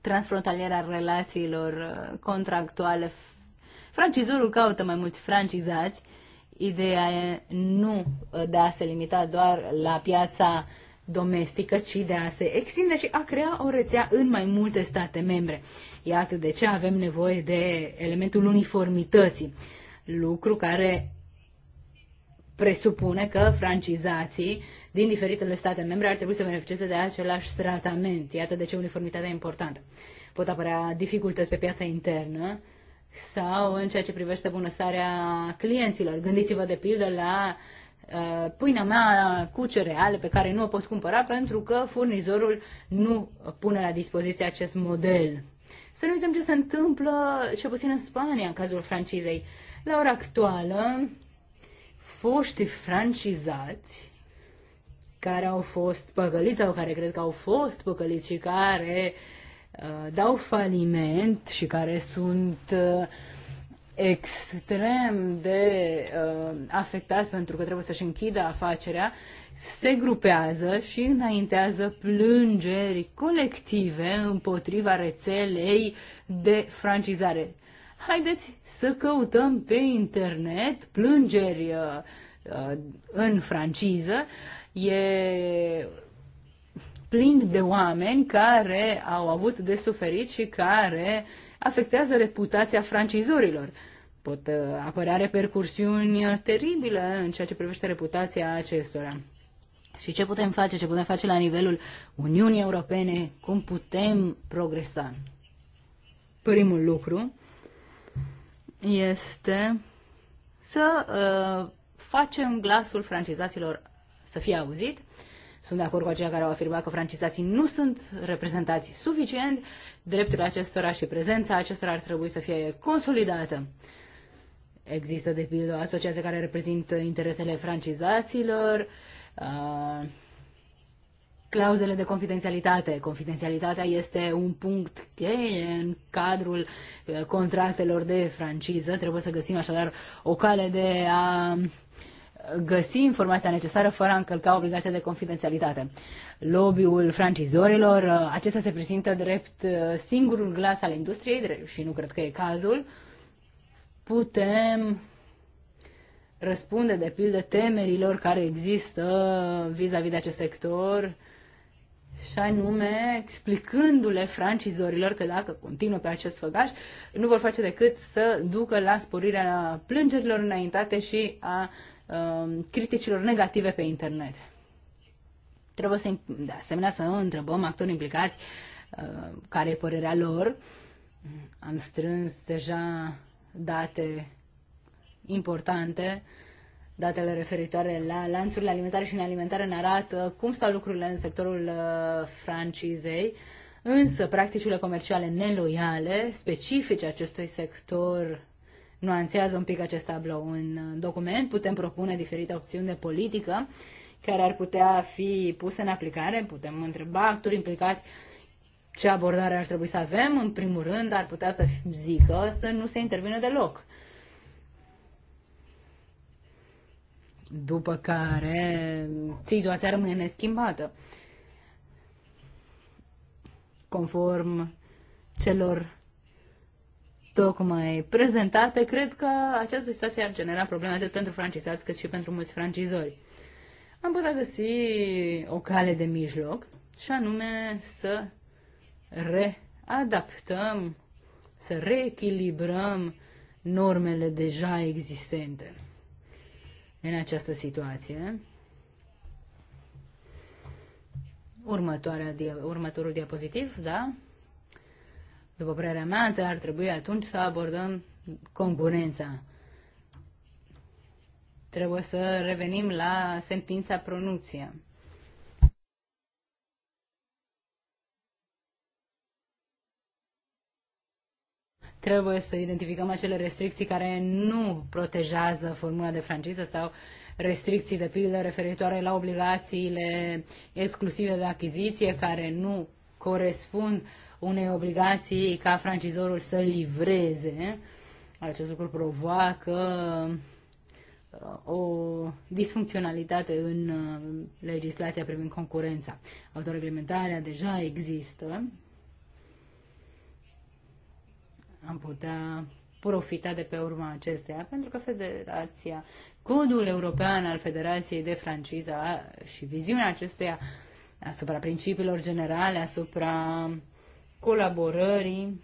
transfrontalieră a relațiilor uh, contractuale. Francizorul caută mai mulți francizați. Ideea e nu uh, de a se limita doar la piața domestică, ci de a se extinde și a crea o rețea în mai multe state membre. Iată de ce avem nevoie de elementul uniformității, lucru care presupune că francizații din diferitele state membre ar trebui să beneficieze de același tratament. Iată de ce uniformitatea e importantă. Pot apărea dificultăți pe piața internă sau în ceea ce privește bunăstarea clienților. Gândiți-vă de pildă la uh, pâinea mea cu cereale pe care nu o pot cumpăra pentru că furnizorul nu pune la dispoziție acest model. Să ne uităm ce se întâmplă, și puțin în Spania, în cazul francizei. La ora actuală, foști francizați care au fost păcăliți sau care cred că au fost păcăliți și care uh, dau faliment și care sunt uh, extrem de uh, afectați pentru că trebuie să-și închidă afacerea, se grupează și înaintează plângeri colective împotriva rețelei de francizare haideți să căutăm pe internet plângeri uh, uh, în franciză. E plin de oameni care au avut de suferit și care afectează reputația francizorilor. Pot uh, apărea repercursiuni teribile în ceea ce privește reputația acestora. Și ce putem face, ce putem face la nivelul Uniunii Europene, cum putem progresa. Primul lucru este să uh, facem glasul francizaților să fie auzit. Sunt de acord cu aceia care au afirmat că francizații nu sunt reprezentați suficient, Dreptul acestora și prezența acestora ar trebui să fie consolidată. Există, de pildă, o asociație care reprezintă interesele francizaților, uh, clauzele de confidențialitate. Confidențialitatea este un punct cheie în cadrul uh, contractelor de franciză. Trebuie să găsim așadar o cale de a uh, găsi informația necesară fără a încălca obligația de confidențialitate. Lobby-ul francizorilor, uh, acesta se prezintă drept singurul glas al industriei și nu cred că e cazul. Putem răspunde de pildă temerilor care există vis-a-vis -vis de acest sector și anume explicându-le francizorilor că dacă continuă pe acest făgaș, nu vor face decât să ducă la sporirea plângerilor înaintate și a um, criticilor negative pe internet. Trebuie să, de asemenea să întrebăm actorii implicați uh, care e părerea lor. Am strâns deja date importante uh, Datele referitoare la lanțurile alimentare și nealimentare ne arată cum stau lucrurile în sectorul uh, francizei, însă practicile comerciale neloiale, specifice acestui sector, nuanțează un pic acest tablou. În uh, document putem propune diferite opțiuni de politică care ar putea fi puse în aplicare, putem întreba actori implicați ce abordare ar trebui să avem, în primul rând, ar putea să zică să nu se intervine deloc. după care situația rămâne neschimbată. Conform celor tocmai prezentate, cred că această situație ar genera probleme atât pentru francizați cât și pentru mulți francizori. Am putea găsi o cale de mijloc și anume să readaptăm, să reechilibrăm normele deja existente în această situație. Următoarea, următorul diapozitiv, da? După părerea mea, ar trebui atunci să abordăm concurența. Trebuie să revenim la sentința pronunție. trebuie să identificăm acele restricții care nu protejează formula de franciză sau restricții de pildă referitoare la obligațiile exclusive de achiziție care nu corespund unei obligații ca francizorul să livreze. Acest lucru provoacă uh, o disfuncționalitate în uh, legislația privind concurența. Autoreglementarea deja există, am putea profita de pe urma acesteia, pentru că federația, codul european al Federației de Franciză și viziunea acestuia asupra principiilor generale, asupra colaborării,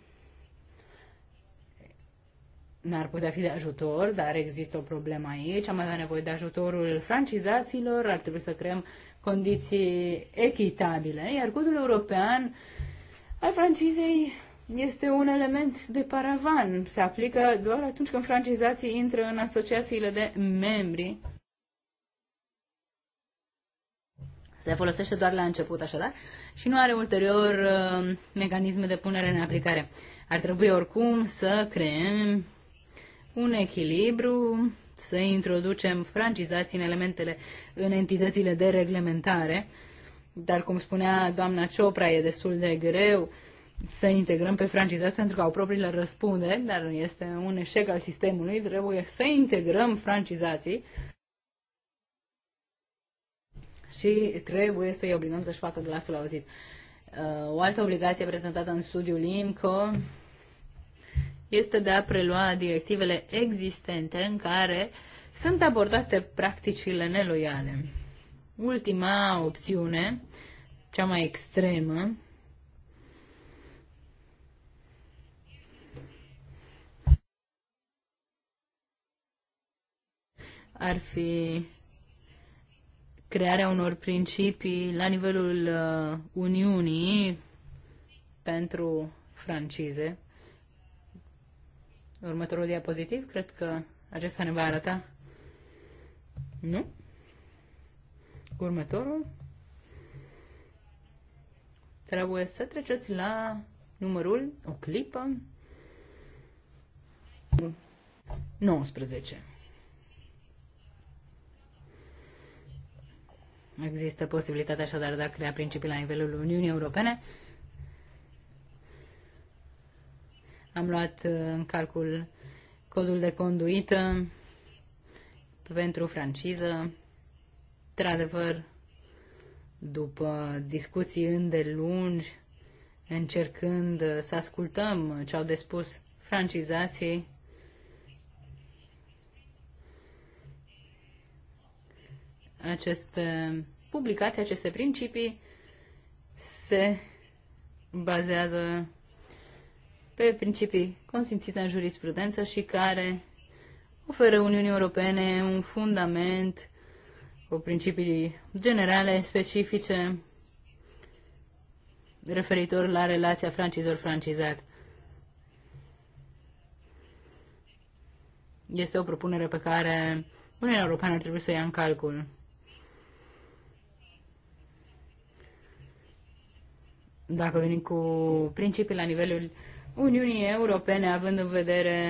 n-ar putea fi de ajutor, dar există o problemă aici. Am avea nevoie de ajutorul francizaților, ar trebui să creăm condiții echitabile, iar codul european al francizei este un element de paravan. Se aplică doar atunci când francizații intră în asociațiile de membri. Se folosește doar la început, așadar, și nu are ulterior uh, mecanisme de punere în aplicare. Ar trebui oricum să creăm un echilibru, să introducem francizații în elementele, în entitățile de reglementare, dar, cum spunea doamna Ciopra, e destul de greu uh, să integrăm pe francizați pentru că au propriile răspunde dar este un eșec al sistemului, trebuie să integrăm francizații și trebuie să-i obligăm să-și facă glasul auzit. Uh, o altă obligație prezentată în studiul IMCO este de a prelua directivele existente în care sunt abordate practicile neloiale. Ultima opțiune, cea mai extremă, ar fi crearea unor principii la nivelul uh, Uniunii pentru francize. Următorul diapozitiv, cred că acesta ne va arăta. Nu? Următorul. Trebuie să treceți la numărul, o clipă. 19. Există posibilitatea așadar de a crea principii la nivelul Uniunii Europene. Am luat în calcul codul de conduită pentru franciză. Într-adevăr, după discuții îndelungi, încercând să ascultăm ce au de spus francizații, aceste publicații, aceste principii se bazează pe principii consimțite în jurisprudență și care oferă Uniunii Europene un fundament cu principii generale, specifice, referitor la relația francizor-francizat. Este o propunere pe care Uniunea Europeană ar trebui să o ia în calcul. dacă venim cu principii la nivelul Uniunii Europene, având în vedere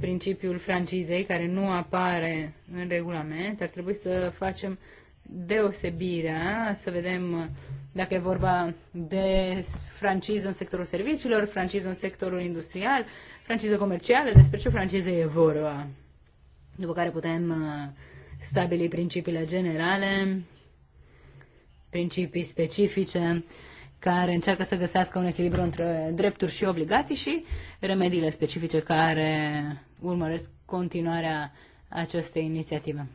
principiul francizei, care nu apare în regulament, ar trebui să facem deosebirea, să vedem dacă e vorba de franciză în sectorul serviciilor, franciză în sectorul industrial, franciză comercială, despre ce franciză e vorba. După care putem uh, stabili principiile generale principii specifice care încearcă să găsească un echilibru între drepturi și obligații și remediile specifice care urmăresc continuarea acestei inițiative.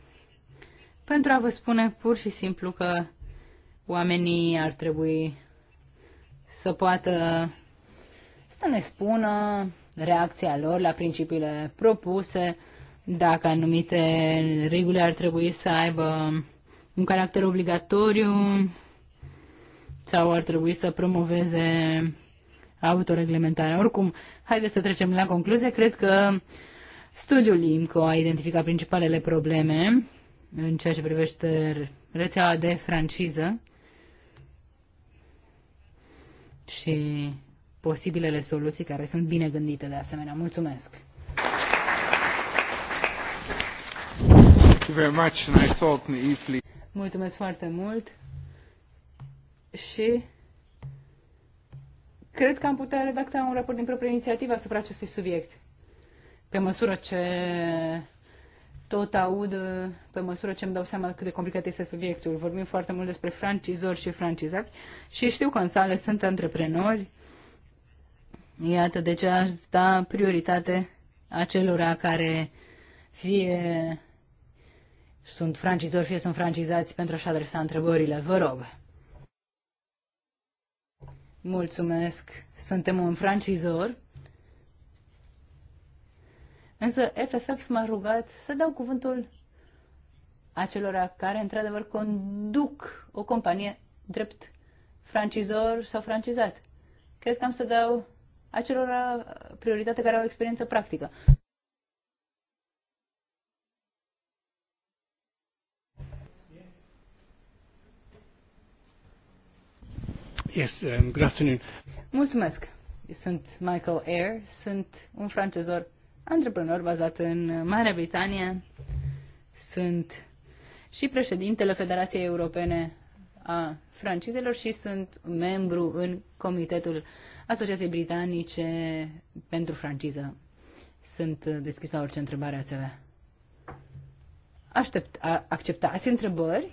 Pentru a vă spune pur și simplu că oamenii ar trebui să poată să ne spună reacția lor la principiile propuse, dacă anumite reguli ar trebui să aibă un caracter obligatoriu sau ar trebui să promoveze autoreglementarea. Oricum, haideți să trecem la concluzie. Cred că studiul IMCO a identificat principalele probleme în ceea ce privește rețeaua de franciză și posibilele soluții care sunt bine gândite de asemenea. Mulțumesc! Thank you very much, and I thought naively. Mulțumesc foarte mult și cred că am putea redacta un raport din proprie inițiativă asupra acestui subiect. Pe măsură ce tot aud, pe măsură ce îmi dau seama cât de complicat este subiectul. Vorbim foarte mult despre francizori și francizați și știu că în sale sunt antreprenori. Iată de ce aș da prioritate acelora care fie sunt francizori, fie sunt francizați pentru a-și adresa întrebările. Vă rog. Mulțumesc. Suntem un francizor. Însă FFF m-a rugat să dau cuvântul acelora care, într-adevăr, conduc o companie drept francizor sau francizat. Cred că am să dau acelora prioritate care au experiență practică. Yes, um, good afternoon. Mulțumesc. Sunt Michael Ayer, sunt un francezor antreprenor bazat în Marea Britanie, sunt și președintele Federației Europene a francizelor și sunt membru în Comitetul Asociației Britanice pentru franciză. Sunt deschis la orice întrebare ați avea. Aștept, a, acceptați întrebări?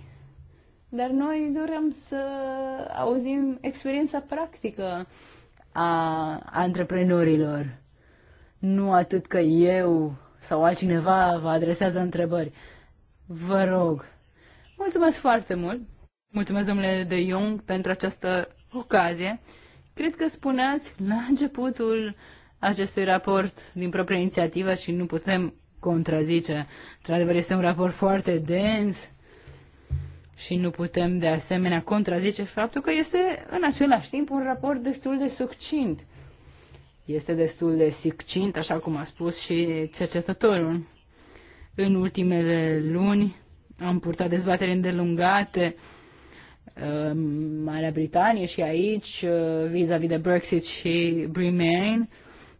Dar noi dorim să auzim experiența practică a antreprenorilor. Nu atât că eu sau altcineva vă adresează întrebări. Vă rog. Mulțumesc foarte mult. Mulțumesc, domnule de Jong, pentru această ocazie. Cred că spuneați la începutul acestui raport din propria inițiativă și nu putem contrazice. Într-adevăr, este un raport foarte dens, și nu putem de asemenea contrazice faptul că este în același timp un raport destul de succint. Este destul de succint, așa cum a spus și cercetătorul. În ultimele luni am purtat dezbateri îndelungate uh, Marea Britanie și aici uh, vis-a-vis -vis de Brexit și Remain.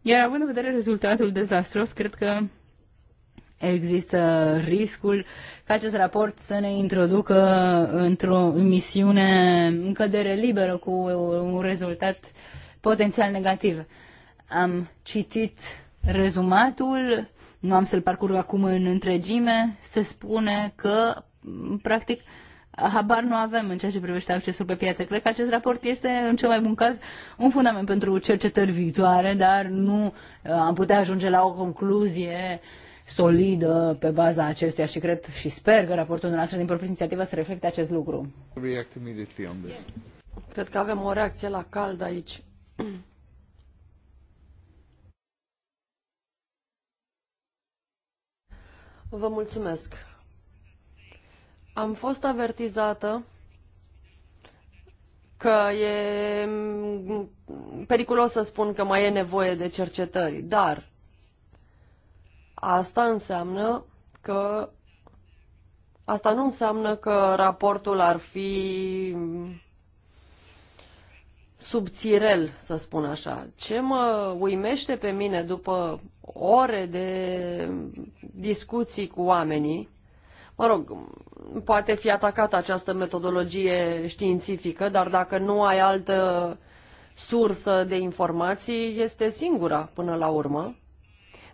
Iar având în vedere rezultatul dezastros, cred că există riscul ca acest raport să ne introducă într-o misiune în cădere liberă cu un rezultat potențial negativ. Am citit rezumatul, nu am să-l parcurg acum în întregime, se spune că, practic, habar nu avem în ceea ce privește accesul pe piață. Cred că acest raport este, în cel mai bun caz, un fundament pentru cercetări viitoare, dar nu uh, am putea ajunge la o concluzie uh, solidă pe baza acestuia și cred și sper că raportul noastră din proprie inițiativă să reflecte acest lucru. Cred că avem o reacție la cald aici. Vă mulțumesc. Am fost avertizată că e periculos să spun că mai e nevoie de cercetări, dar Asta înseamnă că asta nu înseamnă că raportul ar fi subțirel, să spun așa. Ce mă uimește pe mine după ore de discuții cu oamenii, mă rog, poate fi atacată această metodologie științifică, dar dacă nu ai altă sursă de informații, este singura până la urmă.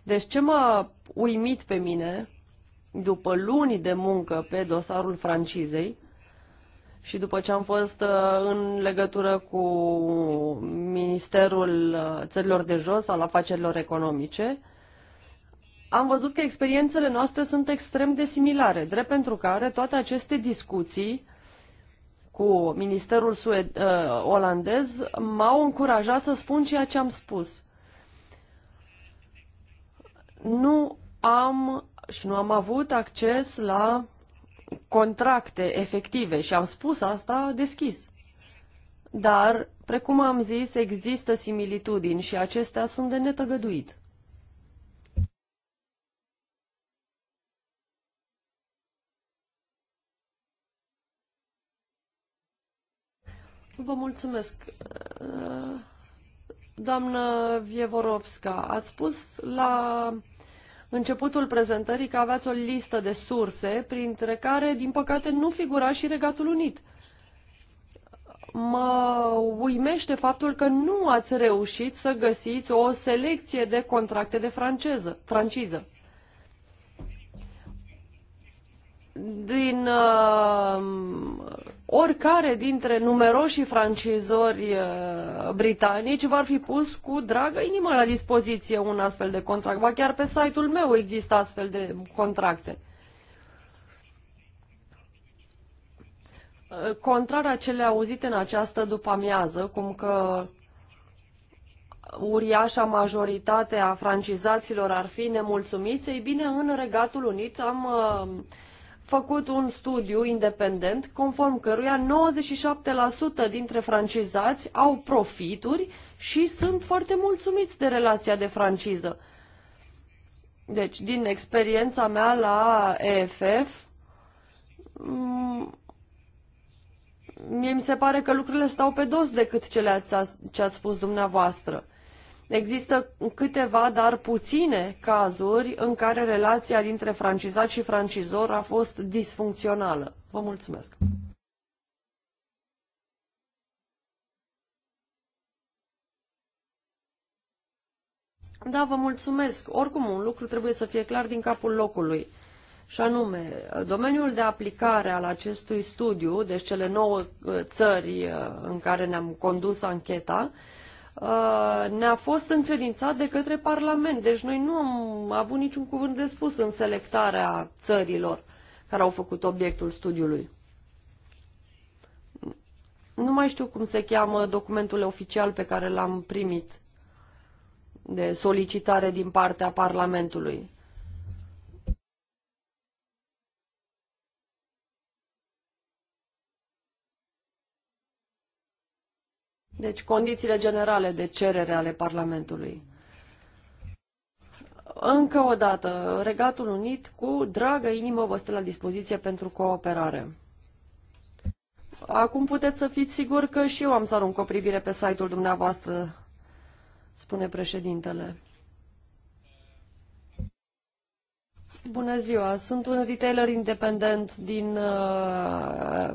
Deci ce m-a uimit pe mine după luni de muncă pe dosarul francizei și după ce am fost uh, în legătură cu Ministerul uh, Țărilor de Jos al Afacerilor Economice, am văzut că experiențele noastre sunt extrem de similare, drept pentru care toate aceste discuții cu Ministerul Sued- uh, olandez m-au încurajat să spun ceea ce am spus nu am și nu am avut acces la contracte efective și am spus asta deschis. Dar, precum am zis, există similitudini și acestea sunt de netăgăduit. Vă mulțumesc. Doamnă Vievorovska, ați spus la începutul prezentării că aveați o listă de surse, printre care, din păcate, nu figura și Regatul Unit. Mă uimește faptul că nu ați reușit să găsiți o selecție de contracte de franceză, franciză. Din uh, oricare dintre numeroșii francizori uh, britanici v-ar fi pus cu dragă inimă la dispoziție un astfel de contract. Ba chiar pe site-ul meu există astfel de contracte. Uh, Contrar a cele auzite în această după-amiază, cum că uriașa majoritate a francizaților ar fi nemulțumiți, ei bine, în Regatul Unit am uh, făcut un studiu independent conform căruia 97% dintre francizați au profituri și sunt foarte mulțumiți de relația de franciză. Deci, din experiența mea la EFF, mie mi se pare că lucrurile stau pe dos decât cele ce ați spus dumneavoastră. Există câteva, dar puține cazuri în care relația dintre francizat și francizor a fost disfuncțională. Vă mulțumesc! Da, vă mulțumesc. Oricum, un lucru trebuie să fie clar din capul locului. Și anume, domeniul de aplicare al acestui studiu, deci cele nouă ă, țări ă, în care ne-am condus ancheta, Uh, ne-a fost încredințat de către Parlament. Deci noi nu am avut niciun cuvânt de spus în selectarea țărilor care au făcut obiectul studiului. Nu mai știu cum se cheamă documentul oficial pe care l-am primit de solicitare din partea Parlamentului. Deci condițiile generale de cerere ale Parlamentului. Încă o dată, Regatul Unit cu dragă inimă vă stă la dispoziție pentru cooperare. Acum puteți să fiți siguri că și eu am să arunc o privire pe site-ul dumneavoastră, spune președintele. Bună ziua, sunt un retailer independent din uh,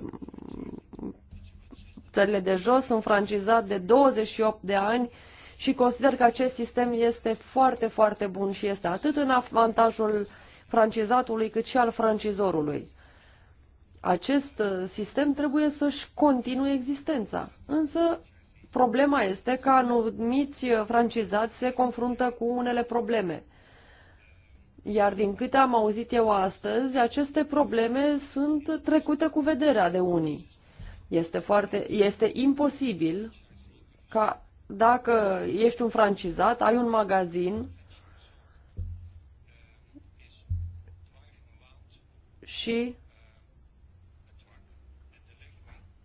țările de jos, sunt francizat de 28 de ani și consider că acest sistem este foarte, foarte bun și este atât în avantajul francizatului cât și al francizorului. Acest uh, sistem trebuie să-și continue existența, însă problema este că anumiți francizați se confruntă cu unele probleme. Iar din câte am auzit eu astăzi, aceste probleme sunt trecute cu vederea de unii. Este, foarte, este imposibil ca dacă ești un francizat, ai un magazin și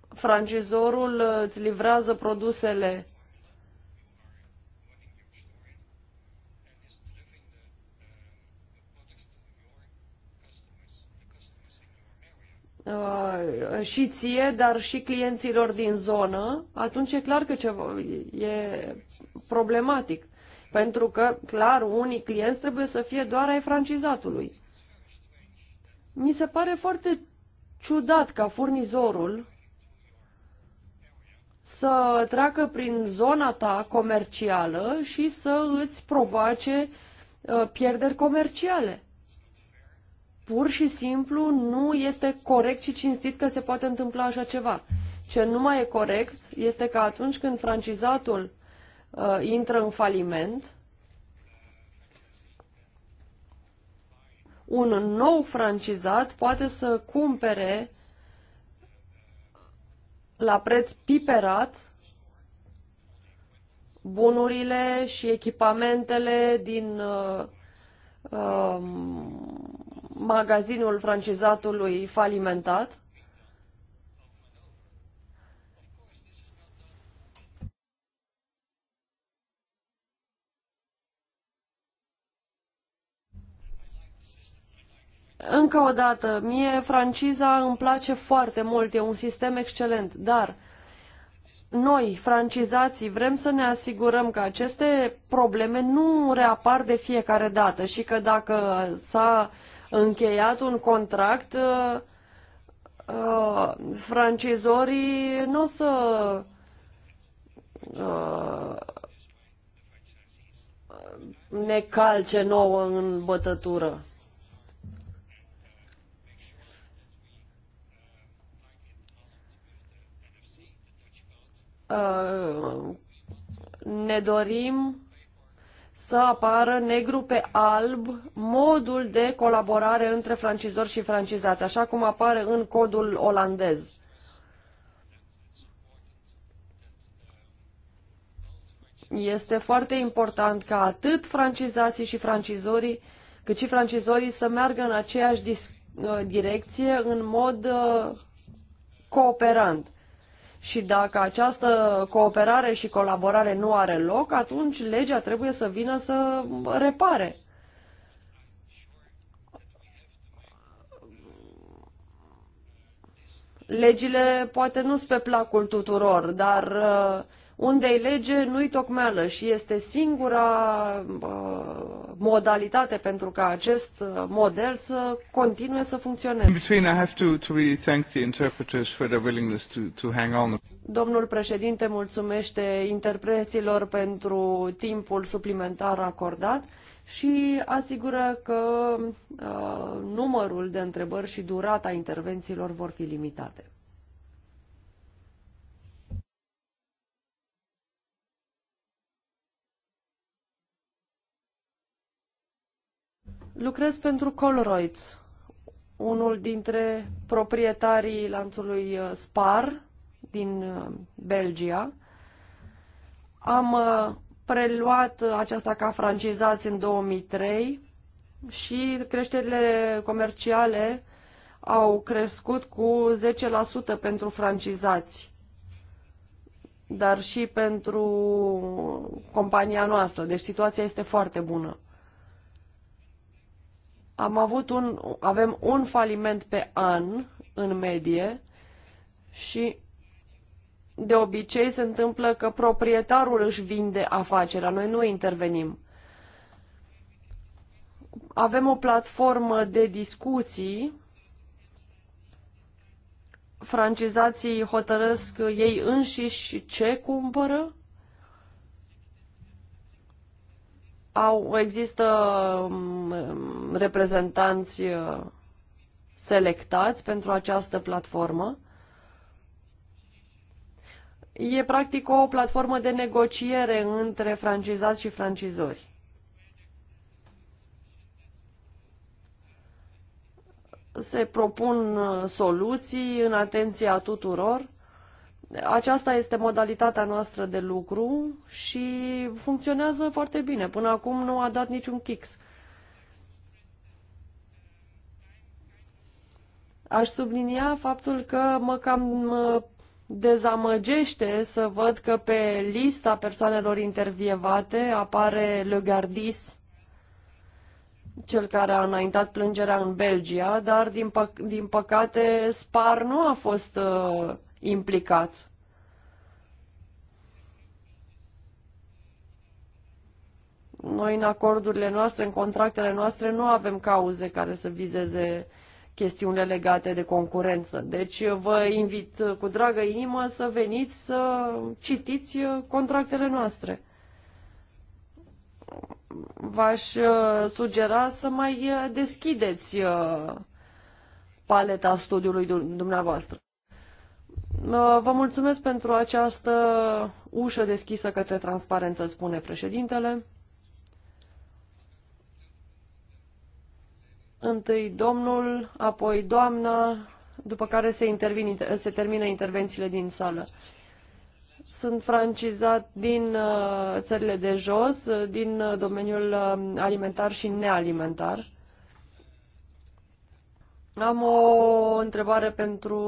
francizorul îți livrează produsele uh, și ție, dar și clienților din zonă, atunci e clar că ceva, e problematic. Pentru că, clar, unii clienți trebuie să fie doar ai francizatului. Mi se pare foarte ciudat ca furnizorul să treacă prin zona ta comercială și să îți provoace uh, pierderi comerciale pur și simplu nu este corect și cinstit că se poate întâmpla așa ceva. Ce nu mai e corect este că atunci când francizatul uh, intră în faliment, un nou francizat poate să cumpere la preț piperat bunurile și echipamentele din uh, um, magazinul francizatului falimentat. Încă o dată, mie franciza îmi place foarte mult, e un sistem excelent, dar noi, francizații, vrem să ne asigurăm că aceste probleme nu reapar de fiecare dată și că dacă s-a încheiat un contract, uh, uh francizorii nu o să uh, ne calce nouă în bătătură. Uh, ne dorim să apară negru pe alb modul de colaborare între francizori și francizați, așa cum apare în codul olandez. Este foarte important ca atât francizații și francizorii, cât și francizorii să meargă în aceeași uh, direcție în mod uh, cooperant. Și dacă această cooperare și colaborare nu are loc, atunci legea trebuie să vină să repare. Legile poate nu sunt pe placul tuturor, dar uh, unde-i lege, nu-i tocmeală și este singura uh, modalitate pentru ca acest uh, model să continue să funcționeze. Domnul președinte mulțumește interpreților pentru timpul suplimentar acordat și asigură că uh, numărul de întrebări și durata intervențiilor vor fi limitate. Lucrez pentru Colroyd, unul dintre proprietarii lanțului uh, Spar din uh, Belgia. Am uh, preluat aceasta ca francizați în 2003 și creșterile comerciale au crescut cu 10% pentru francizați, dar și pentru compania noastră. Deci situația este foarte bună. Am avut un, avem un faliment pe an în medie și de obicei se întâmplă că proprietarul își vinde afacerea, noi nu intervenim. Avem o platformă de discuții, francizații hotărăsc ei înșiși ce cumpără, au, există um, reprezentanți uh, selectați pentru această platformă. E practic o platformă de negociere între francizați și francizori. Se propun uh, soluții în atenția tuturor aceasta este modalitatea noastră de lucru și funcționează foarte bine. Până acum nu a dat niciun kix. Aș sublinia faptul că mă cam dezamăgește să văd că pe lista persoanelor intervievate apare Le Gardis, cel care a înaintat plângerea în Belgia, dar din, pă- din păcate Spar nu a fost uh, implicat. Noi în acordurile noastre, în contractele noastre, nu avem cauze care să vizeze chestiunile legate de concurență. Deci vă invit cu dragă inimă să veniți să citiți contractele noastre. V-aș uh, sugera să mai uh, deschideți uh, paleta studiului dumneavoastră. Uh, vă mulțumesc pentru această ușă deschisă către transparență, spune președintele. Întâi domnul, apoi doamna, după care se, intervin, se termină intervențiile din sală. Sunt francizat din uh, țările de jos, uh, din domeniul alimentar și nealimentar. Am o întrebare pentru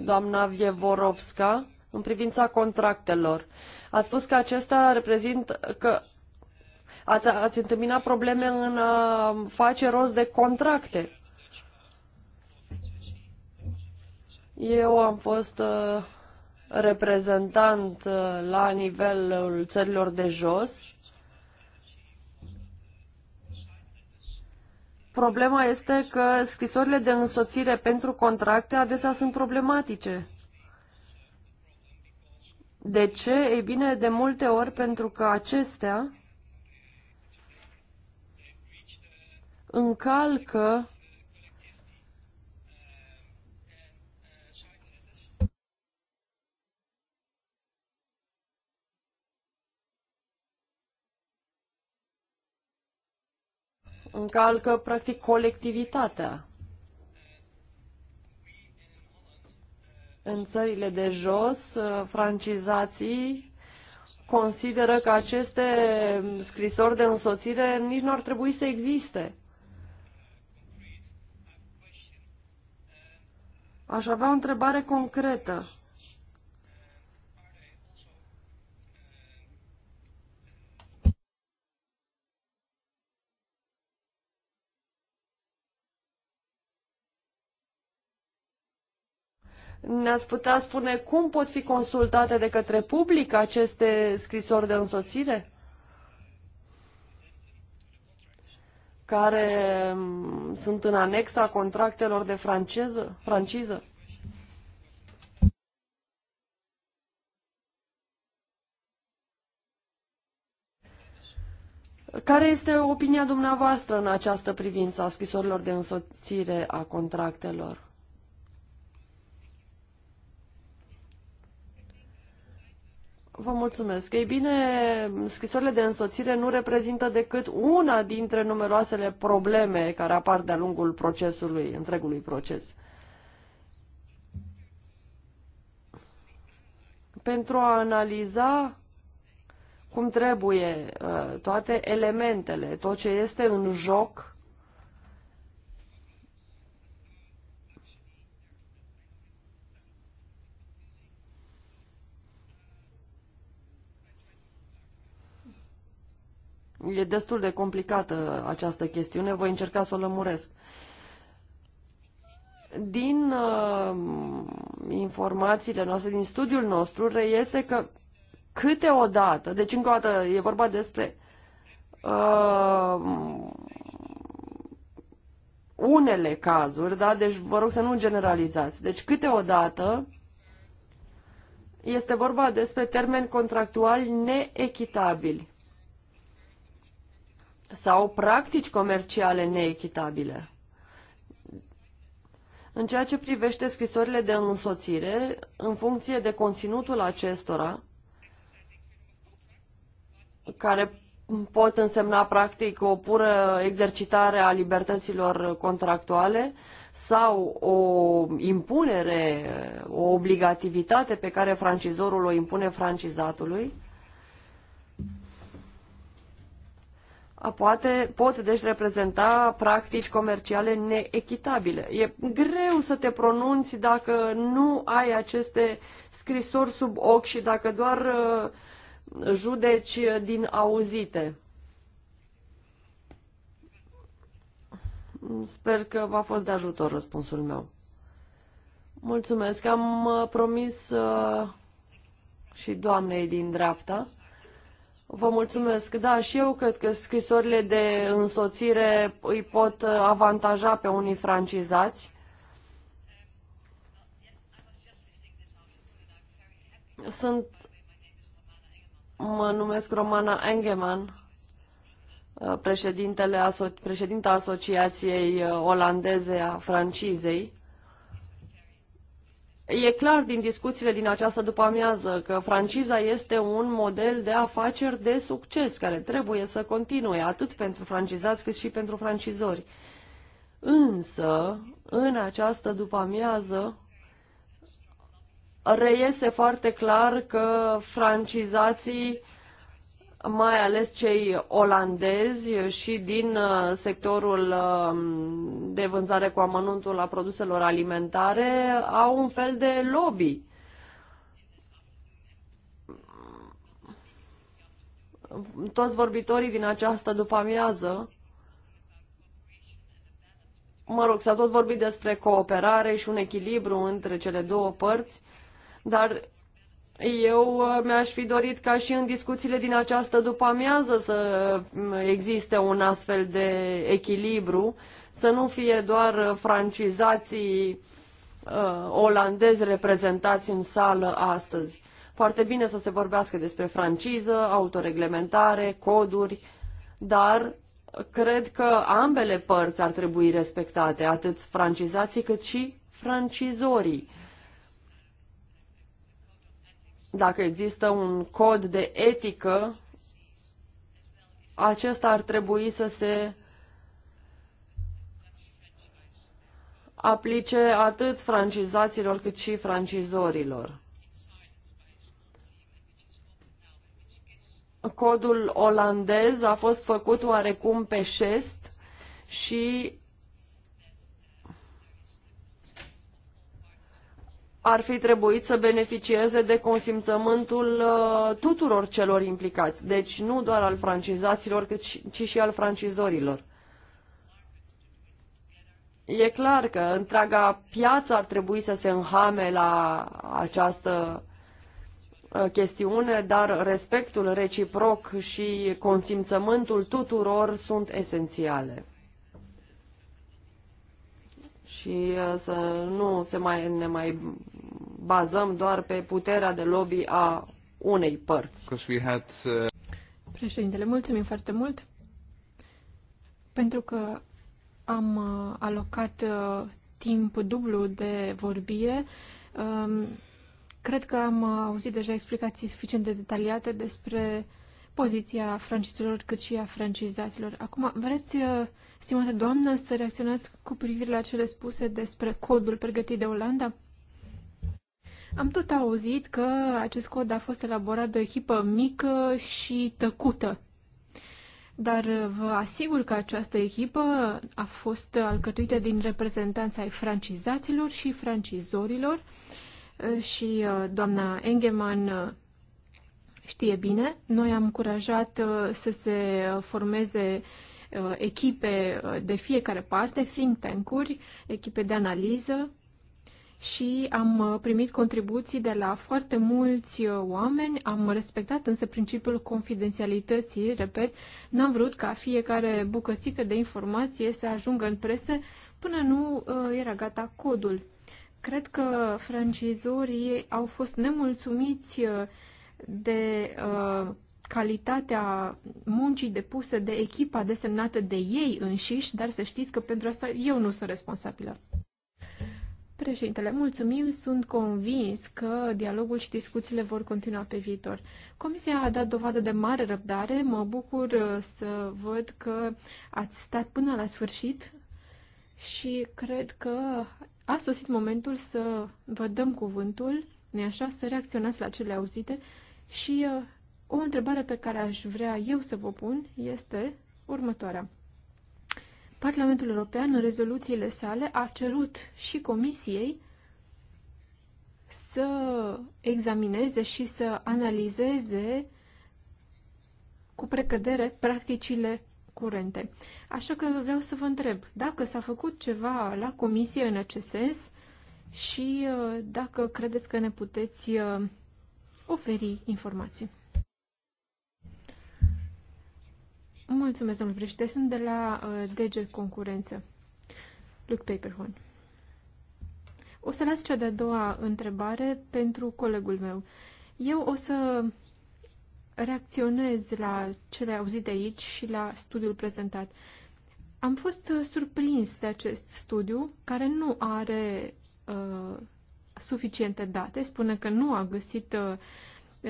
doamna Vievorovska în privința contractelor. Ați spus că acesta reprezintă că ați, ați întâmpinat probleme în a face rost de contracte. Eu am fost uh, reprezentant uh, la nivelul țărilor de jos Problema este că scrisorile de însoțire pentru contracte adesea sunt problematice. De ce? Ei bine, de multe ori pentru că acestea încalcă încalcă practic colectivitatea. În țările de jos, uh, francizații consideră că aceste scrisori de însoțire nici nu ar trebui să existe. Aș avea o întrebare concretă. Ne-ați putea spune cum pot fi consultate de către public aceste scrisori de însoțire? care mm, sunt în anexa contractelor de franceză, franciză? Care este opinia dumneavoastră în această privință a scrisorilor de însoțire a contractelor? Vă mulțumesc. Ei bine, scrisorile de însoțire nu reprezintă decât una dintre numeroasele probleme care apar de-a lungul procesului, întregului proces. Pentru a analiza cum trebuie uh, toate elementele, tot ce este în joc, E destul de complicată această chestiune, voi încerca să o lămuresc. Din uh, informațiile noastre, din studiul nostru, reiese că câteodată, deci încă o dată e vorba despre uh, unele cazuri, da? deci vă rog să nu generalizați. Deci câteodată este vorba despre termeni contractuali neechitabili sau practici comerciale neechitabile. În ceea ce privește scrisorile de însoțire, în funcție de conținutul acestora, care pot însemna practic o pură exercitare a libertăților contractuale sau o impunere, o obligativitate pe care francizorul o impune francizatului, poate, pot deci reprezenta practici comerciale neechitabile. E greu să te pronunți dacă nu ai aceste scrisori sub ochi și dacă doar uh, judeci din auzite. Sper că v-a fost de ajutor răspunsul meu. Mulțumesc. Am uh, promis uh, și doamnei din dreapta Vă mulțumesc. Da, și eu cred că scrisorile de însoțire îi pot avantaja pe unii francizați. Sunt, mă numesc Romana Engeman, președintele, președinta Asociației Olandeze a Francizei. E clar din discuțiile din această după-amiază că franciza este un model de afaceri de succes care trebuie să continue atât pentru francizați cât și pentru francizori. Însă, în această după-amiază, reiese foarte clar că francizații mai ales cei olandezi și din uh, sectorul um, de vânzare cu amănuntul a produselor alimentare, au un fel de lobby. Toți vorbitorii din această după-amiază mă rog, s-a tot vorbit despre cooperare și un echilibru între cele două părți, dar eu uh, mi-aș fi dorit ca și în discuțiile din această după-amiază să mm, existe un astfel de echilibru, să nu fie doar uh, francizații uh, olandezi reprezentați în sală astăzi. Foarte bine să se vorbească despre franciză, autoreglementare, coduri, dar cred că ambele părți ar trebui respectate, atât francizații cât și francizorii dacă există un cod de etică, acesta ar trebui să se aplice atât francizaților cât și francizorilor. Codul olandez a fost făcut oarecum pe șest și ar fi trebuit să beneficieze de consimțământul uh, tuturor celor implicați, deci nu doar al francizaților, ci și al francizorilor. E clar că întreaga piață ar trebui să se înhame la această uh, chestiune, dar respectul reciproc și consimțământul tuturor sunt esențiale și uh, să nu se mai, ne mai bazăm doar pe puterea de lobby a unei părți. Had, uh... Președintele, mulțumim foarte mult pentru că am uh, alocat uh, timp dublu de vorbire. Um, cred că am auzit deja explicații suficient de detaliate despre poziția francizilor cât și a francizaților. Acum, vreți Stimată doamnă, să reacționați cu privire la cele spuse despre codul pregătit de Olanda? Am tot auzit că acest cod a fost elaborat de o echipă mică și tăcută. Dar vă asigur că această echipă a fost alcătuită din reprezentanța ai francizaților și francizorilor și uh, doamna Engeman uh, știe bine. Noi am încurajat uh, să se formeze uh, Uh, echipe uh, de fiecare parte, think tank-uri, echipe de analiză și am uh, primit contribuții de la foarte mulți oameni, am respectat însă principiul confidențialității, repet, n-am vrut ca fiecare bucățică de informație să ajungă în presă până nu era gata codul. Cred că francizorii au fost nemulțumiți de uh, calitatea muncii depuse de echipa desemnată de ei înșiși, dar să știți că pentru asta eu nu sunt responsabilă. Președintele, mulțumim, sunt convins că dialogul și discuțiile vor continua pe viitor. Comisia a dat dovadă de mare răbdare, mă bucur uh, să văd că ați stat până la sfârșit și cred că a sosit momentul să vă dăm cuvântul, ne așa, să reacționați la cele auzite și uh, o întrebare pe care aș vrea eu să vă pun este următoarea. Parlamentul European, în rezoluțiile sale, a cerut și Comisiei să examineze și să analizeze cu precădere practicile curente. Așa că vreau să vă întreb dacă s-a făcut ceva la comisie în acest sens și uh, dacă credeți că ne puteți uh, oferi informații. Mulțumesc, domnule președinte. Sunt de la uh, DG Concurență. Luc Paperhorn. O să las cea de-a doua întrebare pentru colegul meu. Eu o să reacționez la cele auzite aici și la studiul prezentat. Am fost uh, surprins de acest studiu, care nu are uh, suficiente date, spune că nu a găsit uh,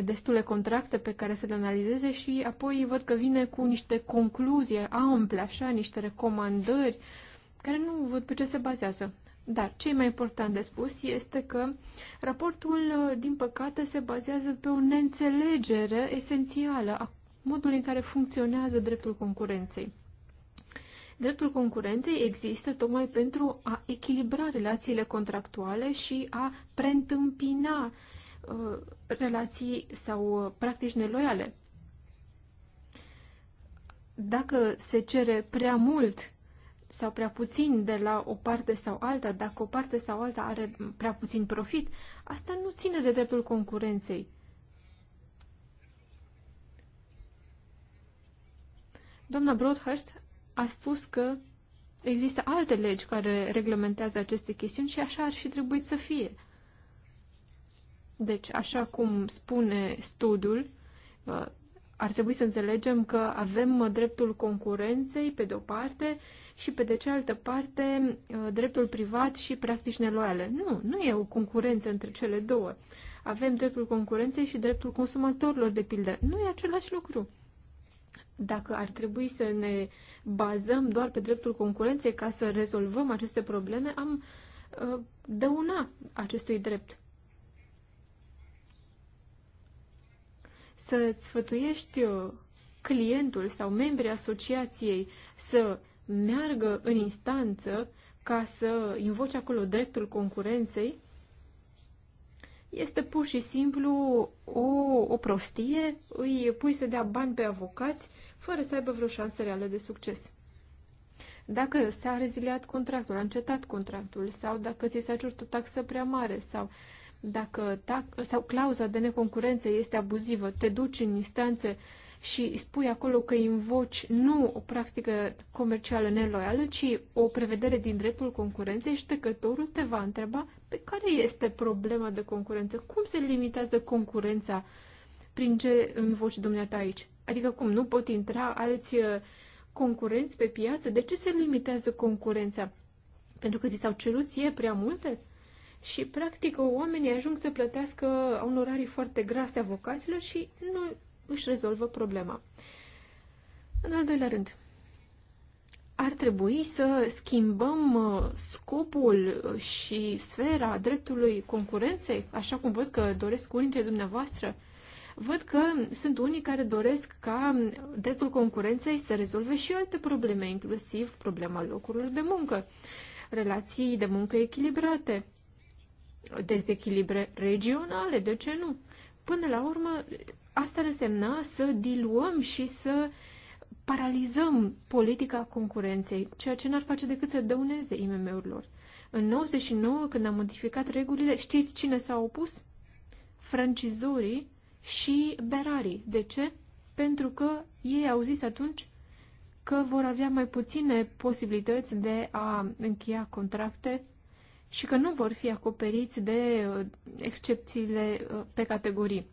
destule contracte pe care să le analizeze și apoi văd că vine cu niște concluzie ample, așa, niște recomandări, care nu văd pe ce se bazează. Dar ce e mai important de spus este că raportul, din păcate, se bazează pe o neînțelegere esențială a modului în care funcționează dreptul concurenței. Dreptul concurenței există tocmai pentru a echilibra relațiile contractuale și a preîntâmpina uh, Uh, relații sau uh, practici neloiale. Dacă se cere prea mult sau prea puțin de la o parte sau alta, dacă o parte sau alta are prea puțin profit, asta nu ține de dreptul concurenței. Doamna Broadhurst a spus că există alte legi care reglementează aceste chestiuni și așa ar și trebui să fie. Deci, așa cum spune studiul, uh, ar trebui să înțelegem că avem uh, dreptul concurenței pe de o parte și pe de cealaltă parte uh, dreptul privat și practici neloiale. Nu, nu e o concurență între cele două. Avem dreptul concurenței și dreptul consumatorilor, de pildă. Nu e același lucru. Dacă ar trebui să ne bazăm doar pe dreptul concurenței ca să rezolvăm aceste probleme, am dăuna acestui drept. să-ți sfătuiești uh, clientul sau membrii asociației să meargă în instanță ca să invoce acolo dreptul concurenței, este pur și simplu o, o prostie, îi pui să dea bani pe avocați fără să aibă vreo șansă reală de succes. Dacă s-a reziliat contractul, a încetat contractul, sau dacă ți s-a cerut o taxă prea mare, sau dacă ta, sau clauza de neconcurență este abuzivă, te duci în instanțe și spui acolo că invoci nu o practică comercială neloială, ci o prevedere din dreptul concurenței, judecătorul te va întreba pe care este problema de concurență, cum se limitează concurența prin ce invoci dumneata aici. Adică cum, nu pot intra alți uh, concurenți pe piață? De ce se limitează concurența? Pentru că ți s-au cerut ție prea multe? Și, practic, oamenii ajung să plătească onorarii foarte grase avocaților și nu își rezolvă problema. În al doilea rând, ar trebui să schimbăm uh, scopul uh, și sfera dreptului concurenței, așa cum văd că doresc unii dintre dumneavoastră. Văd că sunt unii care doresc ca dreptul concurenței să rezolve și alte probleme, inclusiv problema locurilor de muncă, relații de muncă echilibrate dezechilibre regionale, de ce nu? Până la urmă, asta însemna să diluăm și să paralizăm politica concurenței, ceea ce n-ar face decât să dăuneze IMM-urilor. În 99, când am modificat regulile, știți cine s-a opus? Francizorii și berarii. De ce? Pentru că ei au zis atunci că vor avea mai puține posibilități de a încheia contracte și că nu vor fi acoperiți de uh, excepțiile uh, pe categorii.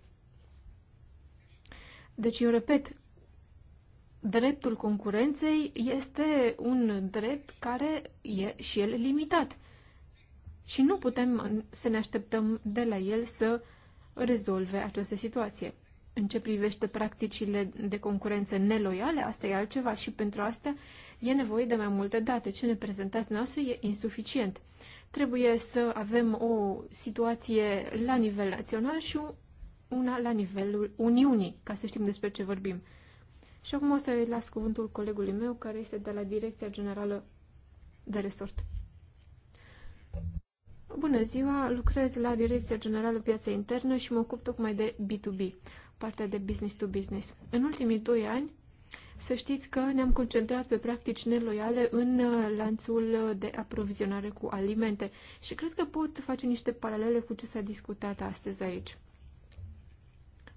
Deci, eu repet, dreptul concurenței este un drept care e și el limitat. Și nu putem să ne așteptăm de la el să rezolve această situație. În ce privește practicile de concurență neloiale, asta e altceva și pentru asta e nevoie de mai multe date. Ce ne prezentați noastră e insuficient. Trebuie să avem o situație la nivel național și una la nivelul Uniunii, ca să știm despre ce vorbim. Și acum o să las cuvântul colegului meu, care este de la Direcția Generală de Resort. Bună ziua! Lucrez la Direcția Generală Piața Internă și mă ocup tocmai de B2B, partea de business to business. În ultimii doi ani să știți că ne-am concentrat pe practici neloiale în uh, lanțul de aprovizionare cu alimente și cred că pot face niște paralele cu ce s-a discutat astăzi aici.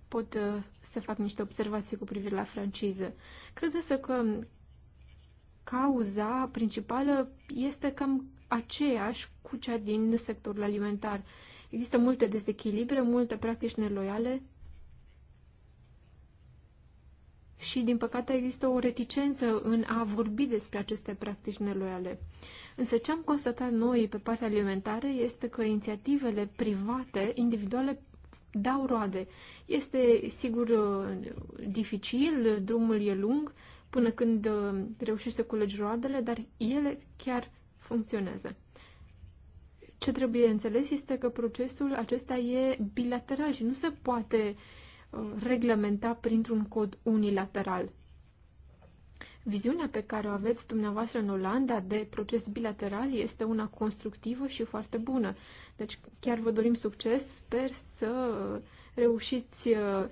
Pot uh, să fac niște observații cu privire la franciză. Cred însă că cauza principală este cam aceeași cu cea din sectorul alimentar. Există multe dezechilibre, multe practici neloiale și, din păcate, există o reticență în a vorbi despre aceste practici neloiale. Însă ce am constatat noi pe partea alimentară este că inițiativele private, individuale, dau roade. Este, sigur, dificil, drumul e lung până când uh, reușești să culegi roadele, dar ele chiar funcționează. Ce trebuie înțeles este că procesul acesta e bilateral și nu se poate uh, Uh, reglementa printr-un cod unilateral. Viziunea pe care o aveți dumneavoastră în Olanda de proces bilateral este una constructivă și foarte bună. Deci chiar vă dorim succes, sper să reușiți uh,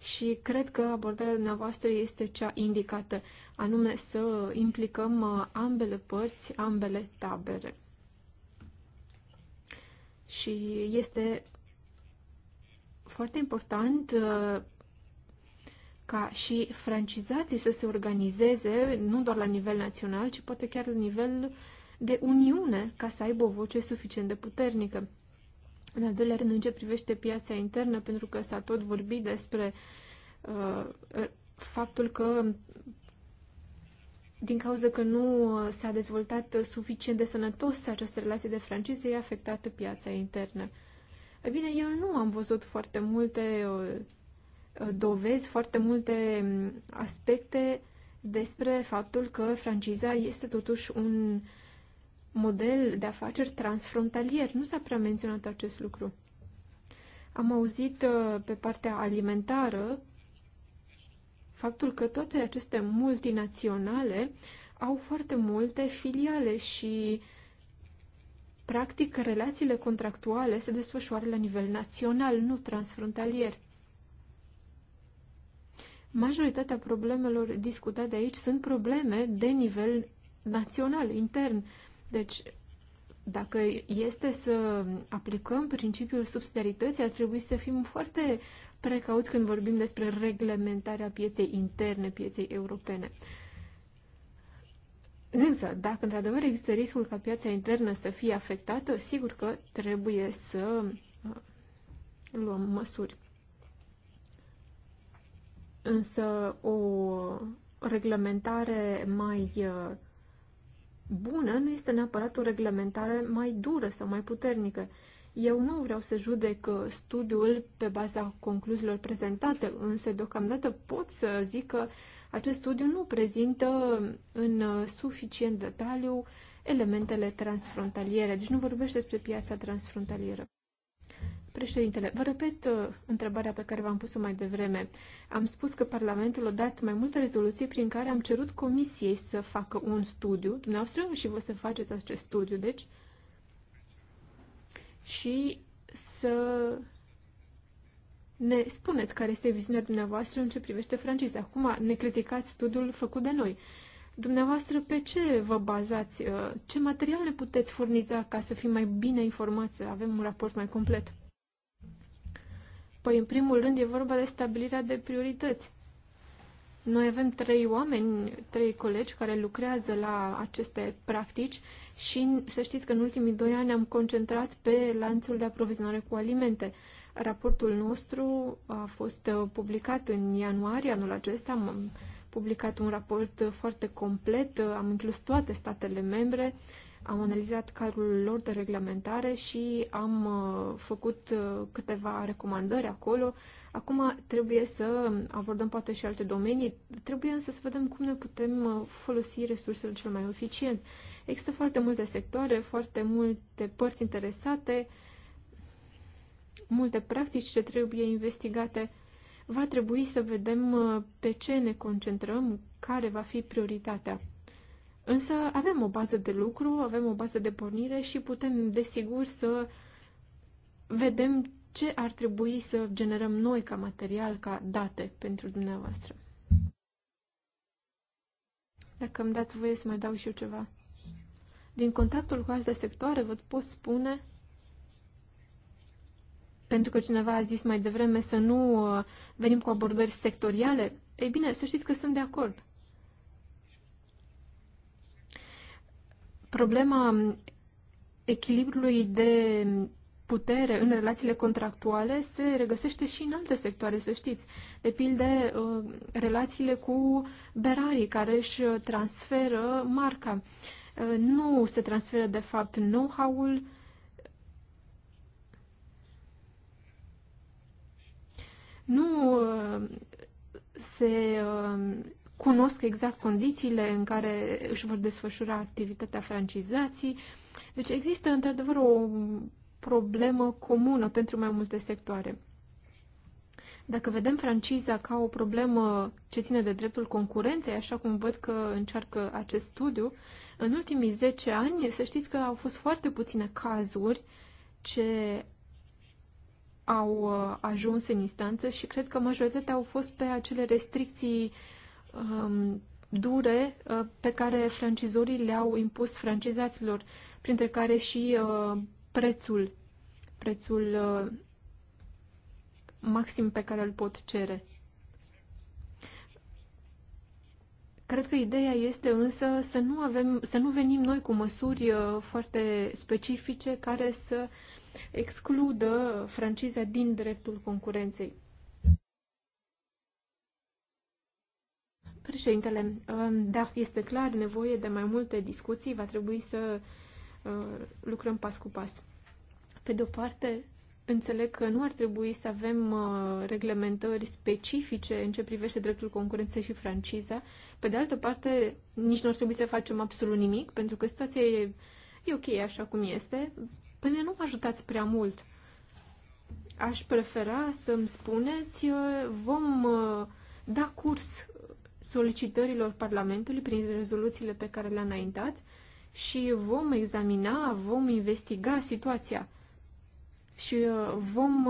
și cred că abordarea dumneavoastră este cea indicată, anume să implicăm uh, ambele părți, ambele tabere. Și este foarte important uh, ca și francizații să se organizeze, nu doar la nivel național, ci poate chiar la nivel de uniune, ca să aibă o voce suficient de puternică. În al doilea rând, în ce privește piața internă, pentru că s-a tot vorbit despre uh, uh faptul că din cauza că nu s-a dezvoltat suficient de sănătos această relație de franciză, e afectată piața internă. Uh, E bine, eu nu am văzut foarte multe uh, dovezi, foarte multe mm, aspecte despre faptul că franciza este totuși un model de afaceri transfrontalier. Nu s-a prea menționat acest lucru. Am auzit uh, pe partea alimentară faptul că toate aceste multinaționale au foarte multe filiale și Practic, relațiile contractuale se desfășoară la nivel național, nu transfrontalier. Majoritatea problemelor discutate aici sunt probleme de nivel național, intern. Deci, dacă este să aplicăm principiul subsidiarității, ar trebui să fim foarte precauți când vorbim despre reglementarea pieței interne, pieței europene. Însă, dacă într-adevăr există riscul ca piața internă să fie afectată, sigur că trebuie să uh, luăm măsuri. Însă o reglementare mai uh, bună nu este neapărat o reglementare mai dură sau mai puternică. Eu nu vreau să judec uh, studiul pe baza concluziilor prezentate, însă deocamdată pot să zic că acest studiu nu prezintă în suficient detaliu elementele transfrontaliere, deci nu vorbește despre piața transfrontalieră. Președintele, vă repet uh, întrebarea pe care v-am pus-o mai devreme. Am spus că Parlamentul a dat mai multe rezoluții prin care am cerut Comisiei să facă un studiu, dumneavoastră și vă să faceți acest studiu, deci, și să ne spuneți care este viziunea dumneavoastră în ce privește franciza. Acum ne criticați studiul făcut de noi. Dumneavoastră, pe ce vă bazați? Uh, ce materiale puteți furniza ca să fim mai bine informați, să avem un raport mai complet? Păi, în primul rând, e vorba de stabilirea de priorități. Noi avem trei oameni, trei colegi care lucrează la aceste practici și să știți că în ultimii doi ani am concentrat pe lanțul de aprovizionare cu alimente. Raportul nostru a fost uh, publicat în ianuarie anul acesta. Am publicat un raport foarte complet, uh, am inclus toate statele membre, am analizat cadrul lor de reglementare și am uh, făcut câteva recomandări acolo. Acum trebuie să abordăm poate și alte domenii, trebuie însă să vedem cum ne putem folosi resursele cel mai eficient. Există foarte multe sectoare, foarte multe părți interesate, uh, multe practici ce trebuie investigate. Va trebui să vedem uh, pe ce ne concentrăm, care va fi prioritatea. Însă avem o bază de lucru, avem o bază de pornire și putem, desigur, să vedem ce ar trebui să generăm noi ca material, ca date pentru dumneavoastră. Dacă îmi dați voie să mai dau și eu ceva. Din contactul cu alte sectoare vă pot spune pentru că cineva a zis mai devreme să nu uh, venim cu abordări sectoriale, ei bine, să știți că sunt de acord. Problema um, echilibrului de putere în relațiile contractuale se regăsește și în alte sectoare, să știți. De pildă, uh, relațiile cu berarii care își transferă marca. Uh, nu se transferă, de fapt, know-how-ul, nu uh, se uh, cunosc exact condițiile în care își vor desfășura activitatea francizații. Deci există într-adevăr o problemă comună pentru mai multe sectoare. Dacă vedem franciza ca o problemă ce ține de dreptul concurenței, așa cum văd că încearcă acest studiu, în ultimii 10 ani, să știți că au fost foarte puține cazuri ce au uh, ajuns în instanță și cred că majoritatea au fost pe acele restricții um, dure uh, pe care francizorii le-au impus francizaților, printre care și uh, prețul, prețul uh, maxim pe care îl pot cere. Cred că ideea este însă să nu, avem, să nu venim noi cu măsuri uh, foarte specifice care să uh, excludă franciza din dreptul concurenței. Președintele, um, da, este clar nevoie de mai multe discuții, va trebui să uh, lucrăm pas cu pas. Pe de-o parte, înțeleg că nu ar trebui să avem uh, reglementări specifice în ce privește dreptul concurenței și franciza. Pe de altă parte, nici nu ar trebui să facem absolut nimic, pentru că situația e, e ok așa cum este. Pe păi mine nu mă ajutați prea mult. Aș prefera să-mi spuneți, uh, vom uh, da curs solicitărilor Parlamentului prin rezoluțiile pe care le-a înaintat și vom examina, vom investiga situația și uh, vom,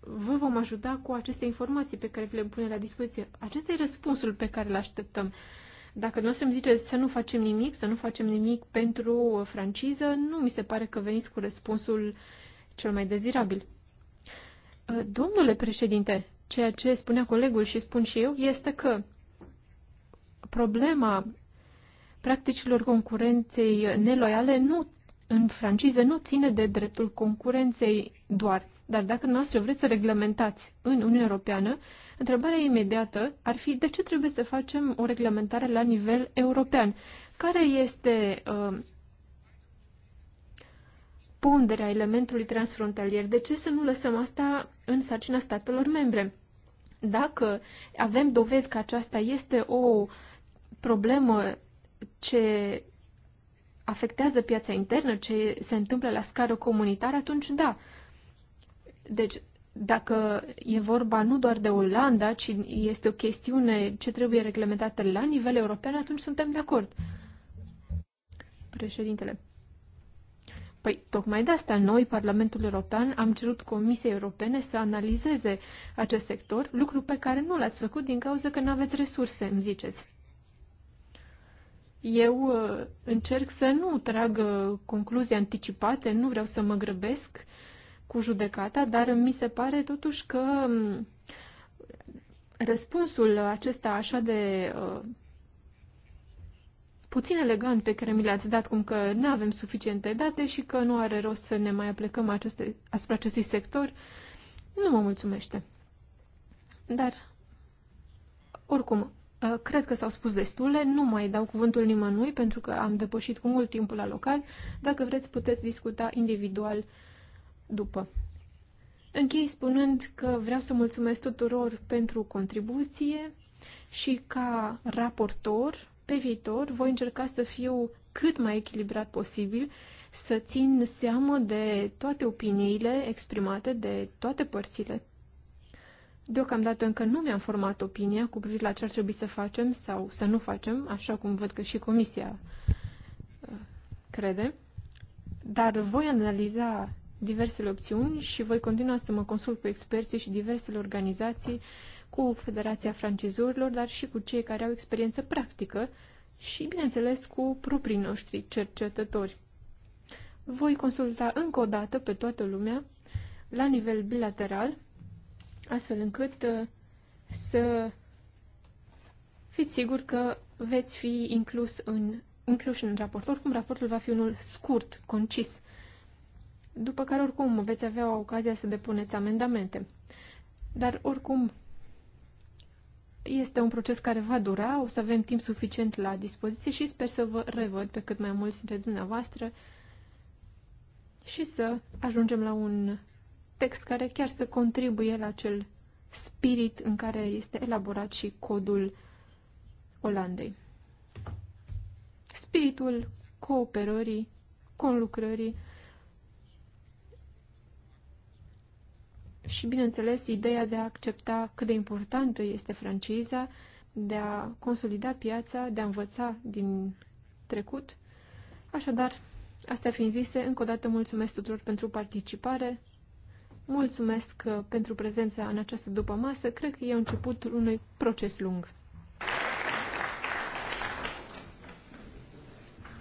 vă vom ajuta cu aceste informații pe care vi le pune la dispoziție. Acesta e răspunsul pe care îl așteptăm. Dacă nu o să-mi ziceți să nu facem nimic, să nu facem nimic pentru franciză, nu mi se pare că veniți cu răspunsul cel mai dezirabil. Uh, domnule președinte, ceea ce spunea colegul și spun și eu este că problema practicilor concurenței neloiale nu, în franciză nu ține de dreptul concurenței doar. Dar dacă noastră vreți să reglementați în Uniunea Europeană, întrebarea imediată ar fi de ce trebuie să facem o reglementare la nivel european? Care este uh, ponderea elementului transfrontalier? De ce să nu lăsăm asta în sarcina statelor membre? Dacă avem dovezi că aceasta este o problemă ce afectează piața internă, ce se întâmplă la scară comunitară, atunci da, deci, dacă e vorba nu doar de Olanda, ci este o chestiune ce trebuie reglementată la nivel european, atunci suntem de acord. Președintele. Păi, tocmai de asta noi, Parlamentul European, am cerut Comisiei Europene să analizeze acest sector, lucru pe care nu l-ați făcut din cauza că nu aveți resurse, îmi ziceți. Eu uh, încerc să nu trag uh, concluzii anticipate, nu vreau să mă grăbesc, uh, cu judecata, dar mi se pare totuși că mm, răspunsul acesta așa de uh, puțin elegant pe care mi l-ați dat, cum că nu avem suficiente date și că nu are rost să ne mai aplecăm aceste, asupra acestui sector, nu mă mulțumește. Dar, oricum, uh, cred că s-au spus destule, nu mai dau cuvântul nimănui pentru că am depășit cu mult timpul la local. Dacă vreți, puteți discuta individual după. Închei spunând că vreau să mulțumesc tuturor pentru contribuție și ca raportor, pe viitor, voi încerca să fiu cât mai echilibrat posibil, să țin seamă de toate opiniile exprimate de toate părțile. Deocamdată încă nu mi-am format opinia cu privire la ce ar trebui să facem sau să nu facem, așa cum văd că și Comisia uh, crede, dar voi analiza diversele opțiuni și voi continua să mă consult cu experții și diversele organizații, cu Federația Francizorilor, dar și cu cei care au experiență practică și, bineînțeles, cu proprii noștri cercetători. Voi consulta încă o dată pe toată lumea, la nivel bilateral, astfel încât uh, să fiți sigur că veți fi inclus în, inclus în raport. Oricum, raportul va fi unul scurt, concis, după care oricum veți avea ocazia să depuneți amendamente. Dar oricum este un proces care va dura, o să avem timp suficient la dispoziție și sper să vă revăd pe cât mai mulți dintre dumneavoastră și să ajungem la un text care chiar să contribuie la acel spirit în care este elaborat și codul Olandei. Spiritul cooperării, conlucrării, și, bineînțeles, ideea de a accepta cât de importantă este franciza, de a consolida piața, de a învăța din trecut. Așadar, astea fiind zise, încă o dată mulțumesc tuturor pentru participare, mulțumesc uh, pentru prezența în această după masă, cred că e începutul unui proces lung.